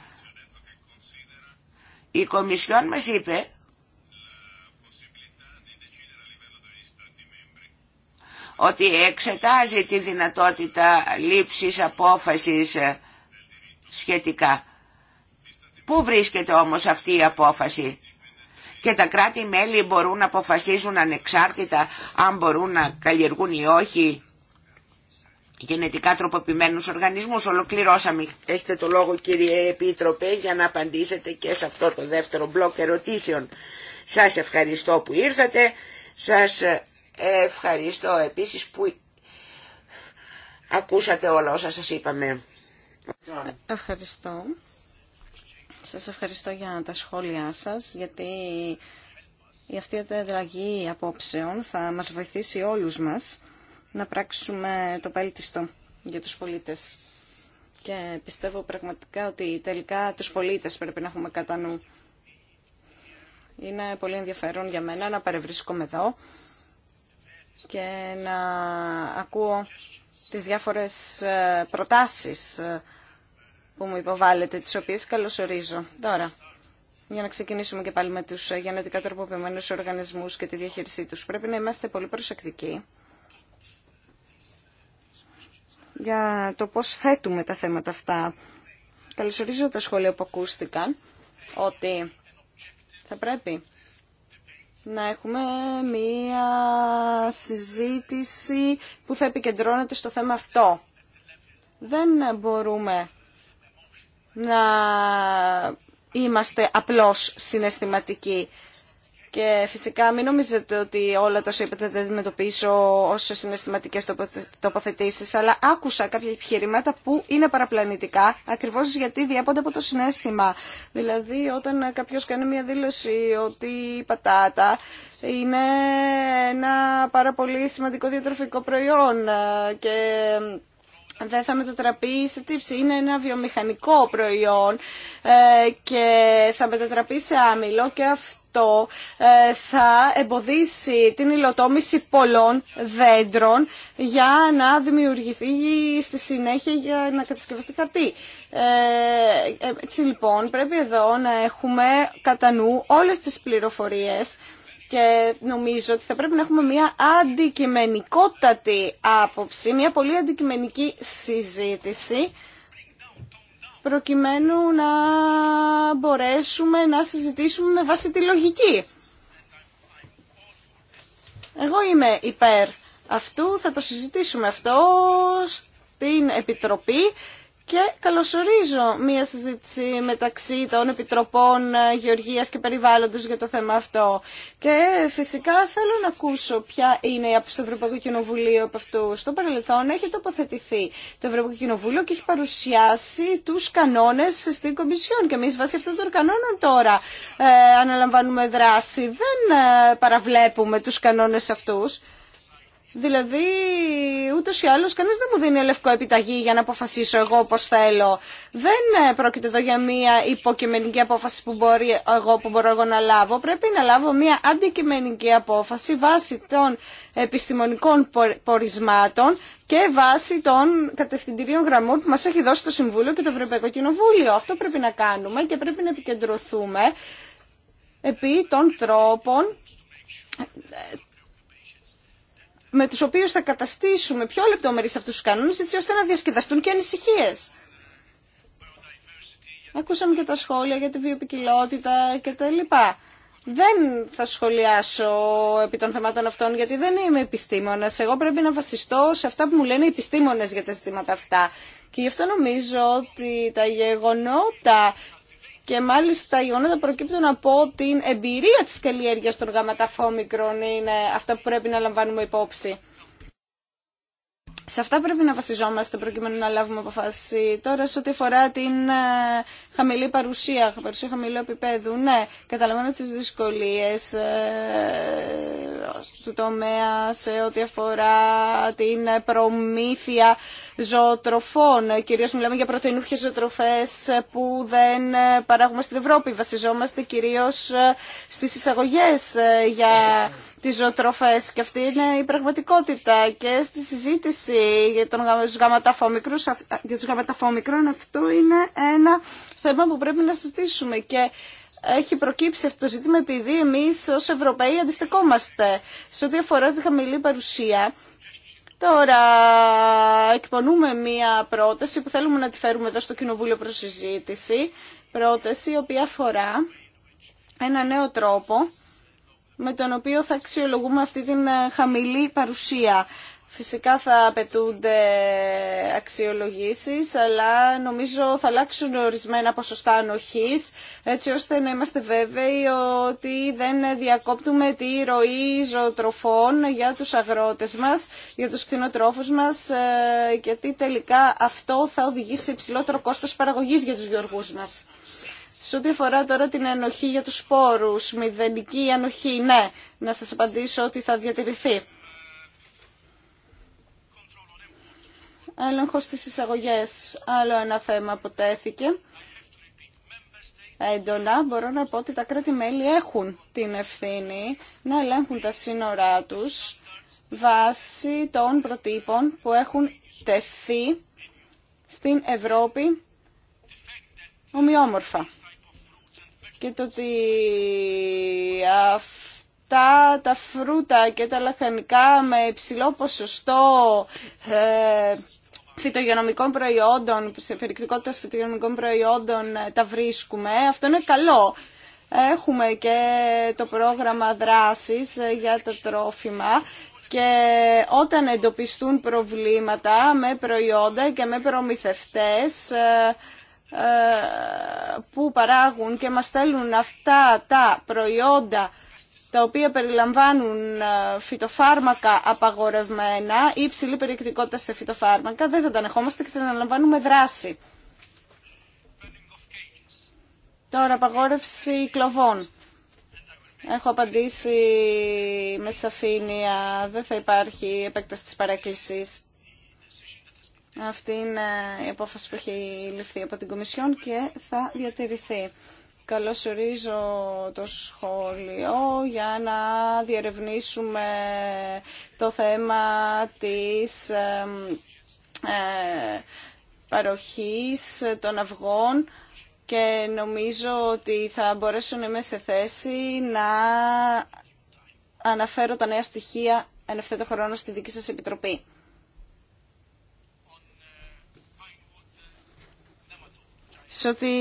Η Κομισιόν μας είπε ότι εξετάζει τη δυνατότητα λήψης απόφασης ε, σχετικά. Πού βρίσκεται όμως αυτή η απόφαση και τα κράτη-μέλη μπορούν να αποφασίζουν ανεξάρτητα αν μπορούν να καλλιεργούν ή όχι γενετικά τροποποιημένους οργανισμούς. Ολοκληρώσαμε. Έχετε το λόγο κύριε Επίτροπε για να απαντήσετε και σε αυτό το δεύτερο μπλοκ ερωτήσεων. Σας ευχαριστώ που ήρθατε. Σας Ευχαριστώ επίσης που ακούσατε όλα όσα σας είπαμε. Ευχαριστώ. Σας ευχαριστώ για τα σχόλιά σας, γιατί η αυτή η ανταλλαγή απόψεων θα μας βοηθήσει όλους μας να πράξουμε το πέλτιστο για τους πολίτες. Και πιστεύω πραγματικά ότι τελικά τους πολίτες πρέπει να έχουμε κατά νου. Είναι πολύ ενδιαφέρον για μένα να παρευρίσκομαι εδώ και να ακούω τις διάφορες ε, προτάσεις ε, που μου υποβάλλετε, τις οποίες καλωσορίζω. Τώρα, για να ξεκινήσουμε και πάλι με τους ε, γενετικά τροποποιημένους οργανισμούς και τη διαχείρισή τους. Πρέπει να είμαστε πολύ προσεκτικοί για το πώς θέτουμε τα θέματα αυτά. Καλωσορίζω τα σχόλια που ακούστηκαν, ότι θα πρέπει να έχουμε μία συζήτηση που θα επικεντρώνεται στο θέμα αυτό. Δεν μπορούμε να είμαστε απλώς συναισθηματικοί. Και φυσικά μην νομίζετε ότι όλα τόσο είπατε τα αντιμετωπίσω ως συναισθηματικές τοποθετήσεις, αλλά άκουσα κάποια επιχειρημάτα που είναι παραπλανητικά, ακριβώς γιατί διέπονται από το συνέστημα. Δηλαδή όταν κάποιος κάνει μια δήλωση ότι η πατάτα είναι ένα πάρα πολύ σημαντικό διατροφικό προϊόν και δεν θα μετατραπεί σε τύψη. Είναι ένα βιομηχανικό προϊόν ε, και θα μετατραπεί σε άμυλο και αυτό ε, θα εμποδίσει την υλοτόμηση πολλών δέντρων για να δημιουργηθεί στη συνέχεια για να κατασκευαστεί καρτί. Ε, έτσι λοιπόν πρέπει εδώ να έχουμε κατά νου όλες τις πληροφορίες και νομίζω ότι θα πρέπει να έχουμε μια αντικειμενικότατη άποψη, μια πολύ αντικειμενική συζήτηση προκειμένου να μπορέσουμε να συζητήσουμε με βάση τη λογική. Εγώ είμαι υπέρ αυτού, θα το συζητήσουμε αυτό στην Επιτροπή και καλωσορίζω μία συζήτηση μεταξύ των Επιτροπών ε, Γεωργίας και Περιβάλλοντος για το θέμα αυτό. Και φυσικά θέλω να ακούσω ποια είναι η άποψη του Ευρωπαϊκού Κοινοβουλίου από αυτού. Στο παρελθόν έχει τοποθετηθεί το Ευρωπαϊκό Κοινοβούλιο και έχει παρουσιάσει τους κανόνες στην Κομισιόν. Και εμεί βάσει αυτών των κανόνων τώρα ε, αναλαμβάνουμε δράση. Δεν ε, παραβλέπουμε τους κανόνες αυτούς. Δηλαδή, ούτω ή άλλω, κανεί δεν μου δίνει λευκό επιταγή για να αποφασίσω εγώ όπω θέλω. Δεν ε, πρόκειται εδώ για μία υποκειμενική απόφαση που, μπορεί εγώ, που μπορώ εγώ να λάβω. Πρέπει να λάβω μία αντικειμενική απόφαση βάσει των επιστημονικών πορισμάτων και βάσει των κατευθυντηρίων γραμμών που μα έχει δώσει το Συμβούλιο και το Ευρωπαϊκό Κοινοβούλιο. Αυτό πρέπει να κάνουμε και πρέπει να επικεντρωθούμε επί των τρόπων με τους οποίους θα καταστήσουμε πιο λεπτομερείς αυτούς τους κανόνες έτσι ώστε να διασκεδαστούν και ανησυχίες. Ακούσαμε και τα σχόλια για τη βιοπικιλότητα και τα Δεν θα σχολιάσω επί των θεμάτων αυτών γιατί δεν είμαι επιστήμονας. Εγώ πρέπει να βασιστώ σε αυτά που μου λένε οι επιστήμονες για τα ζητήματα αυτά. Και γι' αυτό νομίζω ότι τα γεγονότα και μάλιστα τα γεγονότα προκύπτουν από την εμπειρία της καλλιέργειας των γαματαφόμικρων είναι αυτά που πρέπει να λαμβάνουμε υπόψη σε αυτά πρέπει να βασιζόμαστε προκειμένου να λάβουμε αποφάση. Τώρα, σε ό,τι αφορά την ε, χαμηλή παρουσία, παρουσία χαμηλού επίπεδου, ναι, καταλαβαίνω τις δυσκολίες ε, του τομέα σε ό,τι αφορά την προμήθεια ζωοτροφών. Κυρίως μιλάμε για πρωτεϊνούχες ζωοτροφέ που δεν ε, παράγουμε στην Ευρώπη. Βασιζόμαστε κυρίως στις εισαγωγές για τις ζωοτροφές και αυτή είναι η πραγματικότητα και στη συζήτηση για, τον, για τους γαματαφόμικρων αυτό είναι ένα θέμα που πρέπει να συζητήσουμε και έχει προκύψει αυτό το ζήτημα επειδή εμείς ως Ευρωπαίοι αντιστεκόμαστε σε ό,τι αφορά τη χαμηλή παρουσία Τώρα εκπονούμε μία πρόταση που θέλουμε να τη φέρουμε εδώ στο Κοινοβούλιο προς συζήτηση. Πρόταση η οποία αφορά ένα νέο τρόπο με τον οποίο θα αξιολογούμε αυτή την ε, χαμηλή παρουσία. Φυσικά θα απαιτούνται αξιολογήσεις, αλλά νομίζω θα αλλάξουν ορισμένα ποσοστά ανοχής, έτσι ώστε να είμαστε βέβαιοι ότι δεν διακόπτουμε τη ροή ζωοτροφών για τους αγρότες μας, για τους κτηνοτρόφους μας, ε, γιατί τελικά αυτό θα οδηγήσει σε υψηλότερο κόστος παραγωγής για τους γεωργούς μας. Σε ό,τι αφορά τώρα την ενοχή για τους σπόρους, μηδενική ενοχή, ναι, να σας απαντήσω ότι θα διατηρηθεί. Έλεγχο στις εισαγωγές, άλλο ένα θέμα αποτέθηκε. Έντονα μπορώ να πω ότι τα κράτη-μέλη έχουν την ευθύνη να ελέγχουν τα σύνορά τους βάσει των προτύπων που έχουν τεθεί στην Ευρώπη ομοιόμορφα και το ότι αυτά τα φρούτα και τα λαχανικά με υψηλό ποσοστό ε, φυτογενομικών προϊόντων, σε περιεκτικότητα φυτογενομικών προϊόντων ε, τα βρίσκουμε. Αυτό είναι καλό. Έχουμε και το πρόγραμμα δράσης ε, για τα τρόφιμα και όταν εντοπιστούν προβλήματα με προϊόντα και με προμηθευτές ε, που παράγουν και μας στέλνουν αυτά τα προϊόντα τα οποία περιλαμβάνουν ε, φυτοφάρμακα απαγορευμένα ή υψηλή περιεκτικότητα σε φυτοφάρμακα, δεν θα τα ανεχόμαστε και θα αναλαμβάνουμε δράση. Τώρα, απαγόρευση κλοβών. Έχω απαντήσει με σαφήνεια, δεν θα υπάρχει επέκταση της παρέκκλησης. Αυτή είναι η απόφαση που έχει ληφθεί από την Κομισιόν και θα διατηρηθεί. Καλωσορίζω το σχόλιο για να διερευνήσουμε το θέμα της ε, παροχής των αυγών και νομίζω ότι θα μπορέσω να είμαι σε θέση να αναφέρω τα νέα στοιχεία εν ευθέτω χρόνο στη δική σας επιτροπή. σε ό,τι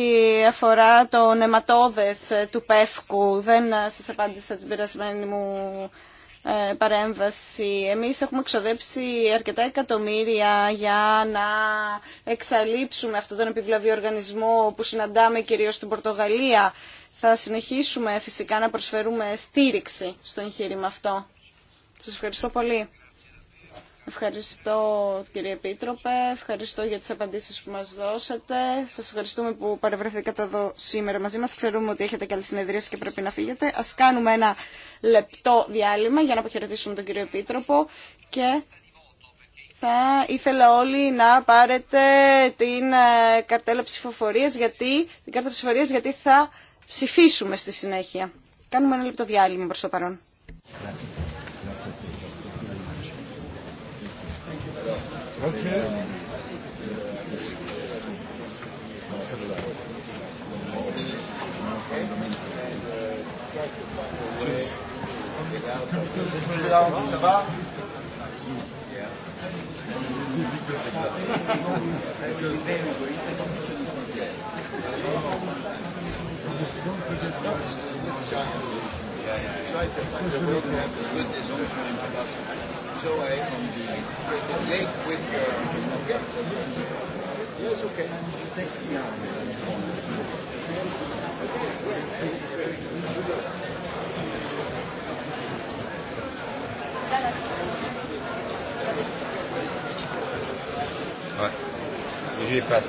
αφορά το νεματόδες του πεύκου, δεν σας απάντησα την περασμένη μου ε, παρέμβαση. Εμείς έχουμε εξοδέψει αρκετά εκατομμύρια για να εξαλείψουμε αυτόν τον επιβλαβή οργανισμό που συναντάμε κυρίως στην Πορτογαλία. Θα συνεχίσουμε φυσικά να προσφέρουμε στήριξη στο εγχείρημα αυτό. Σας ευχαριστώ πολύ. Ευχαριστώ κύριε Επίτροπε, ευχαριστώ για τις απαντήσεις που μας δώσατε. Σας ευχαριστούμε που παρευρεθήκατε εδώ σήμερα μαζί μας. Ξέρουμε ότι έχετε και συνεδρίαση και πρέπει να φύγετε. Ας κάνουμε ένα λεπτό διάλειμμα για να αποχαιρετήσουμε τον κύριο Επίτροπο και θα ήθελα όλοι να πάρετε την ε, καρτέλα ψηφοφορίας γιατί, την κάρτα ψηφοφορίας γιατί θα ψηφίσουμε στη συνέχεια. Κάνουμε ένα λεπτό διάλειμμα προς το παρόν. Okay. Yeah. to to so I link with Yes, okay. J'ai pas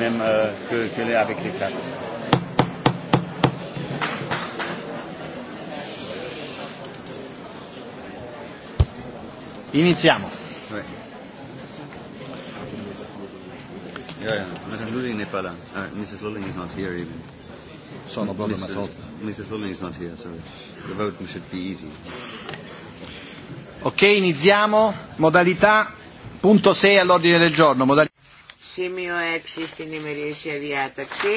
même que, que avec les cartes. Iniziamo. Yeah, yeah. Madame Lulling n'est pas là. Uh, Mrs. Lulling is not here even. Son no problem at all. Mrs. Lulling is not here, so the voting should be easy. Ok, iniziamo. Modalità punto 6 all'ordine del giorno. Modalità σημείο 6 στην ημερήσια διάταξη.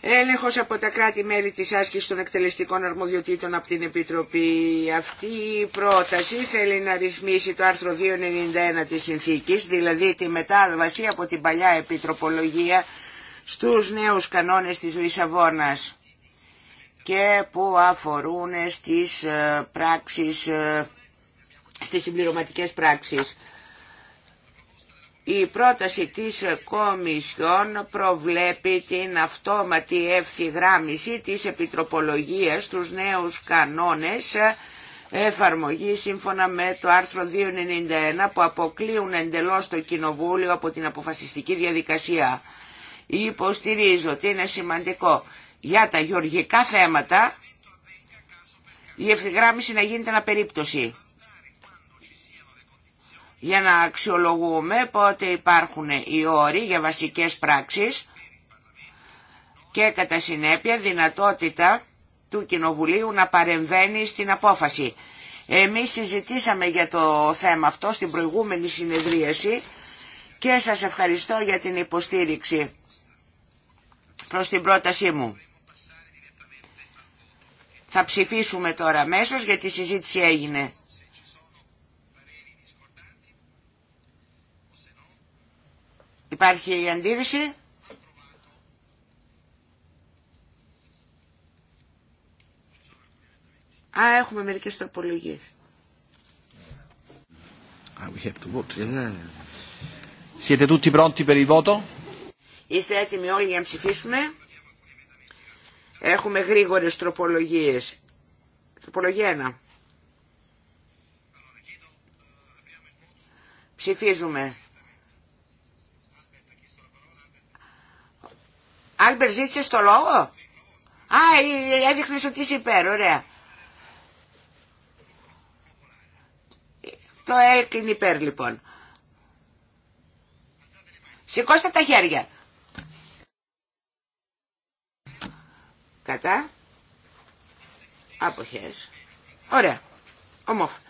Έλεγχος από τα κράτη-μέλη της Άσκηση των εκτελεστικών αρμοδιοτήτων από την Επιτροπή. Αυτή η πρόταση θέλει να ρυθμίσει το άρθρο 291 της συνθήκης, δηλαδή τη μετάβαση από την παλιά επιτροπολογία στους νέους κανόνες της Λισαβόνας και που αφορούν στις ε, πράξεις, ε, στις συμπληρωματικές πράξεις. Η πρόταση της Κομισιόν προβλέπει την αυτόματη ευθυγράμμιση της επιτροπολογίας στους νέους κανόνες εφαρμογή σύμφωνα με το άρθρο 291 που αποκλείουν εντελώς το Κοινοβούλιο από την αποφασιστική διαδικασία. Υποστηρίζω ότι είναι σημαντικό για τα γεωργικά θέματα η ευθυγράμμιση να γίνεται περίπτωση για να αξιολογούμε πότε υπάρχουν οι όροι για βασικές πράξεις και κατά συνέπεια δυνατότητα του Κοινοβουλίου να παρεμβαίνει στην απόφαση. Εμείς συζητήσαμε για το θέμα αυτό στην προηγούμενη συνεδρίαση και σας ευχαριστώ για την υποστήριξη προς την πρότασή μου. Θα ψηφίσουμε τώρα αμέσω γιατί η συζήτηση έγινε. Υπάρχει η αντίρρηση. Α, έχουμε μερικές τροπολογίες. Siete tutti pronti per il voto? Είστε έτοιμοι όλοι για να ψηφίσουμε. Έχουμε γρήγορες τροπολογίες. Τροπολογία 1. Ψηφίζουμε. Άλμπερ ζήτησε το λόγο. Α, ε, ε, έδειχνε ότι είσαι υπέρ, ωραία. Το ΕΛΚ είναι υπέρ λοιπόν. Σηκώστε τα χέρια. Κατά. Αποχές. Ωραία. Ομόφωνα.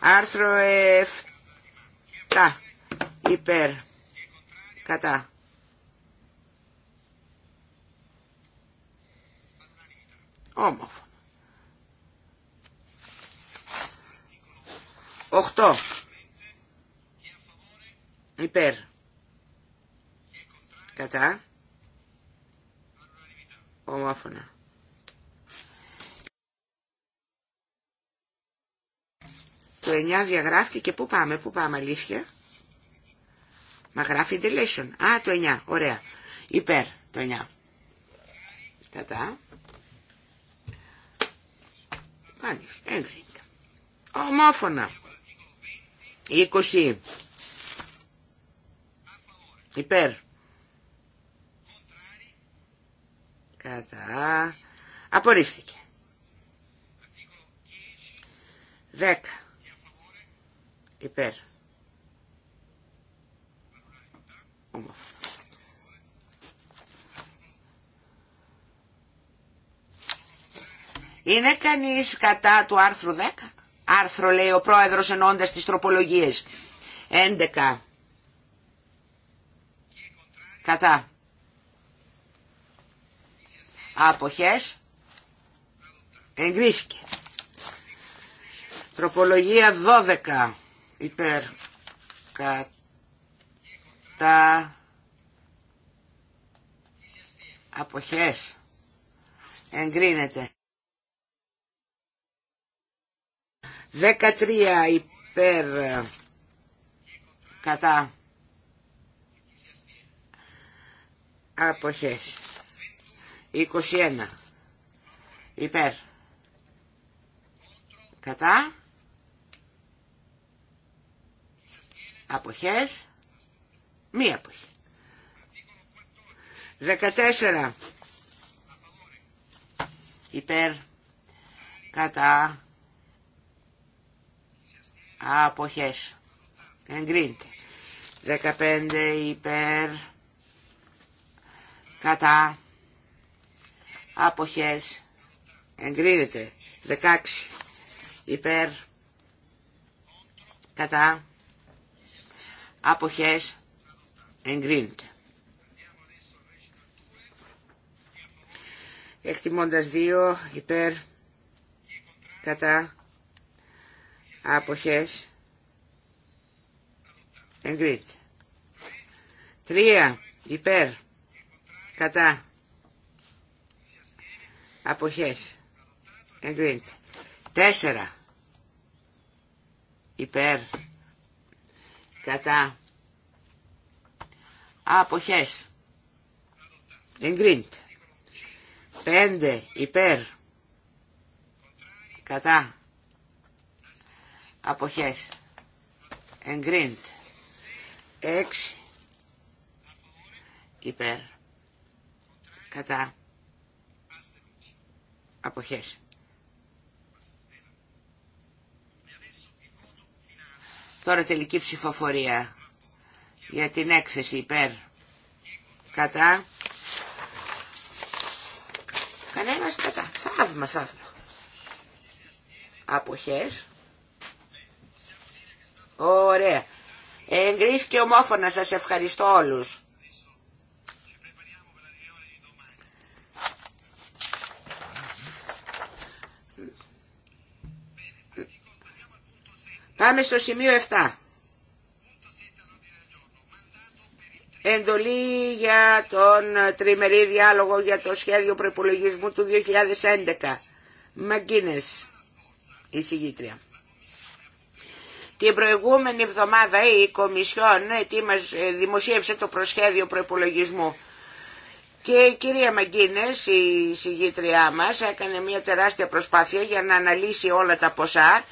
Άρθρο 7. Υπέρ. Κατά. Όμορφο. 8. Υπέρ. Κατά. Ομόφωνα. Το 9 διαγράφτηκε. Πού πάμε, πού πάμε, αλήθεια. Μα γράφει deletion. Α, το 9. Ωραία. Υπέρ το 9. Κατά. Άλλος, έγκριτα. Ομόφωνα. 20. Υπέρ. Κατά. Απορρίφθηκε. 10. Υπέρ. Ομόφωνα. Είναι κανείς κατά του άρθρου 10. Άρθρο λέει ο πρόεδρος ενώντας τις τροπολογίες. 11. Κατά. Αποχές. Εγκρίθηκε. Τροπολογία 12. Υπέρ. Κατά. Αποχές. Εγκρίνεται. 13 υπέρ κατά αποχές 21 υπέρ κατά αποχές μία αποχή 14 υπέρ κατά Αποχές. Εγκρίνεται. 15 υπέρ. Κατά. Αποχές. Εγκρίνεται. 16 υπέρ. Κατά. Αποχές. Εγκρίνεται. Εκτιμώντας 2 υπέρ. Κατά Αποχές. Εγκρίνεται. Τρία. Υπέρ. Κατά. Αποχές. Εγκρίνεται. Τέσσερα. Υπέρ. Κατά. Αποχές. Εγκρίνεται. Πέντε. Υπέρ. Κατά αποχές Εγκριντ. Έξι. υπέρ κατά αποχές Τώρα τελική ψηφοφορία για την έκθεση υπέρ κατά κανένας κατά θαύμα θαύμα αποχές Ωραία. Εγκρίθηκε ομόφωνα. Σας ευχαριστώ όλους. Πάμε στο σημείο 7. Εντολή για τον τριμερή διάλογο για το σχέδιο προπολογισμού του 2011. Μαγκίνες, η την προηγούμενη εβδομάδα η Κομισιόν δημοσίευσε το προσχέδιο προπολογισμού. Και η κυρία Μαγκίνες, η συγγήτριά μας, έκανε μια τεράστια προσπάθεια για να αναλύσει όλα τα ποσά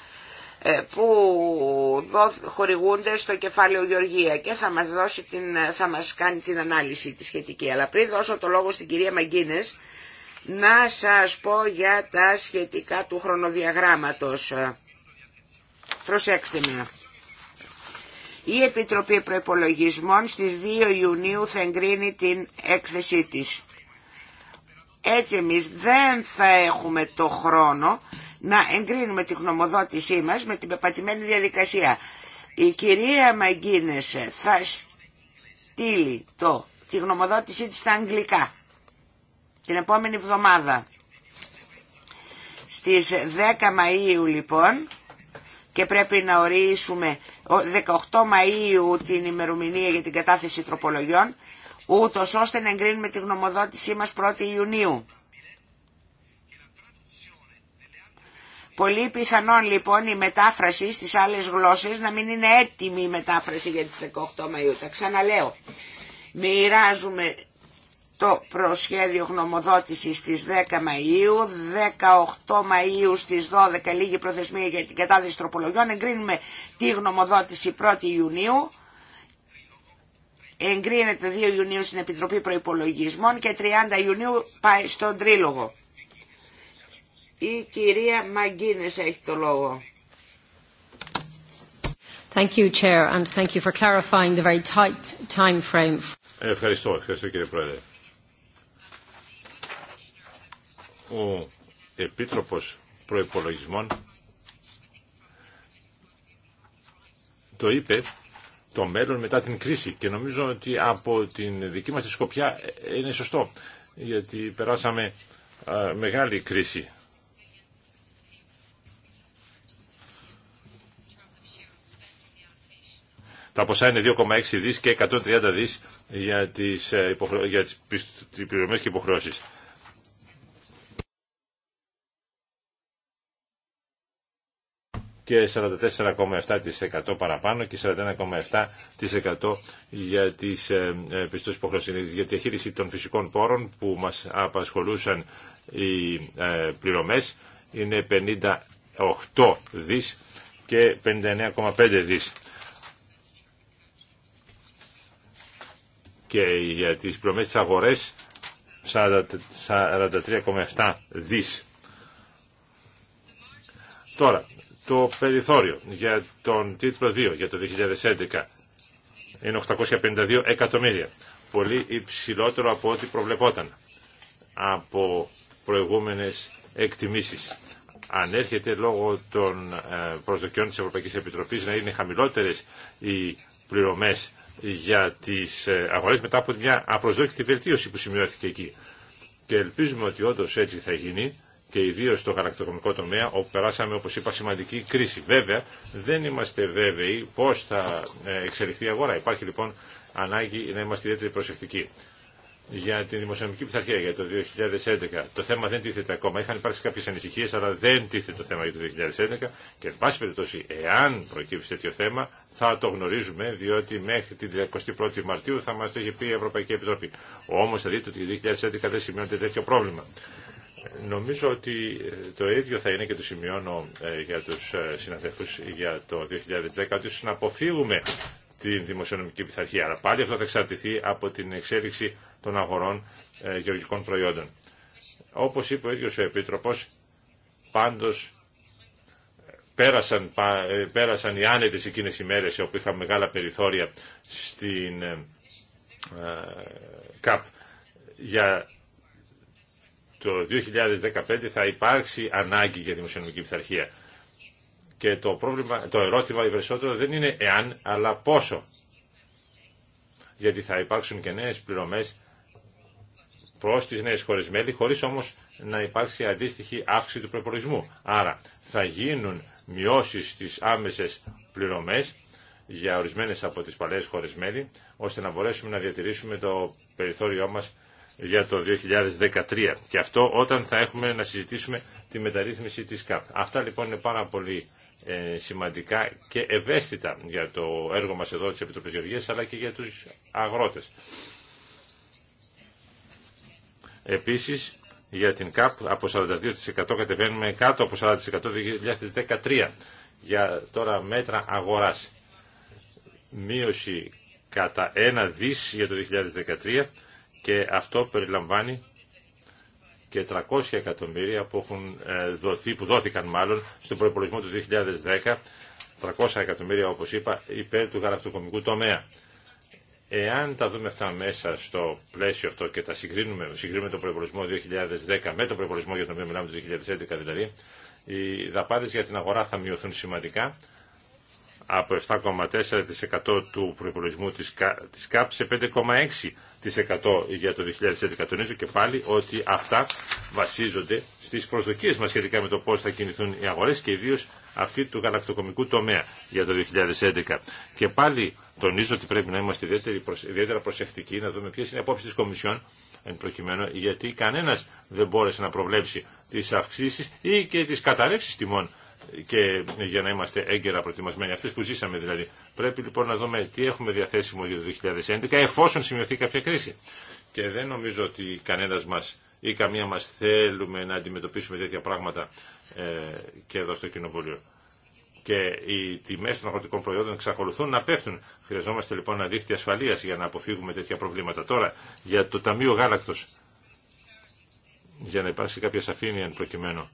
ε, που χορηγούνται στο κεφάλαιο Γεωργία και θα μας, δώσει την, θα μας κάνει την ανάλυση τη σχετική. Αλλά πριν δώσω το λόγο στην κυρία Μαγκίνες, να σας πω για τα σχετικά του χρονοδιαγράμματος. Προσέξτε με. Η Επιτροπή Προϋπολογισμών στις 2 Ιουνίου θα εγκρίνει την έκθεσή της. Έτσι εμείς δεν θα έχουμε το χρόνο να εγκρίνουμε τη γνωμοδότησή μας με την πεπατημένη διαδικασία. Η κυρία Μαγκίνεσε θα στείλει το, τη γνωμοδότησή της στα αγγλικά την επόμενη εβδομάδα. Στις 10 Μαΐου λοιπόν και πρέπει να ορίσουμε 18 Μαΐου την ημερομηνία για την κατάθεση τροπολογιών, ούτω ώστε να εγκρίνουμε τη γνωμοδότησή μας 1η Ιουνίου. Πολύ πιθανόν λοιπόν η μετάφραση στις άλλες γλώσσες να μην είναι έτοιμη η μετάφραση για τις 18 Μαΐου. Τα ξαναλέω. Μοιράζουμε το προσχέδιο γνωμοδότησης στις 10 Μαΐου, 18 Μαΐου στις 12 λίγη προθεσμία για την κατάδυση τροπολογιών, εγκρίνουμε τη γνωμοδότηση 1η Ιουνίου, εγκρίνεται 2 Ιουνίου στην Επιτροπή Προϋπολογισμών και 30 Ιουνίου πάει στον Τρίλογο. Η κυρία Μαγκίνες έχει το λόγο. Thank you, Chair, and thank you for clarifying the very tight time frame. Ευχαριστώ, ευχαριστώ κύριε Πρόεδρε. ο Επίτροπος Προϋπολογισμών το είπε το μέλλον μετά την κρίση και νομίζω ότι από την δική μας τη σκοπιά είναι σωστό γιατί περάσαμε μεγάλη κρίση. Τα ποσά είναι 2,6 δις και 130 δις για τις, ε, υποχρεω... για τις πληρωμές και υποχρεώσεις. και 44,7% παραπάνω και 41,7% για τις ε, ε, πιστώσεις υποχρεωσίες για τη διαχείριση των φυσικών πόρων που μας απασχολούσαν οι ε, πληρωμές είναι 58 δις και 59,5 δις. Και για τις πληρωμές της αγορές 43,7 δις. Τώρα, το περιθώριο για τον τίτλο 2 για το 2011 είναι 852 εκατομμύρια. Πολύ υψηλότερο από ό,τι προβλεπόταν από προηγούμενες εκτιμήσεις. Αν έρχεται λόγω των ε, προσδοκιών της Ευρωπαϊκής Επιτροπής να είναι χαμηλότερες οι πληρωμές για τις ε, αγορές μετά από μια απροσδόκητη βελτίωση που σημειώθηκε εκεί. Και ελπίζουμε ότι όντως έτσι θα γίνει και ιδίω στο γαλακτοκομικό τομέα, όπου περάσαμε, όπω είπα, σημαντική κρίση. Βέβαια, δεν είμαστε βέβαιοι πώ θα ε, εξελιχθεί η αγορά. Υπάρχει λοιπόν ανάγκη να είμαστε ιδιαίτερα προσεκτικοί. Για την δημοσιονομική πειθαρχία για το 2011. Το θέμα δεν τίθεται ακόμα. Είχαν υπάρξει κάποιε ανησυχίε, αλλά δεν τίθεται το θέμα για το 2011. Και, εν πάση περιπτώσει, εάν προκύψει τέτοιο θέμα, θα το γνωρίζουμε, διότι μέχρι την 21η Μαρτίου θα μα το είχε πει η Ευρωπαϊκή Επιτροπή. Όμω θα δείτε ότι το 2011 δεν σημειώνεται τέτοιο πρόβλημα. Νομίζω ότι ε, το ίδιο θα είναι και το σημειώνω ε, για τους ε, συναδέλφους για το 2010, ότι να αποφύγουμε την δημοσιονομική πειθαρχία. Αλλά πάλι αυτό θα εξαρτηθεί από την εξέλιξη των αγορών γεωργικών προϊόντων. Όπως είπε ο ίδιος ο Επίτροπος, πάντως πέρασαν, πέρασαν οι άνετες εκείνες οι μέρες όπου είχαμε μεγάλα περιθώρια στην ΚΑΠ για το 2015 θα υπάρξει ανάγκη για δημοσιονομική πειθαρχία. Και το, πρόβλημα, το ερώτημα η περισσότερο δεν είναι εάν, αλλά πόσο. Γιατί θα υπάρξουν και νέες πληρωμές προς τις νέες χώρες μέλη, χωρίς όμως να υπάρξει αντίστοιχη αύξηση του προπολογισμού. Άρα θα γίνουν μειώσεις στις άμεσες πληρωμές για ορισμένες από τις παλαιές χώρες μέλη, ώστε να μπορέσουμε να διατηρήσουμε το περιθώριό μας για το 2013. Και αυτό όταν θα έχουμε να συζητήσουμε τη μεταρρύθμιση της ΚΑΠ. Αυτά λοιπόν είναι πάρα πολύ ε, σημαντικά και ευαίσθητα για το έργο μας εδώ της Επιτροπής Γεωργίας αλλά και για τους αγρότες. Επίσης για την ΚΑΠ από 42% κατεβαίνουμε κάτω από 40% το 2013 για τώρα μέτρα αγοράς. Μείωση κατά 1 δις για το 2013 και αυτό περιλαμβάνει και 300 εκατομμύρια που, έχουν ε, δοθεί, που δόθηκαν μάλλον στον προπολογισμό του 2010, 300 εκατομμύρια όπως είπα υπέρ του γαλακτοκομικού τομέα. Εάν τα δούμε αυτά μέσα στο πλαίσιο αυτό και τα συγκρίνουμε, συγκρίνουμε τον προπολογισμό 2010 με τον προπολογισμό για τον οποίο μιλάμε το 2011 δηλαδή, οι δαπάνες για την αγορά θα μειωθούν σημαντικά από 7,4% του προϋπολογισμού της ΚΑΠ σε 5,6% για το 2011. Τονίζω και πάλι ότι αυτά βασίζονται στις προσδοκίες μας σχετικά με το πώς θα κινηθούν οι αγορές και ιδίως αυτή του γαλακτοκομικού τομέα για το 2011. Και πάλι τονίζω ότι πρέπει να είμαστε ιδιαίτερα προσεκτικοί να δούμε ποιες είναι οι απόψεις της Κομισιόν γιατί κανένας δεν μπόρεσε να προβλέψει τις αυξήσεις ή και τις καταρρεύσεις τιμών και για να είμαστε έγκαιρα προετοιμασμένοι, αυτές που ζήσαμε δηλαδή. Πρέπει λοιπόν να δούμε τι έχουμε διαθέσιμο για το 2011 εφόσον σημειωθεί κάποια κρίση. Και δεν νομίζω ότι κανένας μας ή καμία μας θέλουμε να αντιμετωπίσουμε τέτοια πράγματα ε, και εδώ στο Κοινοβούλιο. Και οι τιμέ των αγροτικών προϊόντων εξακολουθούν να πέφτουν. Χρειαζόμαστε λοιπόν ένα δίχτυ ασφαλεία για να αποφύγουμε τέτοια προβλήματα. Τώρα, για το Ταμείο Γάλακτο, για να υπάρξει κάποια σαφήνεια εν προκειμένου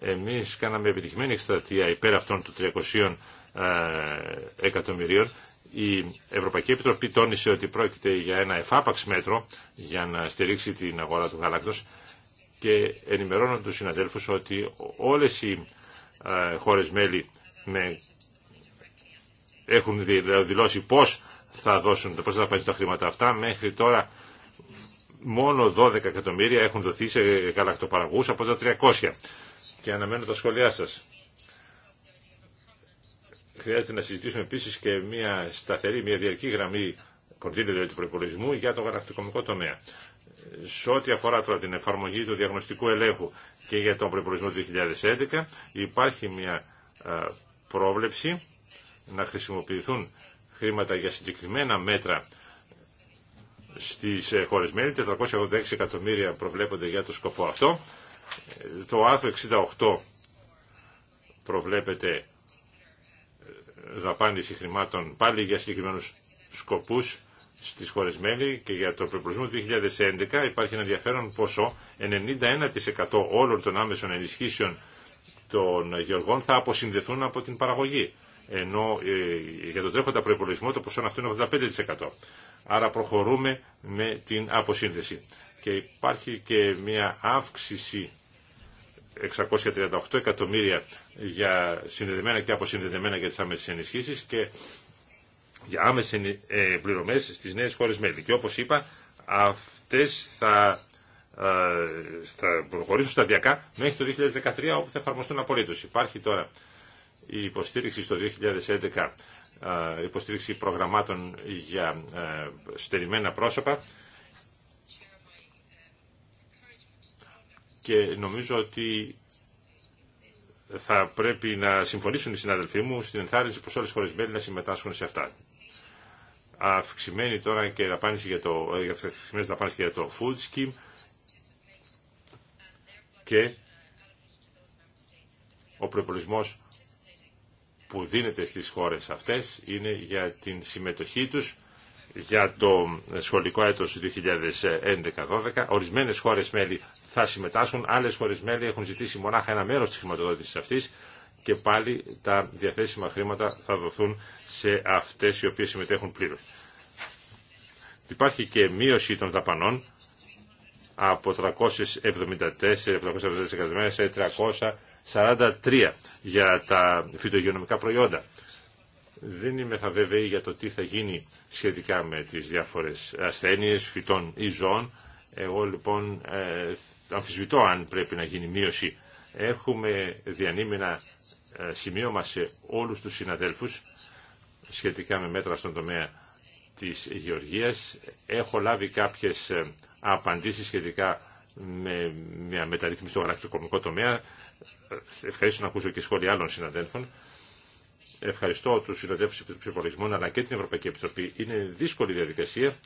εμείς κάναμε επιτυχημένη εκστρατεία υπέρ αυτών των 300 ε, εκατομμυρίων. Η Ευρωπαϊκή Επιτροπή τόνισε ότι πρόκειται για ένα εφάπαξ μέτρο για να στηρίξει την αγορά του γάλακτος και ενημερώνω τους συναδέλφους ότι όλες οι ε, χώρες μέλη έχουν δηλαδή δηλώσει πώς θα δώσουν, πώς θα πάνε τα χρήματα αυτά. Μέχρι τώρα μόνο 12 εκατομμύρια έχουν δοθεί σε γαλακτοπαραγωγούς από τα 300 και αναμένω τα σχόλιά σας. Χρειάζεται να συζητήσουμε επίσης και μια σταθερή, μια διαρκή γραμμή κονδύλιο δηλαδή του προπολογισμού για το γαλακτοκομικό τομέα. Σε ό,τι αφορά τώρα την εφαρμογή του διαγνωστικού ελέγχου και για τον προπολογισμό του 2011, υπάρχει μια πρόβλεψη να χρησιμοποιηθούν χρήματα για συγκεκριμένα μέτρα στις ε, χώρες μέλη. 486 εκατομμύρια προβλέπονται για το σκοπό αυτό. Το άρθρο 68 προβλέπεται ε, δαπάνηση χρημάτων πάλι για συγκεκριμένους σκοπούς στις χώρες μέλη και για το προπολογισμό του 2011 υπάρχει ένα ενδιαφέρον ποσό 91% όλων των άμεσων ενισχύσεων των γεωργών θα αποσυνδεθούν από την παραγωγή ενώ ε, για το τρέχοντα προπολογισμό το ποσό αυτό είναι 85%. Άρα προχωρούμε με την αποσύνδεση. Και υπάρχει και μια αύξηση 638 εκατομμύρια για συνδεδεμένα και αποσυνδεδεμένα για τις άμεσες ενισχύσεις και για άμεσες ε, πληρωμές στις νέες χώρες μέλη. Και όπως είπα, αυτές θα, ε, θα προχωρήσουν σταδιακά μέχρι το 2013 όπου θα εφαρμοστούν απολύτως. Υπάρχει τώρα η υποστήριξη στο 2011 ε, υποστήριξη προγραμμάτων για στερημένα πρόσωπα και νομίζω ότι θα πρέπει να συμφωνήσουν οι συνάδελφοί μου στην ενθάρρυνση προς όλες τις χώρες μέλη να συμμετάσχουν σε αυτά. Αυξημένη τώρα και δαπάνηση για το, ε, δαπάνηση για το food scheme και ο προπολογισμό που δίνεται στις χώρες αυτές είναι για την συμμετοχή τους για το σχολικό έτος 2011-2012. Ορισμένες χώρες μέλη θα συμμετάσχουν. άλλε χώρες μέλη έχουν ζητήσει μονάχα ένα μέρος της χρηματοδότηση αυτής και πάλι τα διαθέσιμα χρήματα θα δοθούν σε αυτές οι οποίες συμμετέχουν πλήρως. Υπάρχει και μείωση των δαπανών από 374, 374 σε 343 για τα φυτογεωνομικά προϊόντα. Δεν είμαι θα βέβαιη για το τι θα γίνει σχετικά με τις διάφορες ασθένειες φυτών ή ζώων. Εγώ λοιπόν ε, αμφισβητώ αν πρέπει να γίνει μείωση. Έχουμε διανύμει σημείο σημείωμα σε όλους τους συναδέλφους σχετικά με μέτρα στον τομέα της γεωργίας. Έχω λάβει κάποιες ε, απαντήσεις σχετικά με μια μεταρρύθμιση στο γραφειοκομικό τομέα. Ευχαριστώ να ακούσω και σχόλια άλλων συναδέλφων. Ευχαριστώ τους συναδέλφους του Υπολογισμών αλλά και την Ευρωπαϊκή Επιτροπή. Είναι δύσκολη διαδικασία.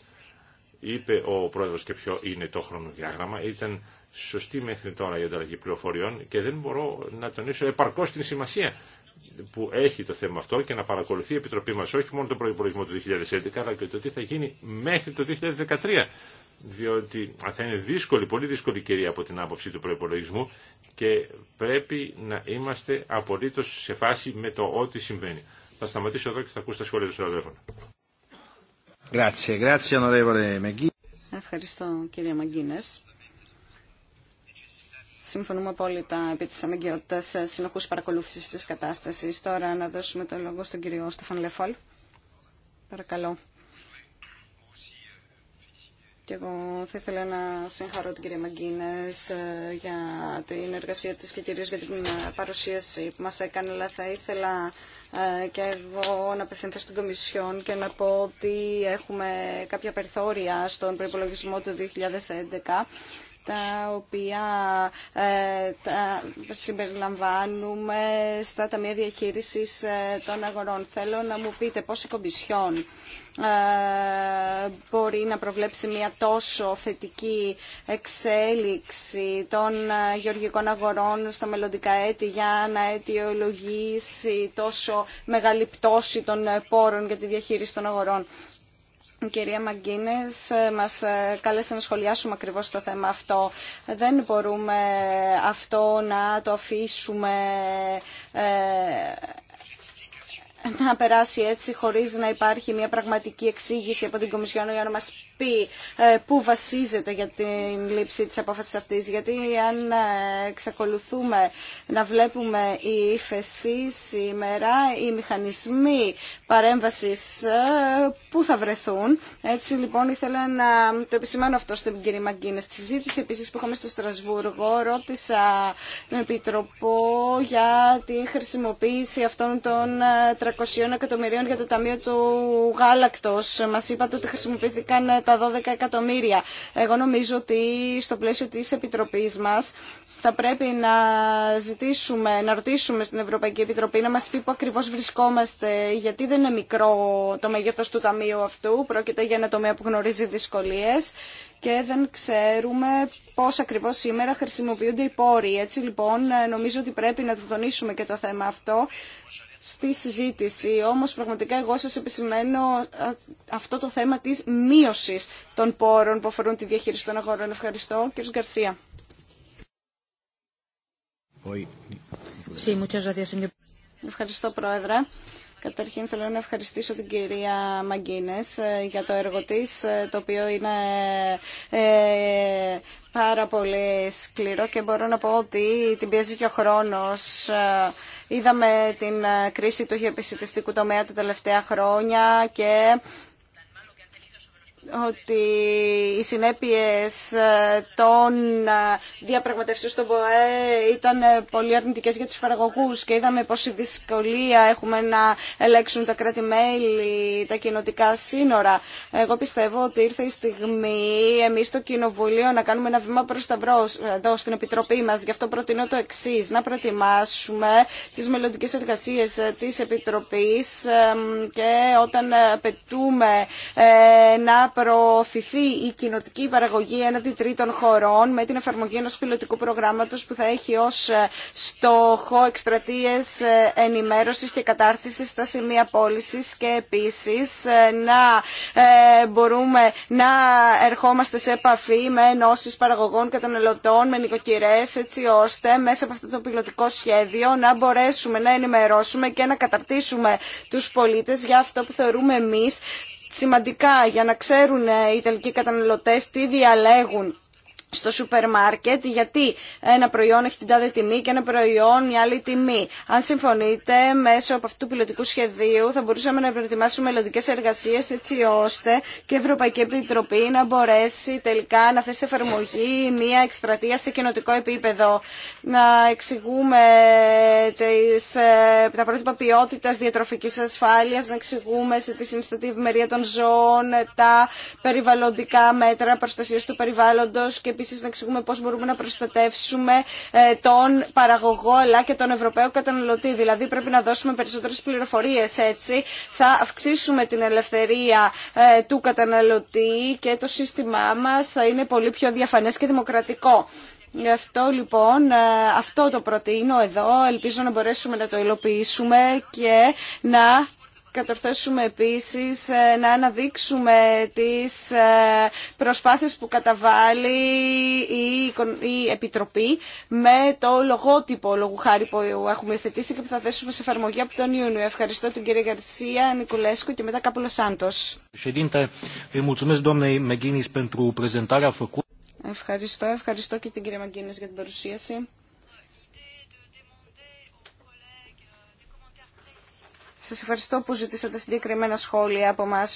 Είπε ο πρόεδρος και ποιο είναι το χρονοδιάγραμμα. Ήταν σωστή μέχρι τώρα η ανταλλαγή πληροφοριών και δεν μπορώ να τονίσω επαρκώ την σημασία που έχει το θέμα αυτό και να παρακολουθεί η Επιτροπή μα, όχι μόνο τον προπολογισμό του 2011 αλλά και το τι θα γίνει μέχρι το 2013 διότι θα είναι δύσκολη, πολύ δύσκολη κυρία από την άποψη του προπολογισμού και πρέπει να είμαστε απολύτω σε φάση με το ό,τι συμβαίνει. Θα σταματήσω εδώ και θα ακούσω τα σχόλια του συναδέλφων. Ευχαριστώ κύριε Μαγκίνες. Συμφωνούμε απόλυτα επί της αμεγκαιότητας συνεχούς παρακολούθησης της κατάστασης. Τώρα να δώσουμε το λόγο στον κύριο Στεφαν Λεφόλ. Παρακαλώ. Και εγώ θα ήθελα να συγχαρώ την κυρία Μαγκίνες ε, για την εργασία της και κυρίως για την ε, παρουσίαση που μας έκανε, αλλά θα ήθελα ε, και εγώ να απευθυνθώ στην Κομισιόν και να πω ότι έχουμε κάποια περιθώρια στον προϋπολογισμό του 2011 τα οποία ε, τα συμπεριλαμβάνουμε στα Ταμεία Διαχείρισης ε, των Αγορών. Θέλω να μου πείτε πώς η Κομπισιόν ε, μπορεί να προβλέψει μια τόσο θετική εξέλιξη των ε, γεωργικών αγορών στα μελλοντικά έτη για να αιτιολογήσει τόσο μεγάλη πτώση των πόρων για τη διαχείριση των αγορών κυρία Μαγκίνες ε, μας ε, κάλεσε να σχολιάσουμε ακριβώς το θέμα αυτό. Δεν μπορούμε αυτό να το αφήσουμε ε, να περάσει έτσι χωρίς να υπάρχει μια πραγματική εξήγηση από την Κομισιόν για να μας πει ε, πού βασίζεται για την λήψη της απόφασης αυτής. Γιατί αν ε, εξακολουθούμε να βλέπουμε η ύφεση σήμερα, οι μηχανισμοί παρέμβασης ε, πού θα βρεθούν. Έτσι λοιπόν ήθελα να το επισημάνω αυτό στην κύριε Μαγκίνε. Στη συζήτηση επίσης που είχαμε στο Στρασβούργο ρώτησα τον Επιτροπό για την χρησιμοποίηση αυτών των εκατομμυρίων για το Ταμείο του Γάλακτος. Μας είπατε ότι χρησιμοποιήθηκαν τα 12 εκατομμύρια. Εγώ νομίζω ότι στο πλαίσιο της Επιτροπής μας θα πρέπει να ζητήσουμε, να ρωτήσουμε στην Ευρωπαϊκή Επιτροπή να μας πει που ακριβώς βρισκόμαστε, γιατί δεν είναι μικρό το μέγεθος του Ταμείου αυτού. Πρόκειται για ένα τομέα που γνωρίζει δυσκολίες και δεν ξέρουμε πώς ακριβώς σήμερα χρησιμοποιούνται οι πόροι. Έτσι λοιπόν νομίζω ότι πρέπει να του τονίσουμε και το θέμα αυτό στη συζήτηση. Όμως πραγματικά εγώ σας επισημαίνω αυτό το θέμα της μείωσης των πόρων που αφορούν τη διαχείριση των αγορών. Ευχαριστώ. Κύριος Γκαρσία. Ευχαριστώ, Πρόεδρε. Καταρχήν θέλω να ευχαριστήσω την κυρία Μαγκίνες ε, για το έργο της, ε, το οποίο είναι ε, πάρα πολύ σκληρό και μπορώ να πω ότι την πιέζει και ο χρόνος. Είδαμε την κρίση του γεωπιστικού τομέα τα τελευταία χρόνια και ότι οι συνέπειες ε, των ε, διαπραγματεύσεων στον ΠΟΕ ήταν ε, πολύ αρνητικές για τους παραγωγούς και είδαμε πόση δυσκολία έχουμε να ελέγξουν τα κράτη-μέλη, τα κοινοτικά σύνορα. Εγώ πιστεύω ότι ήρθε η στιγμή εμείς στο Κοινοβουλίο να κάνουμε ένα βήμα προς τα μπρος εδώ στην Επιτροπή μας. Γι' αυτό προτείνω το εξή να προετοιμάσουμε τις μελλοντικές εργασίες της Επιτροπής και όταν πετούμε να προωθηθεί η κοινοτική παραγωγή έναντι τρίτων χωρών με την εφαρμογή ενός πιλωτικού προγράμματος που θα έχει ως ε, στόχο εκστρατείες ε, ενημέρωσης και κατάρτισης στα σημεία πώλησης και επίσης ε, να μπορούμε να ερχόμαστε σε επαφή με ενώσει παραγωγών καταναλωτών, με νοικοκυρές έτσι ώστε μέσα από αυτό το πιλωτικό σχέδιο να μπορέσουμε να ενημερώσουμε και να καταρτήσουμε τους πολίτες για αυτό που θεωρούμε εμείς σημαντικά για να ξέρουν οι τελικοί καταναλωτές τι διαλέγουν στο σούπερ μάρκετ γιατί ένα προϊόν έχει την τάδε τιμή και ένα προϊόν μια άλλη τιμή. Αν συμφωνείτε, μέσω από αυτού του πιλωτικού σχεδίου θα μπορούσαμε να προετοιμάσουμε μελλοντικέ εργασίε έτσι ώστε και η Ευρωπαϊκή Επιτροπή να μπορέσει τελικά να θέσει εφαρμογή μια εκστρατεία σε κοινοτικό επίπεδο. Να εξηγούμε τις, ε, τα πρότυπα ποιότητα διατροφική ασφάλεια, να εξηγούμε σε τη συνιστατή ευημερία των ζώων, ε, τα περιβαλλοντικά μέτρα προστασία του περιβάλλοντο Επίση, να εξηγούμε πώ μπορούμε να προστατεύσουμε ε, τον παραγωγό αλλά και τον Ευρωπαίο καταναλωτή. Δηλαδή πρέπει να δώσουμε περισσότερε πληροφορίε έτσι. Θα αυξήσουμε την ελευθερία ε, του καταναλωτή και το σύστημά μα θα είναι πολύ πιο διαφανέ και δημοκρατικό. Γι' αυτό λοιπόν ε, αυτό το προτείνω εδώ. Ελπίζω να μπορέσουμε να το υλοποιήσουμε και να κατορθώσουμε επίσης ε, να αναδείξουμε τις ε, προσπάθειες που καταβάλει η Επιτροπή με το λογότυπο λόγου χάρη που έχουμε θετήσει και που θα θέσουμε σε εφαρμογή από τον Ιούνιο. Ευχαριστώ την κυρία Γαρσία Νικουλέσκου και μετά Κάπουλο Σάντος. Ευχαριστώ, ευχαριστώ και την κυρία Μαγκίνες για την παρουσίαση. Σας ευχαριστώ που ζητήσατε συγκεκριμένα σχόλια από εμά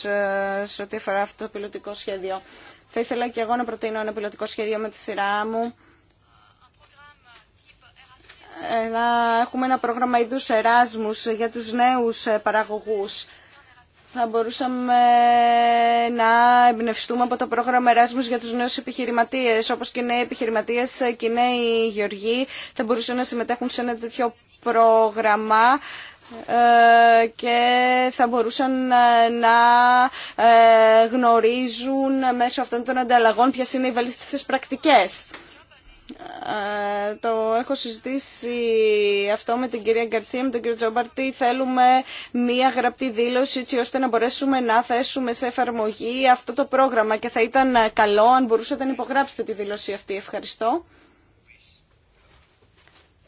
σε ό,τι αφορά αυτό το πιλωτικό σχέδιο. Θα ήθελα και εγώ να προτείνω ένα πιλωτικό σχέδιο με τη σειρά μου. Ε, να έχουμε ένα πρόγραμμα είδους εράσμους για τους νέους ε, παραγωγούς. Θα μπορούσαμε να εμπνευστούμε από το πρόγραμμα Εράσμους για τους νέους επιχειρηματίες, όπως και οι νέοι επιχειρηματίες και οι νέοι γεωργοί θα μπορούσαν να συμμετέχουν σε ένα τέτοιο πρόγραμμα ε, και θα μπορούσαν ε, να ε, γνωρίζουν μέσω αυτών των ανταλλαγών ποιες είναι οι βαλιστικές πρακτικές. Το έχω συζητήσει αυτό με την κυρία Γκαρτσία, με τον κύριο Τζόμπαρτη. Θέλουμε μία γραπτή δήλωση έτσι ώστε να μπορέσουμε να θέσουμε σε εφαρμογή αυτό το πρόγραμμα και θα ήταν καλό αν μπορούσατε να υπογράψετε τη δήλωση αυτή. Ευχαριστώ.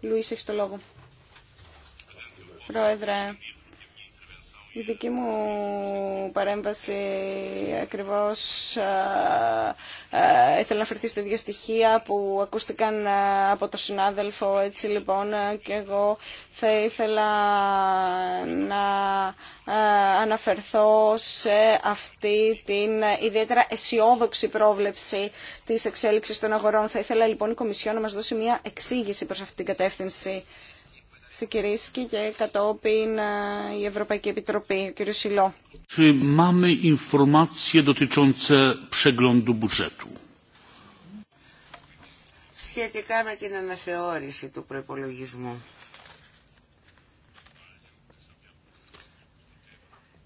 Λουίς, έχεις το λόγο. Πρόεδρε, η δική μου παρέμβαση ακριβώς ήθελα να φερθεί στα ίδια στοιχεία που ακούστηκαν από το συνάδελφο. Έτσι λοιπόν και εγώ θα ήθελα να αναφερθώ σε αυτή την ιδιαίτερα αισιόδοξη πρόβλεψη της εξέλιξης των αγορών. Θα ήθελα λοιπόν η Κομισιόν να μας δώσει μια εξήγηση προς αυτή την κατεύθυνση. Σικυρίσκη και κατόπιν ε, η Ευρωπαϊκή Επιτροπή. Κύριο Σιλό. Σχετικά με την αναθεώρηση του προϋπολογισμού.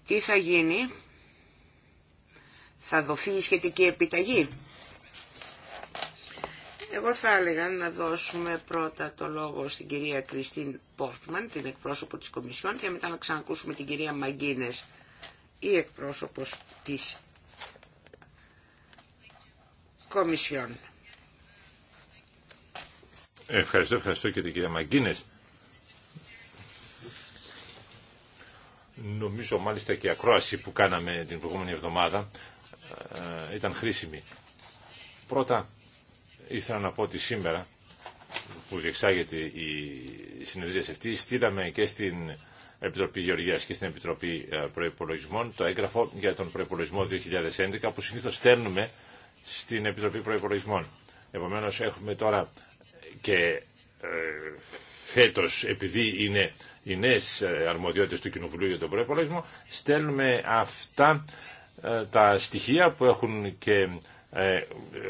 Τι θα γίνει, θα δοθεί η σχετική επιταγή. Εγώ θα έλεγα να δώσουμε πρώτα το λόγο στην κυρία Κριστίν Πόρτμαν, την εκπρόσωπο της Κομισιόν, και μετά να ξανακούσουμε την κυρία Μαγκίνες, η εκπρόσωπος της Κομισιόν. Ευχαριστώ, ευχαριστώ και την κυρία Μαγκίνες. Νομίζω μάλιστα και η ακρόαση που κάναμε την προηγούμενη εβδομάδα ε, ήταν χρήσιμη. Πρώτα ήθελα να πω ότι σήμερα που διεξάγεται η συνεδρία αυτή, στείλαμε και στην Επιτροπή Γεωργίας και στην Επιτροπή ε, Προϋπολογισμών το έγγραφο για τον προϋπολογισμό 2011 που συνήθως στέλνουμε στην Επιτροπή Προϋπολογισμών. Επομένως έχουμε τώρα και ε, φέτος επειδή είναι οι νέες ε, αρμοδιότητες του Κοινοβουλίου για τον προϋπολογισμό στέλνουμε αυτά τα στοιχεία που έχουν και ε,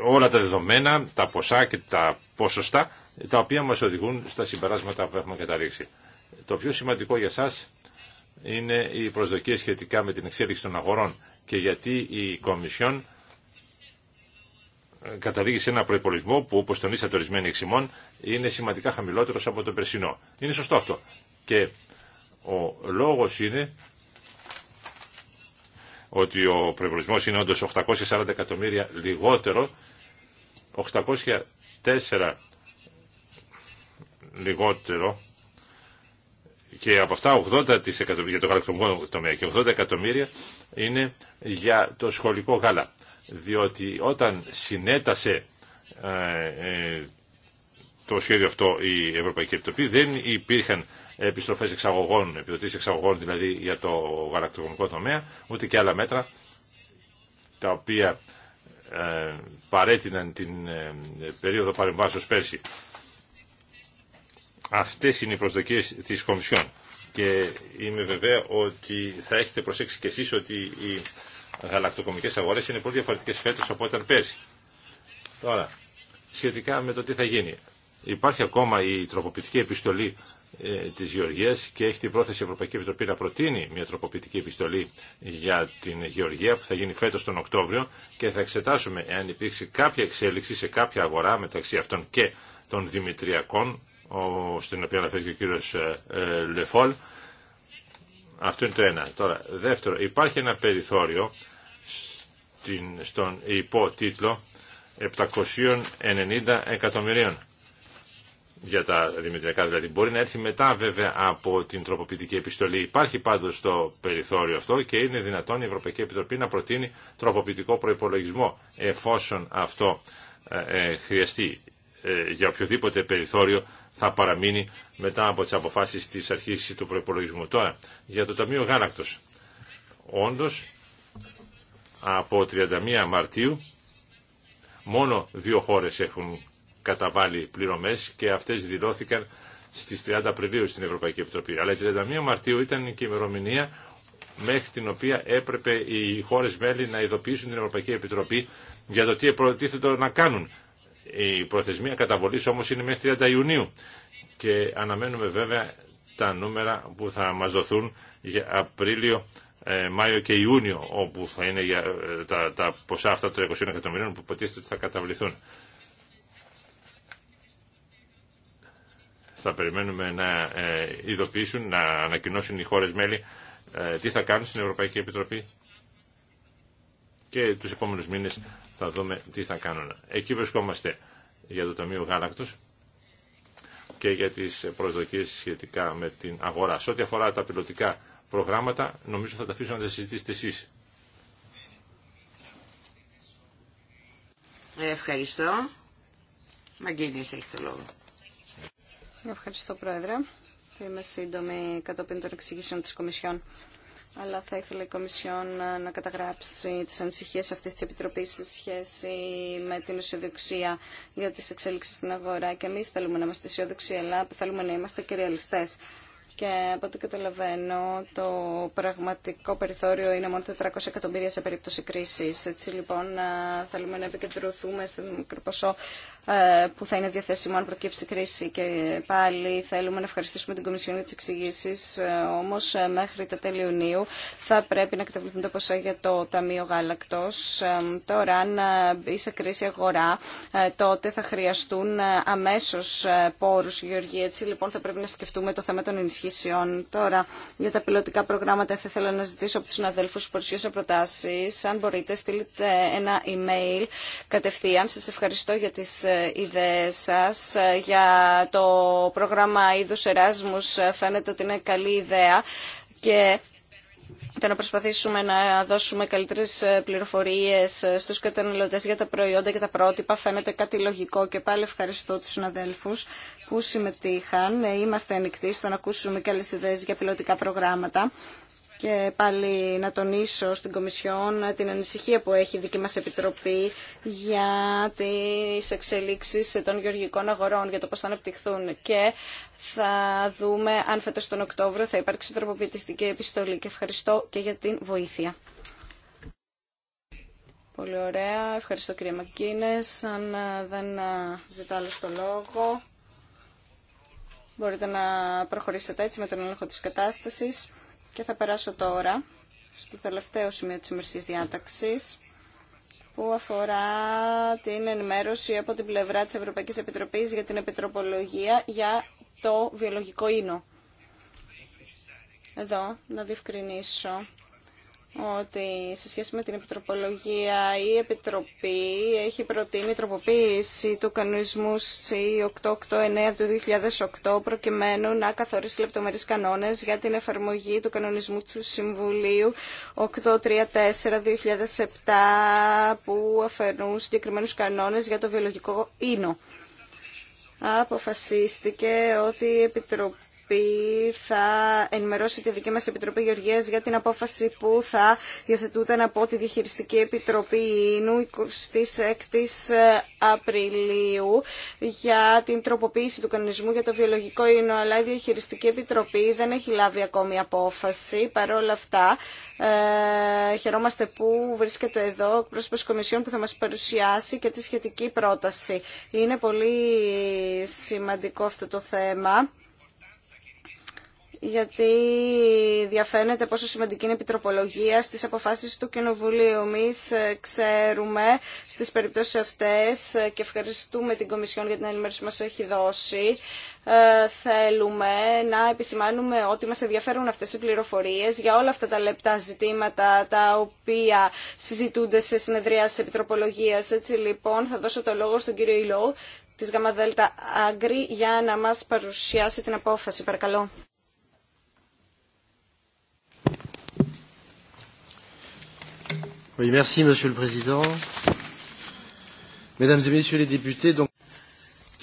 όλα τα δεδομένα, τα ποσά και τα ποσοστά, τα οποία μας οδηγούν στα συμπεράσματα που έχουμε καταλήξει. Το πιο σημαντικό για σας είναι οι προσδοκίες σχετικά με την εξέλιξη των αγορών και γιατί η Κομισιόν ε, καταλήγει σε ένα προπολογισμό που, όπω τονίσατε ορισμένοι εξημών, είναι σημαντικά χαμηλότερος από το περσινό. Είναι σωστό αυτό. Και ο λόγος είναι ότι ο προϋπολογισμός είναι όντως 840 εκατομμύρια λιγότερο, 804 λιγότερο και από αυτά 80 για το γαλακτοκομικό τομέα και 80 εκατομμύρια είναι για το σχολικό γάλα. Διότι όταν συνέτασε ε, ε το σχέδιο αυτό η Ευρωπαϊκή Επιτροπή δεν υπήρχαν επιστροφές εξαγωγών, επιδοτήσει εξαγωγών δηλαδή για το γαλακτοκομικό τομέα, ούτε και άλλα μέτρα τα οποία ε, παρέτειναν την ε, περίοδο παρεμβάσεως πέρσι. Αυτές είναι οι προσδοκίες της Κομισιόν και είμαι βέβαια ότι θα έχετε προσέξει κι εσείς ότι οι γαλακτοκομικές αγορές είναι πολύ διαφορετικές φέτος από όταν πέρσι. Τώρα, σχετικά με το τι θα γίνει. Υπάρχει ακόμα η τροποποιητική επιστολή ε, τη Γεωργίας και έχει την πρόθεση η Ευρωπαϊκή Επιτροπή να προτείνει μια τροποποιητική επιστολή για την Γεωργία που θα γίνει φέτος τον Οκτώβριο και θα εξετάσουμε εάν υπήρξε κάποια εξέλιξη σε κάποια αγορά μεταξύ αυτών και των Δημητριακών στην οποία αναφέρθηκε ο κύριος ε, ε, Λεφόλ αυτό είναι το ένα. Τώρα, δεύτερο, υπάρχει ένα περιθώριο στην, στον υπότιτλο 790 εκατομμυρίων για τα δημητριακά δηλαδή. Μπορεί να έρθει μετά βέβαια από την τροποποιητική επιστολή. Υπάρχει πάντως το περιθώριο αυτό και είναι δυνατόν η Ευρωπαϊκή Επιτροπή να προτείνει τροποποιητικό προϋπολογισμό εφόσον αυτό ε, ε χρειαστεί ε, για οποιοδήποτε περιθώριο θα παραμείνει μετά από τις αποφάσεις της αρχής του προϋπολογισμού. Τώρα, για το Ταμείο Γάλακτος. Όντως, από 31 Μαρτίου μόνο δύο χώρες έχουν καταβάλει πληρωμές και αυτέ δηλώθηκαν στι 30 Απριλίου στην Ευρωπαϊκή Επιτροπή. Αλλά η 31 Μαρτίου ήταν και η ημερομηνία μέχρι την οποία έπρεπε οι χώρε μέλη να ειδοποιήσουν την Ευρωπαϊκή Επιτροπή για το τι προτίθεται να κάνουν. Η προθεσμία καταβολή όμω είναι μέχρι 30 Ιουνίου και αναμένουμε βέβαια τα νούμερα που θα μας δοθούν για Απρίλιο, ε, Μάιο και Ιούνιο όπου θα είναι για ε, τα, ποσά αυτά των 20 εκατομμυρίων που υποτίθεται ότι θα καταβληθούν. θα περιμένουμε να ε, ειδοποιήσουν, να ανακοινώσουν οι χώρες μέλη ε, τι θα κάνουν στην Ευρωπαϊκή Επιτροπή και τους επόμενους μήνες θα δούμε τι θα κάνουν. Εκεί βρισκόμαστε για το Ταμείο Γάλακτος και για τις προσδοκίες σχετικά με την αγορά. Σε ό,τι αφορά τα πιλωτικά προγράμματα, νομίζω θα τα αφήσω να τα συζητήσετε εσείς. Ευχαριστώ. Μαγκίνης έχει το λόγο. Ευχαριστώ, Πρόεδρε. Θα είμαι σύντομη κατόπιν των εξηγήσεων της Κομισιόν. Αλλά θα ήθελα η Κομισιόν να καταγράψει τις ανησυχίες αυτής της Επιτροπής σε σχέση με την ουσιοδοξία για τις εξέλιξεις στην αγορά. Και εμείς θέλουμε να είμαστε αισιοδοξοί, αλλά θέλουμε να είμαστε και ρεαλιστές. Και από ό,τι καταλαβαίνω, το πραγματικό περιθώριο είναι μόνο 400 εκατομμύρια σε περίπτωση κρίσης. Έτσι λοιπόν, θέλουμε να επικεντρωθούμε σε μικρό ποσό ε, που θα είναι διαθέσιμο αν προκύψει κρίση και πάλι θέλουμε να ευχαριστήσουμε την Κομισιόν για τις εξηγήσεις, ε, όμως ε, μέχρι τα τέλη Ιουνίου θα πρέπει να καταβληθούν τα ποσά για το Ταμείο Γάλακτος. Τώρα αν μπει σε κρίση αγορά τότε θα χρειαστούν αμέσως πόρους Γεωργία. Έτσι λοιπόν θα πρέπει να σκεφτούμε το θέμα των ενισχύσεων. Τώρα για τα πιλωτικά προγράμματα θα ήθελα να ζητήσω από τους συναδέλφους που παρουσίασαν προτάσεις. Αν μπορείτε στείλετε ένα email κατευθείαν. Σας ευχαριστώ για τις ιδέες σας ε, για το πρόγραμμα είδους Εράσμους ε, φαίνεται ότι είναι καλή ιδέα και θα να προσπαθήσουμε να δώσουμε καλύτερες ε, πληροφορίες στους καταναλωτές για τα προϊόντα και τα πρότυπα φαίνεται κάτι λογικό και πάλι ευχαριστώ τους συναδέλφους που συμμετείχαν. Είμαστε ανοιχτοί στο να ακούσουμε καλές ιδέες για πιλωτικά προγράμματα και πάλι να τονίσω στην Κομισιόν την ανησυχία που έχει η δική μας Επιτροπή για τις εξελίξεις των γεωργικών αγορών, για το πώς θα αναπτυχθούν και θα δούμε αν φέτος τον Οκτώβριο θα υπάρξει τροποποιητιστική επιστολή και ευχαριστώ και για την βοήθεια. Πολύ ωραία. Ευχαριστώ κύριε Μακκίνες. Αν δεν ζητά άλλο το λόγο, μπορείτε να προχωρήσετε έτσι με τον έλεγχο της κατάστασης. Και θα περάσω τώρα στο τελευταίο σημείο της ημερικής διάταξης που αφορά την ενημέρωση από την πλευρά της Ευρωπαϊκής Επιτροπής για την Επιτροπολογία για το βιολογικό ίνο. Εδώ να διευκρινίσω ότι σε σχέση με την Επιτροπολογία η Επιτροπή έχει προτείνει τροποποίηση του κανονισμού C889 του 2008 προκειμένου να καθορίσει λεπτομερείς κανόνες για την εφαρμογή του κανονισμού του Συμβουλίου 834-2007 που αφαιρούν συγκεκριμένους κανόνες για το βιολογικό ίνο. Αποφασίστηκε ότι η Επιτροπή Επιτροπή θα ενημερώσει τη δική μας Επιτροπή Γεωργίας για την απόφαση που θα διαθετούταν από τη Διαχειριστική Επιτροπή Ινου 26 ε, Απριλίου για την τροποποίηση του κανονισμού για το βιολογικό ίνο, αλλά η Διαχειριστική Επιτροπή δεν έχει λάβει ακόμη απόφαση. Παρ' όλα αυτά, ε, χαιρόμαστε που βρίσκεται εδώ ο πρόσωπος Κομισιόν που θα μας παρουσιάσει και τη σχετική πρόταση. Είναι πολύ σημαντικό αυτό το θέμα γιατί διαφαίνεται πόσο σημαντική είναι η επιτροπολογία στις αποφάσεις του Κοινοβουλίου. Εμεί ε, ξέρουμε στις περιπτώσεις αυτές και ευχαριστούμε την Κομισιόν για την ενημέρωση που μας έχει δώσει. Ε, θέλουμε να επισημάνουμε ότι μας ενδιαφέρουν αυτές οι πληροφορίες για όλα αυτά τα λεπτά ζητήματα τα οποία συζητούνται σε συνεδριά της επιτροπολογίας. Έτσι λοιπόν θα δώσω το λόγο στον κύριο Ιλό της ΔΕΛΤΑ ΑΓΡΙ για να μας παρουσιάσει την απόφαση. Παρακαλώ.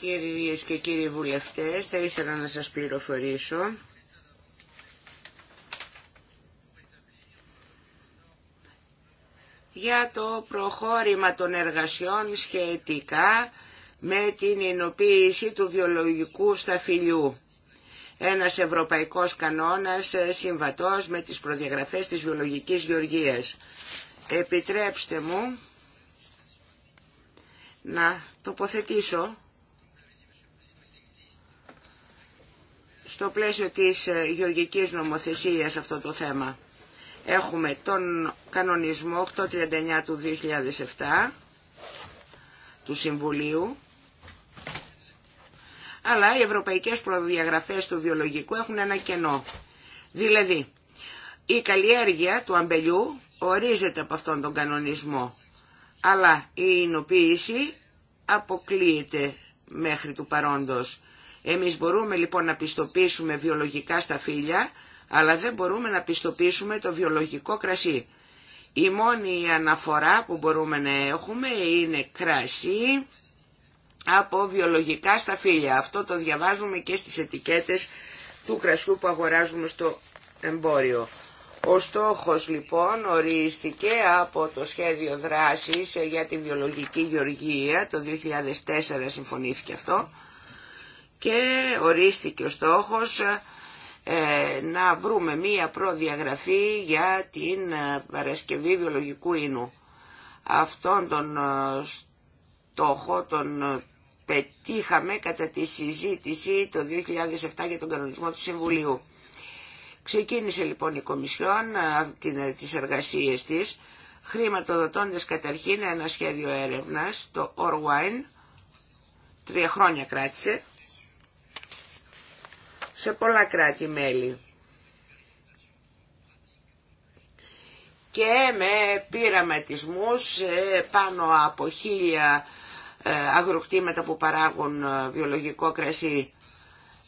Κυρίες και κύριοι βουλευτές, θα ήθελα να σας πληροφορήσω για το προχώρημα των εργασιών σχετικά με την εινοποίηση του βιολογικού σταφυλιού. Ένας ευρωπαϊκός κανόνας ε, συμβατός με τις προδιαγραφές της βιολογικής γεωργίας επιτρέψτε μου να τοποθετήσω στο πλαίσιο της ε, γεωργικής νομοθεσίας αυτό το θέμα. Έχουμε τον κανονισμό 839 του 2007 του Συμβουλίου, αλλά οι ευρωπαϊκές προδιαγραφές του βιολογικού έχουν ένα κενό. Δηλαδή, η καλλιέργεια του αμπελιού ορίζεται από αυτόν τον κανονισμό, αλλά η εινοποίηση αποκλείεται μέχρι του παρόντος. Εμείς μπορούμε λοιπόν να πιστοποιήσουμε βιολογικά στα φύλλα, αλλά δεν μπορούμε να πιστοποιήσουμε το βιολογικό κρασί. Η μόνη αναφορά που μπορούμε να έχουμε είναι κρασί από βιολογικά στα φύλλα. Αυτό το διαβάζουμε και στις ετικέτες του κρασιού που αγοράζουμε στο εμπόριο. Ο στόχος λοιπόν ορίστηκε από το σχέδιο δράσης για τη βιολογική γεωργία, το 2004 συμφωνήθηκε αυτό, και ορίστηκε ο στόχος ε, να βρούμε μία προδιαγραφή για την ε, παρασκευή βιολογικού ίνου. Αυτόν τον ε, στόχο τον ε, πετύχαμε κατά τη συζήτηση το 2007 για τον κανονισμό του Συμβουλίου. Ξεκίνησε λοιπόν η Κομισιόν ε, ε, τις εργασίες της, χρηματοδοτώντας καταρχήν ένα σχέδιο έρευνας, το Orwine, τρία χρόνια κράτησε, σε πολλά κράτη-μέλη. Και με πειραματισμούς ε, πάνω από χίλια αγροκτήματα που παράγουν βιολογικό κρασί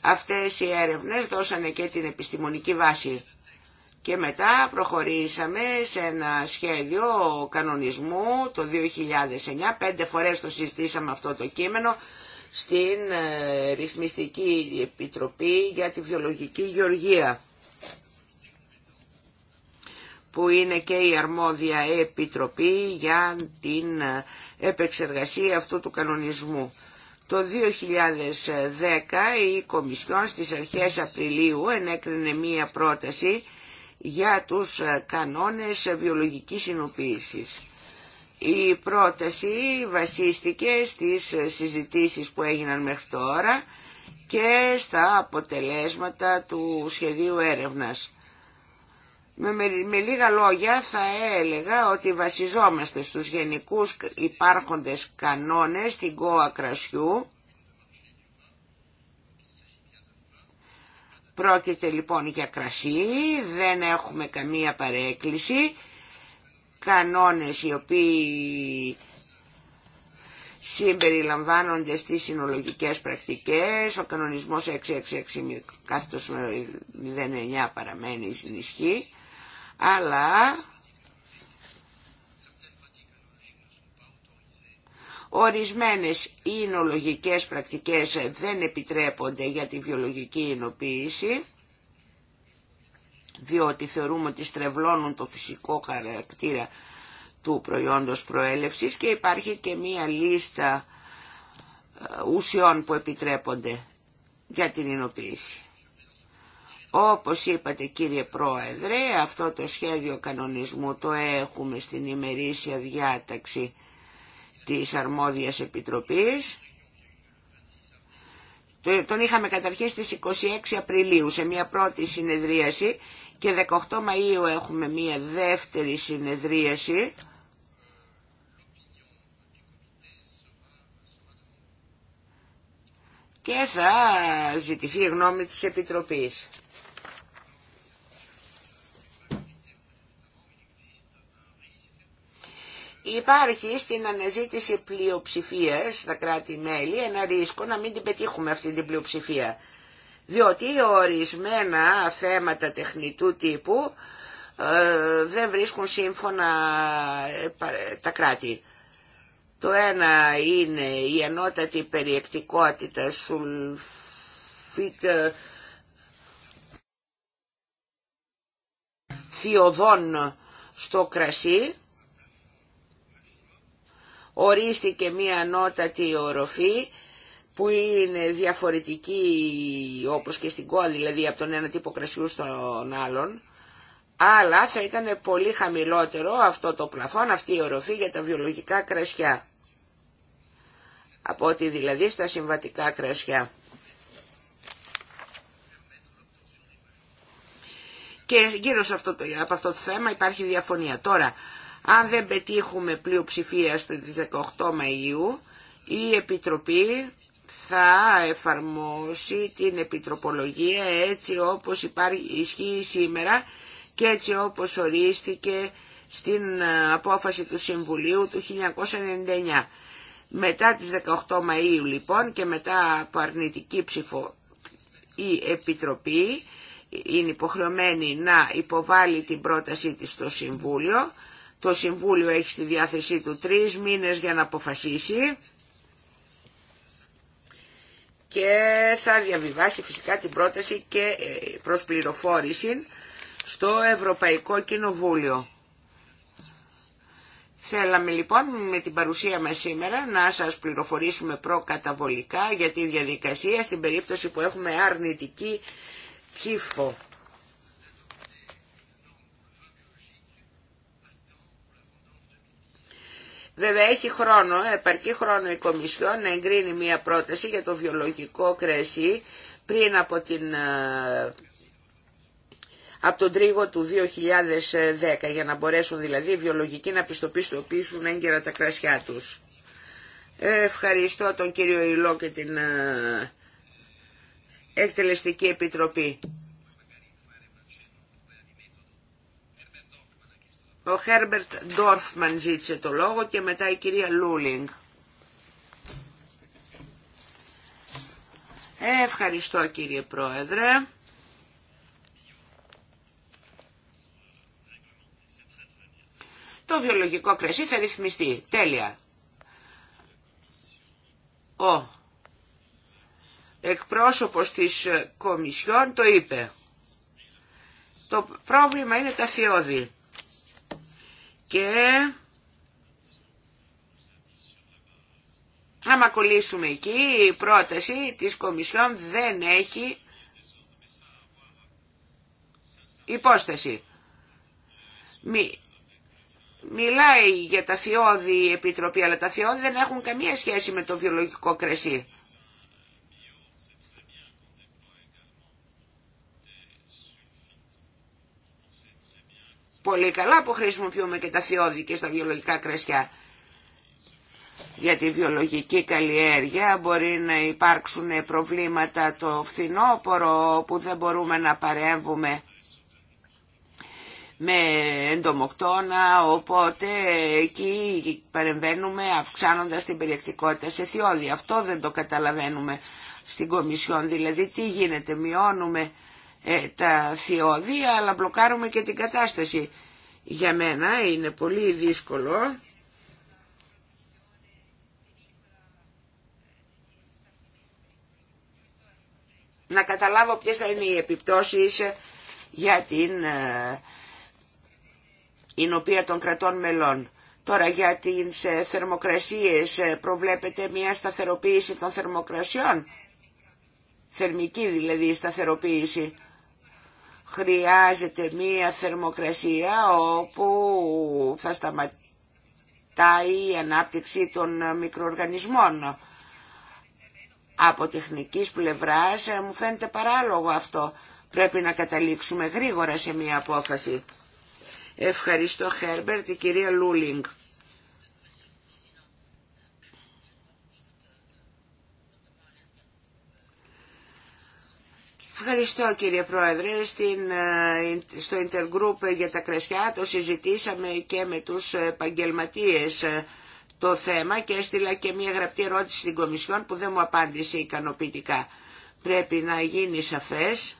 Αυτές οι έρευνες δώσανε και την επιστημονική βάση και μετά προχωρήσαμε σε ένα σχέδιο κανονισμού το 2009, πέντε φορές το συζητήσαμε αυτό το κείμενο, στην ε, Ρυθμιστική Επιτροπή για τη Βιολογική Γεωργία, που είναι και η αρμόδια επιτροπή για την ε, επεξεργασία αυτού του κανονισμού. Το 2010 η Κομισιόν στις αρχές Απριλίου ενέκρινε μία πρόταση για τους ε, κανόνες βιολογικής συνοποίησης. Η πρόταση βασίστηκε στις ε, συζητήσεις που έγιναν μέχρι τώρα και στα αποτελέσματα του σχεδίου έρευνας. Με, με, λίγα λόγια θα έλεγα ότι βασιζόμαστε στους γενικούς υπάρχοντες κανόνες στην ΚΟΑ κρασιού. Πρόκειται λοιπόν για κρασί, δεν έχουμε καμία παρέκκληση. Κανόνες οι οποίοι συμπεριλαμβάνονται στις συνολογικές πρακτικές, ο κανονισμός 666 κάθετος 09 παραμένει στην ισχύ αλλά Ορισμένες ινολογικές πρακτικές δεν επιτρέπονται για τη βιολογική εινοποίηση, διότι θεωρούμε ότι στρεβλώνουν το φυσικό χαρακτήρα του προϊόντος προέλευσης και υπάρχει και μία λίστα ε, ουσιών που επιτρέπονται για την εινοποίηση. Όπως είπατε κύριε Πρόεδρε, αυτό το σχέδιο κανονισμού το έχουμε στην ημερήσια διάταξη της Αρμόδιας Επιτροπής. Τον είχαμε καταρχήν στις 26 Απριλίου σε μια πρώτη συνεδρίαση και 18 Μαΐου έχουμε μια δεύτερη συνεδρίαση. Και θα ζητηθεί η γνώμη της Επιτροπής. Υπάρχει στην αναζήτηση πλειοψηφία στα κράτη-μέλη ένα ρίσκο να μην την πετύχουμε αυτή την πλειοψηφία. Διότι ορισμένα θέματα τεχνητού τύπου ε, δεν βρίσκουν σύμφωνα ε, τα κράτη. Το ένα είναι η ανώτατη περιεκτικότητα σουλφίτ θειοδών στο κρασί ορίστηκε μία ανώτατη οροφή που είναι διαφορετική όπως και στην ΚΟΑ δηλαδή από τον ένα τύπο κρασιού στον άλλον, αλλά θα ήταν πολύ χαμηλότερο αυτό το πλαφόν, αυτή η οροφή για τα βιολογικά κρασιά. Από ότι δηλαδή στα συμβατικά κρασιά. Και γύρω σε αυτό το, από αυτό το θέμα υπάρχει διαφωνία. Τώρα, αν δεν πετύχουμε πλειοψηφία στις 18 Μαΐου, η Επιτροπή θα εφαρμόσει την επιτροπολογία έτσι όπως υπάρχει, ισχύει σήμερα και έτσι όπως ορίστηκε στην ε, απόφαση του Συμβουλίου του 1999. Μετά τις 18 Μαΐου λοιπόν και μετά από αρνητική ψηφο η Επιτροπή ε, είναι υποχρεωμένη να υποβάλει την πρότασή της στο Συμβούλιο το Συμβούλιο έχει στη διάθεσή του τρεις μήνες για να αποφασίσει και θα διαβιβάσει φυσικά την πρόταση και ε, προς πληροφόρηση στο Ευρωπαϊκό Κοινοβούλιο. Θέλαμε λοιπόν με την παρουσία μας σήμερα να σας πληροφορήσουμε προκαταβολικά για τη διαδικασία στην περίπτωση που έχουμε αρνητική ψήφο. Βέβαια έχει χρόνο, επαρκή χρόνο η Κομισιόν να εγκρίνει μια πρόταση για το βιολογικό κρέσι πριν από, την, ε, από τον τρίγο του 2010 για να μπορέσουν δηλαδή οι βιολογικοί να πιστοποιήσουν έγκαιρα τα κρασιά τους. Ε, ευχαριστώ τον κύριο Ιλό και την ε, Εκτελεστική Επιτροπή. Ο Χέρμπερτ Ντόρφμαν ζήτησε το λόγο και μετά η κυρία Λούλινγκ. Ευχαριστώ κύριε Πρόεδρε. Το βιολογικό κρασί θα ρυθμιστεί. Τέλεια. Ο εκπρόσωπος της Κομισιόν το είπε. Το πρόβλημα είναι τα θεώδη. Και άμα κολλήσουμε εκεί, η πρόταση της Κομισιόν δεν έχει υπόσταση. μιλάει για τα θειώδη επιτροπή, αλλά τα θειώδη δεν έχουν καμία σχέση με το βιολογικό κρασί. πολύ καλά που χρησιμοποιούμε και τα θειώδη και στα βιολογικά κρασιά. Για τη βιολογική καλλιέργεια μπορεί να υπάρξουν προβλήματα το φθινόπωρο που δεν μπορούμε να παρέμβουμε με εντομοκτώνα, οπότε εκεί παρεμβαίνουμε αυξάνοντας την περιεκτικότητα σε θειώδη. Αυτό δεν το καταλαβαίνουμε στην Κομισιόν, δηλαδή τι γίνεται, μειώνουμε ε, τα θειώδη αλλά μπλοκάρουμε και την κατάσταση. Για μένα είναι πολύ δύσκολο να καταλάβω ποιες θα είναι οι επιπτώσεις για την ε, οποία των κρατών μελών. Τώρα για τις ε, θερμοκρασίες προβλέπεται μια σταθεροποίηση των θερμοκρασιών, θερμική δηλαδή σταθεροποίηση χρειάζεται μία θερμοκρασία όπου θα σταματάει η ανάπτυξη των μικροοργανισμών. Από τεχνικής πλευράς ε, μου φαίνεται παράλογο αυτό. Πρέπει να καταλήξουμε γρήγορα σε μία απόφαση. Ευχαριστώ Χέρμπερτ, η κυρία Λούλινγκ. Ευχαριστώ κύριε Πρόεδρε. Στην, ε, στο Intergroup για τα κρασιά το συζητήσαμε και με τους επαγγελματίε ε, το θέμα και έστειλα και μια γραπτή ερώτηση στην Κομισιόν που δεν μου απάντησε ικανοποιητικά. Πρέπει να γίνει σαφές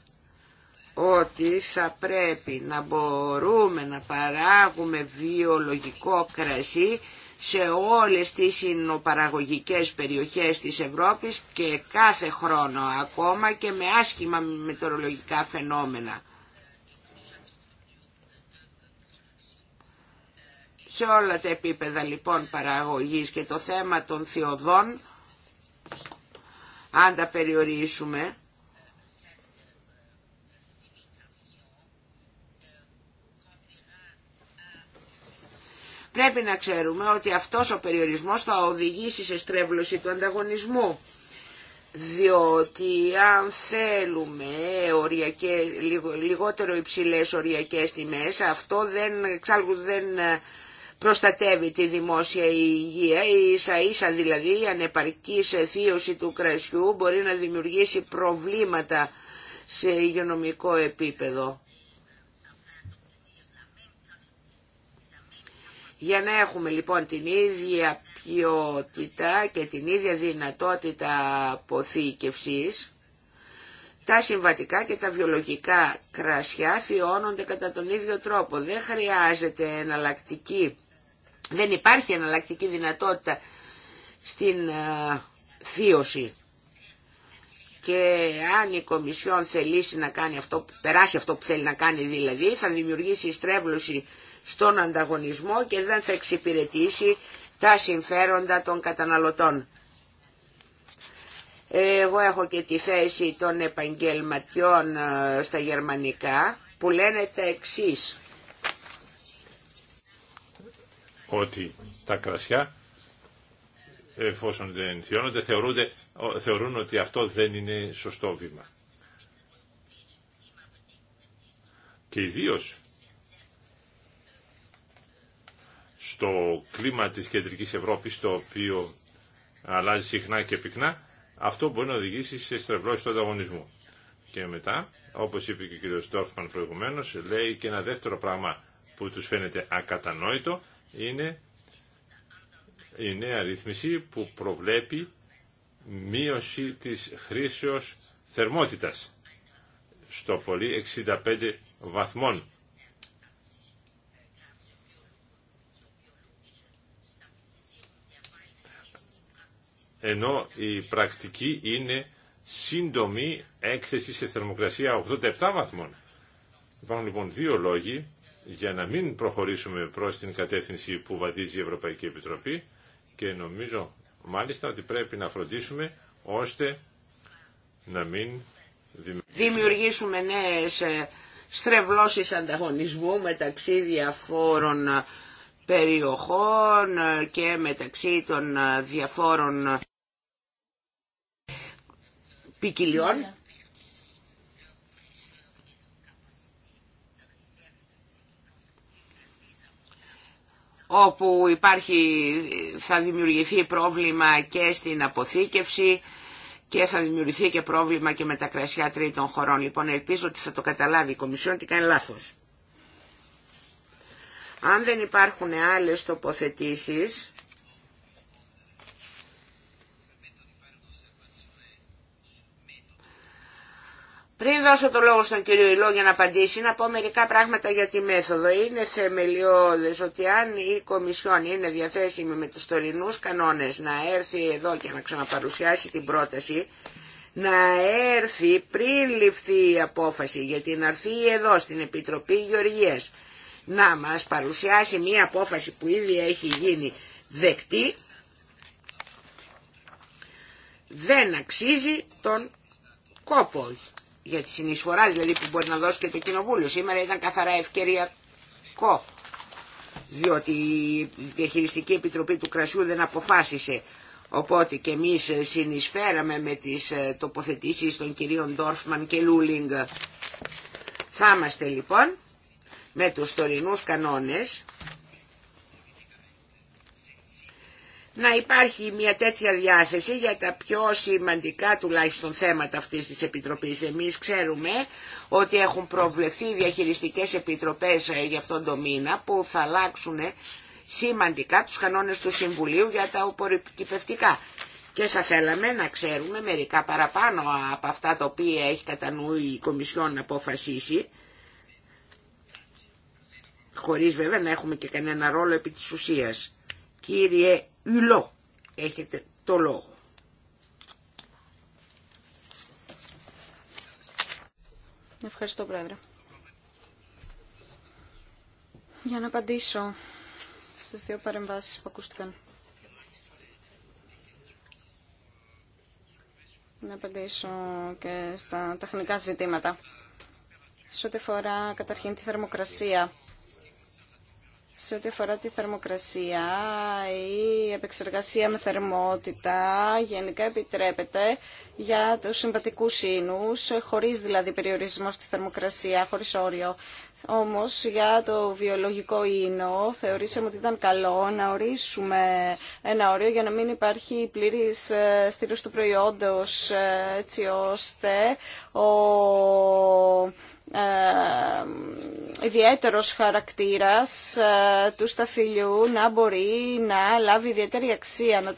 ότι θα πρέπει να μπορούμε να παράγουμε βιολογικό κρασί σε όλες τις συνοπαραγωγικές περιοχές της Ευρώπης και κάθε χρόνο ακόμα και με άσχημα μετεωρολογικά φαινόμενα. Σε όλα τα επίπεδα λοιπόν παραγωγής και το θέμα των θειοδών, αν τα περιορίσουμε, Πρέπει να ξέρουμε ότι αυτός ο περιορισμός θα οδηγήσει σε στρέβλωση του ανταγωνισμού. Διότι αν θέλουμε λιγότερο υψηλές οριακές τιμές, αυτό δεν, εξάλλου δεν ε, προστατεύει τη δημόσια υγεία, η ίσα δηλαδή η ανεπαρκής θείωση του κρασιού μπορεί να δημιουργήσει προβλήματα σε υγειονομικό επίπεδο. Για να έχουμε λοιπόν την ίδια ποιότητα και την ίδια δυνατότητα αποθήκευσης, τα συμβατικά και τα βιολογικά κρασιά φιώνονται κατά τον ίδιο τρόπο. Δεν χρειάζεται εναλλακτική, δεν υπάρχει εναλλακτική δυνατότητα στην ε, θείωση. Και αν η Κομισιόν θελήσει να κάνει αυτό, περάσει αυτό που θέλει να κάνει δηλαδή, θα δημιουργήσει στρέβλωση στον ανταγωνισμό και δεν θα εξυπηρετήσει τα συμφέροντα των καταναλωτών. Εγώ έχω και τη θέση των επαγγελματιών ε, στα γερμανικά που λένε τα εξής. Ότι τα κρασιά εφόσον δεν θυώνονται θεωρούν ότι αυτό δεν είναι σωστό βήμα. Και ιδίως στο κλίμα της κεντρικής Ευρώπης, το οποίο αλλάζει συχνά και πυκνά, αυτό μπορεί να οδηγήσει σε στρεβλώσεις του ανταγωνισμού. Και μετά, όπως είπε και ο κ. Στόρφμαν προηγουμένως, λέει και ένα δεύτερο πράγμα που τους φαίνεται ακατανόητο, είναι η νέα ρύθμιση που προβλέπει μείωση της χρήσεως θερμότητας στο πολύ 65 βαθμών ενώ η πρακτική είναι σύντομη έκθεση σε θερμοκρασία 87 βαθμών. Υπάρχουν λοιπόν δύο λόγοι για να μην προχωρήσουμε προς την κατεύθυνση που βαδίζει η Ευρωπαϊκή Επιτροπή και νομίζω μάλιστα ότι πρέπει να φροντίσουμε ώστε να μην δημιουργήσουμε νέες ε, στρεβλώσεις ανταγωνισμού μεταξύ διαφόρων ε, περιοχών ε, και μεταξύ των διαφόρων ποικιλιών. όπου υπάρχει, θα δημιουργηθεί πρόβλημα και στην αποθήκευση και θα δημιουργηθεί και πρόβλημα και με τα κρασιά τρίτων χωρών. Λοιπόν, ελπίζω ότι θα το καταλάβει η Κομισιόν ότι κάνει λάθος. Αν δεν υπάρχουν άλλες τοποθετήσεις, Πριν δώσω το λόγο στον κύριο Ιλό για να απαντήσει, να πω μερικά πράγματα για τη μέθοδο. Είναι θεμελιώδες ότι αν η Κομισιόν είναι διαθέσιμη με τους τωρινούς κανόνες να έρθει εδώ και να ξαναπαρουσιάσει την πρόταση, να έρθει πριν ληφθεί η απόφαση, γιατί να έρθει εδώ στην Επιτροπή Γεωργίας να μας παρουσιάσει μία απόφαση που ήδη έχει γίνει δεκτή, δεν αξίζει τον κόπο για τη συνεισφορά δηλαδή που μπορεί να δώσει και το κοινοβούλιο. Σήμερα ήταν καθαρά ευκαιριακό διότι η Διαχειριστική Επιτροπή του Κρασιού δεν αποφάσισε. Οπότε και εμείς συνεισφέραμε με τις ε, τοποθετήσεις των κυρίων Ντόρφμαν και Λούλινγκ. Θα είμαστε λοιπόν με τους τωρινούς κανόνες να υπάρχει μια τέτοια διάθεση για τα πιο σημαντικά τουλάχιστον θέματα αυτής της Επιτροπής. Εμείς ξέρουμε ότι έχουν προβλεφθεί διαχειριστικές επιτροπές ε, για αυτόν τον μήνα που θα αλλάξουν σημαντικά τους κανόνες του Συμβουλίου για τα οπορικηπευτικά. Και θα θέλαμε να ξέρουμε μερικά παραπάνω από αυτά τα οποία έχει κατά νου η Κομισιόν να αποφασίσει, χωρίς βέβαια να έχουμε και κανένα ρόλο επί της ουσίας. Κύριε Υλό. Έχετε το λόγο. Ευχαριστώ, Πρόεδρε. Για να απαντήσω στις δύο παρεμβάσεις που ακούστηκαν. Να απαντήσω και στα τεχνικά ζητήματα. Σε ό,τι φορά καταρχήν τη θερμοκρασία σε ό,τι αφορά τη θερμοκρασία ή επεξεργασία με θερμότητα γενικά επιτρέπεται για τους συμπατικούς ίνους, χωρίς δηλαδή περιορισμό στη θερμοκρασία, χωρίς όριο. Όμως για το βιολογικό ίνο θεωρήσαμε ότι ήταν καλό να ορίσουμε ένα όριο για να μην υπάρχει πλήρης ε, στήρωση του προϊόντος ε, έτσι ώστε ο ε, ιδιαίτερος χαρακτήρας ε, του σταφυλιού να μπορεί να λάβει ιδιαίτερη αξία.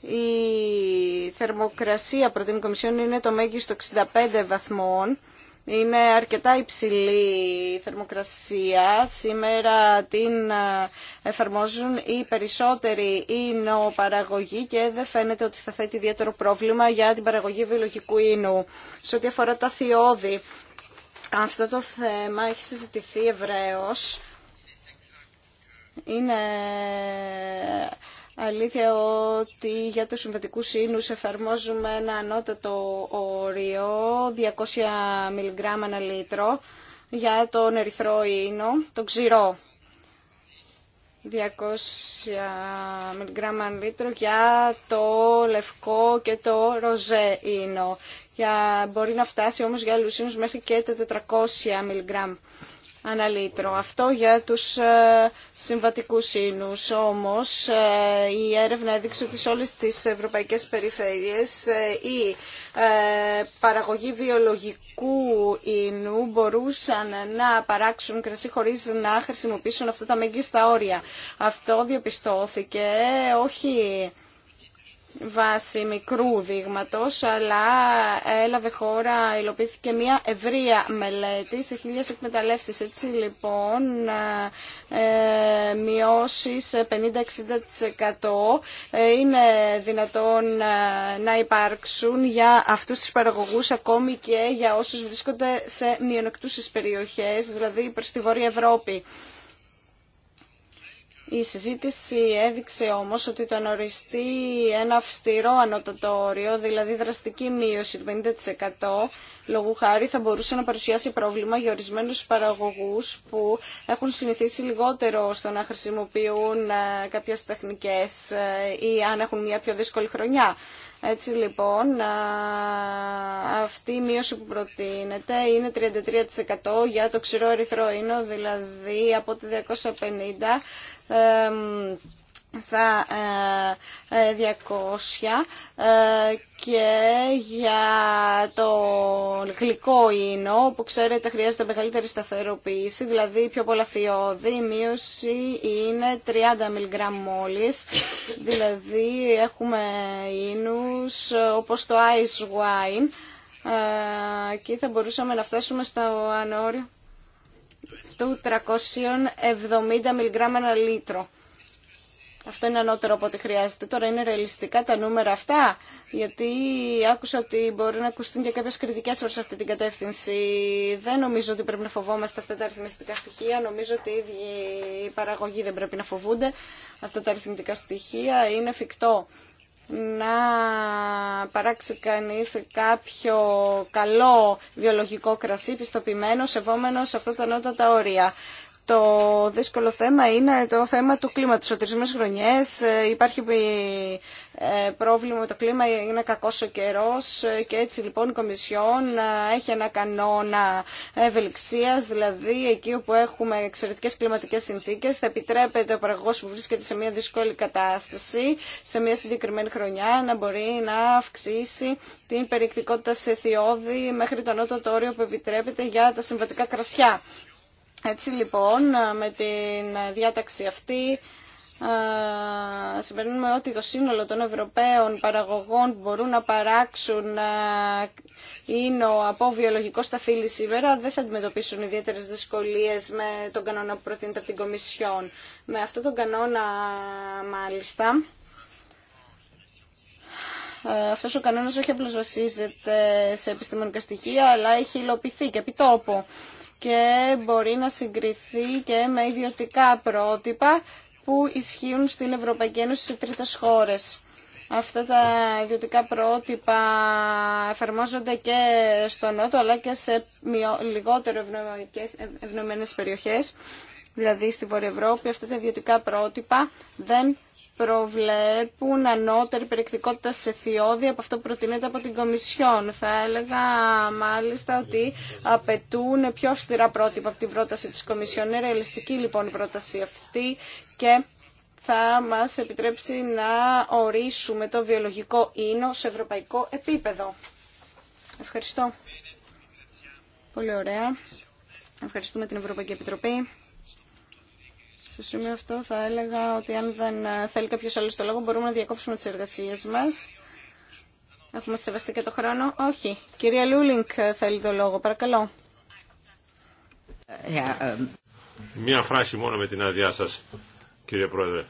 Η θερμοκρασία προτείνει η Κομισιόν είναι το μέγιστο 65 βαθμών είναι αρκετά υψηλή η θερμοκρασία. Σήμερα την ε, εφαρμόζουν οι περισσότεροι ίνο παραγωγοί και δεν φαίνεται ότι θα θέτει ιδιαίτερο πρόβλημα για την παραγωγή βιολογικού ίνου. Σε ό,τι αφορά τα θειώδη, αυτό το θέμα έχει συζητηθεί ευρέως. Είναι αλήθεια ότι για τους συμβατικούς ίνους εφαρμόζουμε ένα ανώτατο όριο 200 μιλιγκράμμα ανά λίτρο για τον ερυθρό ίνο, τον ξηρό. 200 μιλιγκράμμα ανά λίτρο για το λευκό και το ροζέ ίνο. Για, μπορεί να φτάσει όμως για άλλους μέχρι και τα 400 mg αναλύτρο. Αυτό για τους ε, συμβατικούς ίνους. Όμως ε, η έρευνα έδειξε ότι σε όλες τις ευρωπαϊκές περιφέρειες ε, η παραγωγή βιολογικού ίνου μπορούσαν να παράξουν κρασί χωρίς να χρησιμοποιήσουν αυτά τα μέγιστα όρια. Αυτό διαπιστώθηκε όχι βάση μικρού δείγματος, αλλά έλαβε χώρα, υλοποιήθηκε μια ευρεία μελέτη σε χίλιε εκμεταλλεύσει. Έτσι λοιπόν, ε, μειώσεις 50-60% ε, είναι δυνατόν ε, να υπάρξουν για αυτούς τους παραγωγού, ακόμη και για όσους βρίσκονται σε μειονεκτούσες περιοχές, δηλαδή προς τη Βόρεια Ευρώπη. Η συζήτηση έδειξε όμως ότι το οριστεί ένα αυστηρό ανώτατο όριο, δηλαδή δραστική μείωση 50%, λόγου χάρη θα μπορούσε να παρουσιάσει πρόβλημα για ορισμένους παραγωγούς που έχουν συνηθίσει λιγότερο στο να χρησιμοποιούν ε, κάποιες τεχνικές ε, ή αν έχουν μια πιο δύσκολη χρονιά. Έτσι λοιπόν, ε, αυτή η μείωση που προτείνεται είναι 33% για το ξηρό ερυθρό ίνο, δηλαδή από τη 250 στα 200 ε, ε, ε, και για το γλυκό ίνο που ξέρετε χρειάζεται μεγαλύτερη σταθεροποίηση, δηλαδή πιο πολλά Η μείωση είναι 30 mg μόλις, δηλαδή έχουμε ίνους όπως το ice wine και θα μπορούσαμε να φτάσουμε στο ανώριο του 370 mg ένα λίτρο. Αυτό είναι ανώτερο από ό,τι χρειάζεται. Τώρα είναι ρεαλιστικά τα νούμερα αυτά, γιατί άκουσα ότι μπορεί να ακουστούν και κάποιες κριτικές προς αυτή την κατεύθυνση. Δεν νομίζω ότι πρέπει να φοβόμαστε αυτά τα αριθμητικά στοιχεία. Νομίζω ότι οι ίδιοι οι παραγωγοί δεν πρέπει να φοβούνται αυτά τα αριθμητικά στοιχεία. Είναι εφικτό να παράξει κανείς κάποιο καλό βιολογικό κρασί πιστοποιημένο σεβόμενο σε αυτά τα νότατα όρια. Το δύσκολο θέμα είναι το θέμα του κλίματος. Ο τρισμένες χρονιές ε, υπάρχει ε, πρόβλημα με το κλίμα, είναι κακός ο καιρός ε, και έτσι λοιπόν η Κομισιόν έχει ένα κανόνα ευελιξίας, δηλαδή εκεί όπου έχουμε εξαιρετικές κλιματικές συνθήκες θα επιτρέπεται ο παραγωγός που βρίσκεται σε μια δύσκολη κατάσταση σε μια συγκεκριμένη χρονιά να μπορεί να αυξήσει την περιεκτικότητα σε θειώδη μέχρι το ανώτατο όριο που επιτρέπεται για τα συμβατικά κρασιά. Έτσι λοιπόν ε, με την διάταξη αυτή ε, συμπεριμένουμε ότι το σύνολο των Ευρωπαίων παραγωγών που μπορούν να παράξουν ε, ίνο από βιολογικό σταφύλι σήμερα δεν θα αντιμετωπίσουν ιδιαίτερε δυσκολίε με τον κανόνα που προτείνεται από την Κομισιόν. Με αυτό τον κανόνα, μάλιστα, αυτό ο κανόνα όχι απλώ βασίζεται σε επιστημονικά στοιχεία, αλλά έχει υλοποιηθεί και επί τόπου και μπορεί να συγκριθεί και με ιδιωτικά πρότυπα που ισχύουν στην Ευρωπαϊκή Ένωση σε τρίτες χώρες. Αυτά τα ιδιωτικά πρότυπα εφαρμόζονται και στο Νότο αλλά και σε λιγότερο ευνοημένες περιοχές, δηλαδή στη Βόρεια Ευρώπη. Αυτά τα ιδιωτικά πρότυπα δεν προβλέπουν ανώτερη περιεκτικότητα σε θειώδη από αυτό που προτείνεται από την Κομισιόν. Θα έλεγα μάλιστα ότι απαιτούν πιο αυστηρά πρότυπα από την πρόταση της Κομισιόν. Είναι ρεαλιστική λοιπόν η πρόταση αυτή και θα μας επιτρέψει να ορίσουμε το βιολογικό ίνο σε ευρωπαϊκό επίπεδο. Ευχαριστώ. Πολύ ωραία. Ευχαριστούμε την Ευρωπαϊκή Επιτροπή. Στο σημείο αυτό θα έλεγα ότι αν δεν ε, θέλει κάποιος άλλος το λόγο μπορούμε να διακόψουμε τις εργασίες μας. Έχουμε σεβαστεί και το χρόνο. Όχι. Κυρία Λούλινγκ ε, θέλει το λόγο. Παρακαλώ. Ε, Μία φράση μόνο με την άδειά σας, κύριε Πρόεδρε.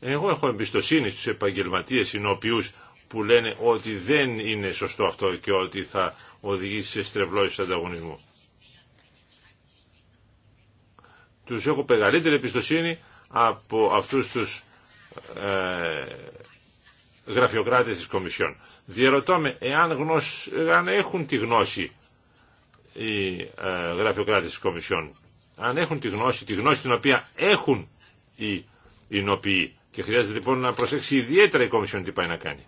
Εγώ έχω εμπιστοσύνη στους επαγγελματίες συνοποιούς που λένε ότι δεν είναι σωστό αυτό και ότι θα οδηγήσει σε στρεβλώσεις ανταγωνισμού. τους έχω μεγαλύτερη εμπιστοσύνη από αυτούς τους ε, γραφειοκράτες της Κομισιόν. Διερωτώ με, εάν, γνωσ... εάν έχουν τη γνώση οι ε, γραφειοκράτες της Κομισιόν, αν έχουν τη γνώση, τη γνώση την οποία έχουν οι νοποιοί και χρειάζεται λοιπόν να προσέξει ιδιαίτερα η Κομισιόν τι πάει να κάνει.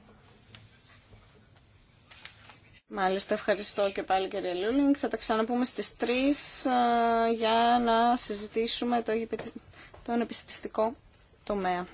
Μάλιστα, ευχαριστώ και πάλι κύριε Λούλινγκ. Θα τα ξαναπούμε στις 3 ε, για να συζητήσουμε το, τον επιστηστικό τομέα.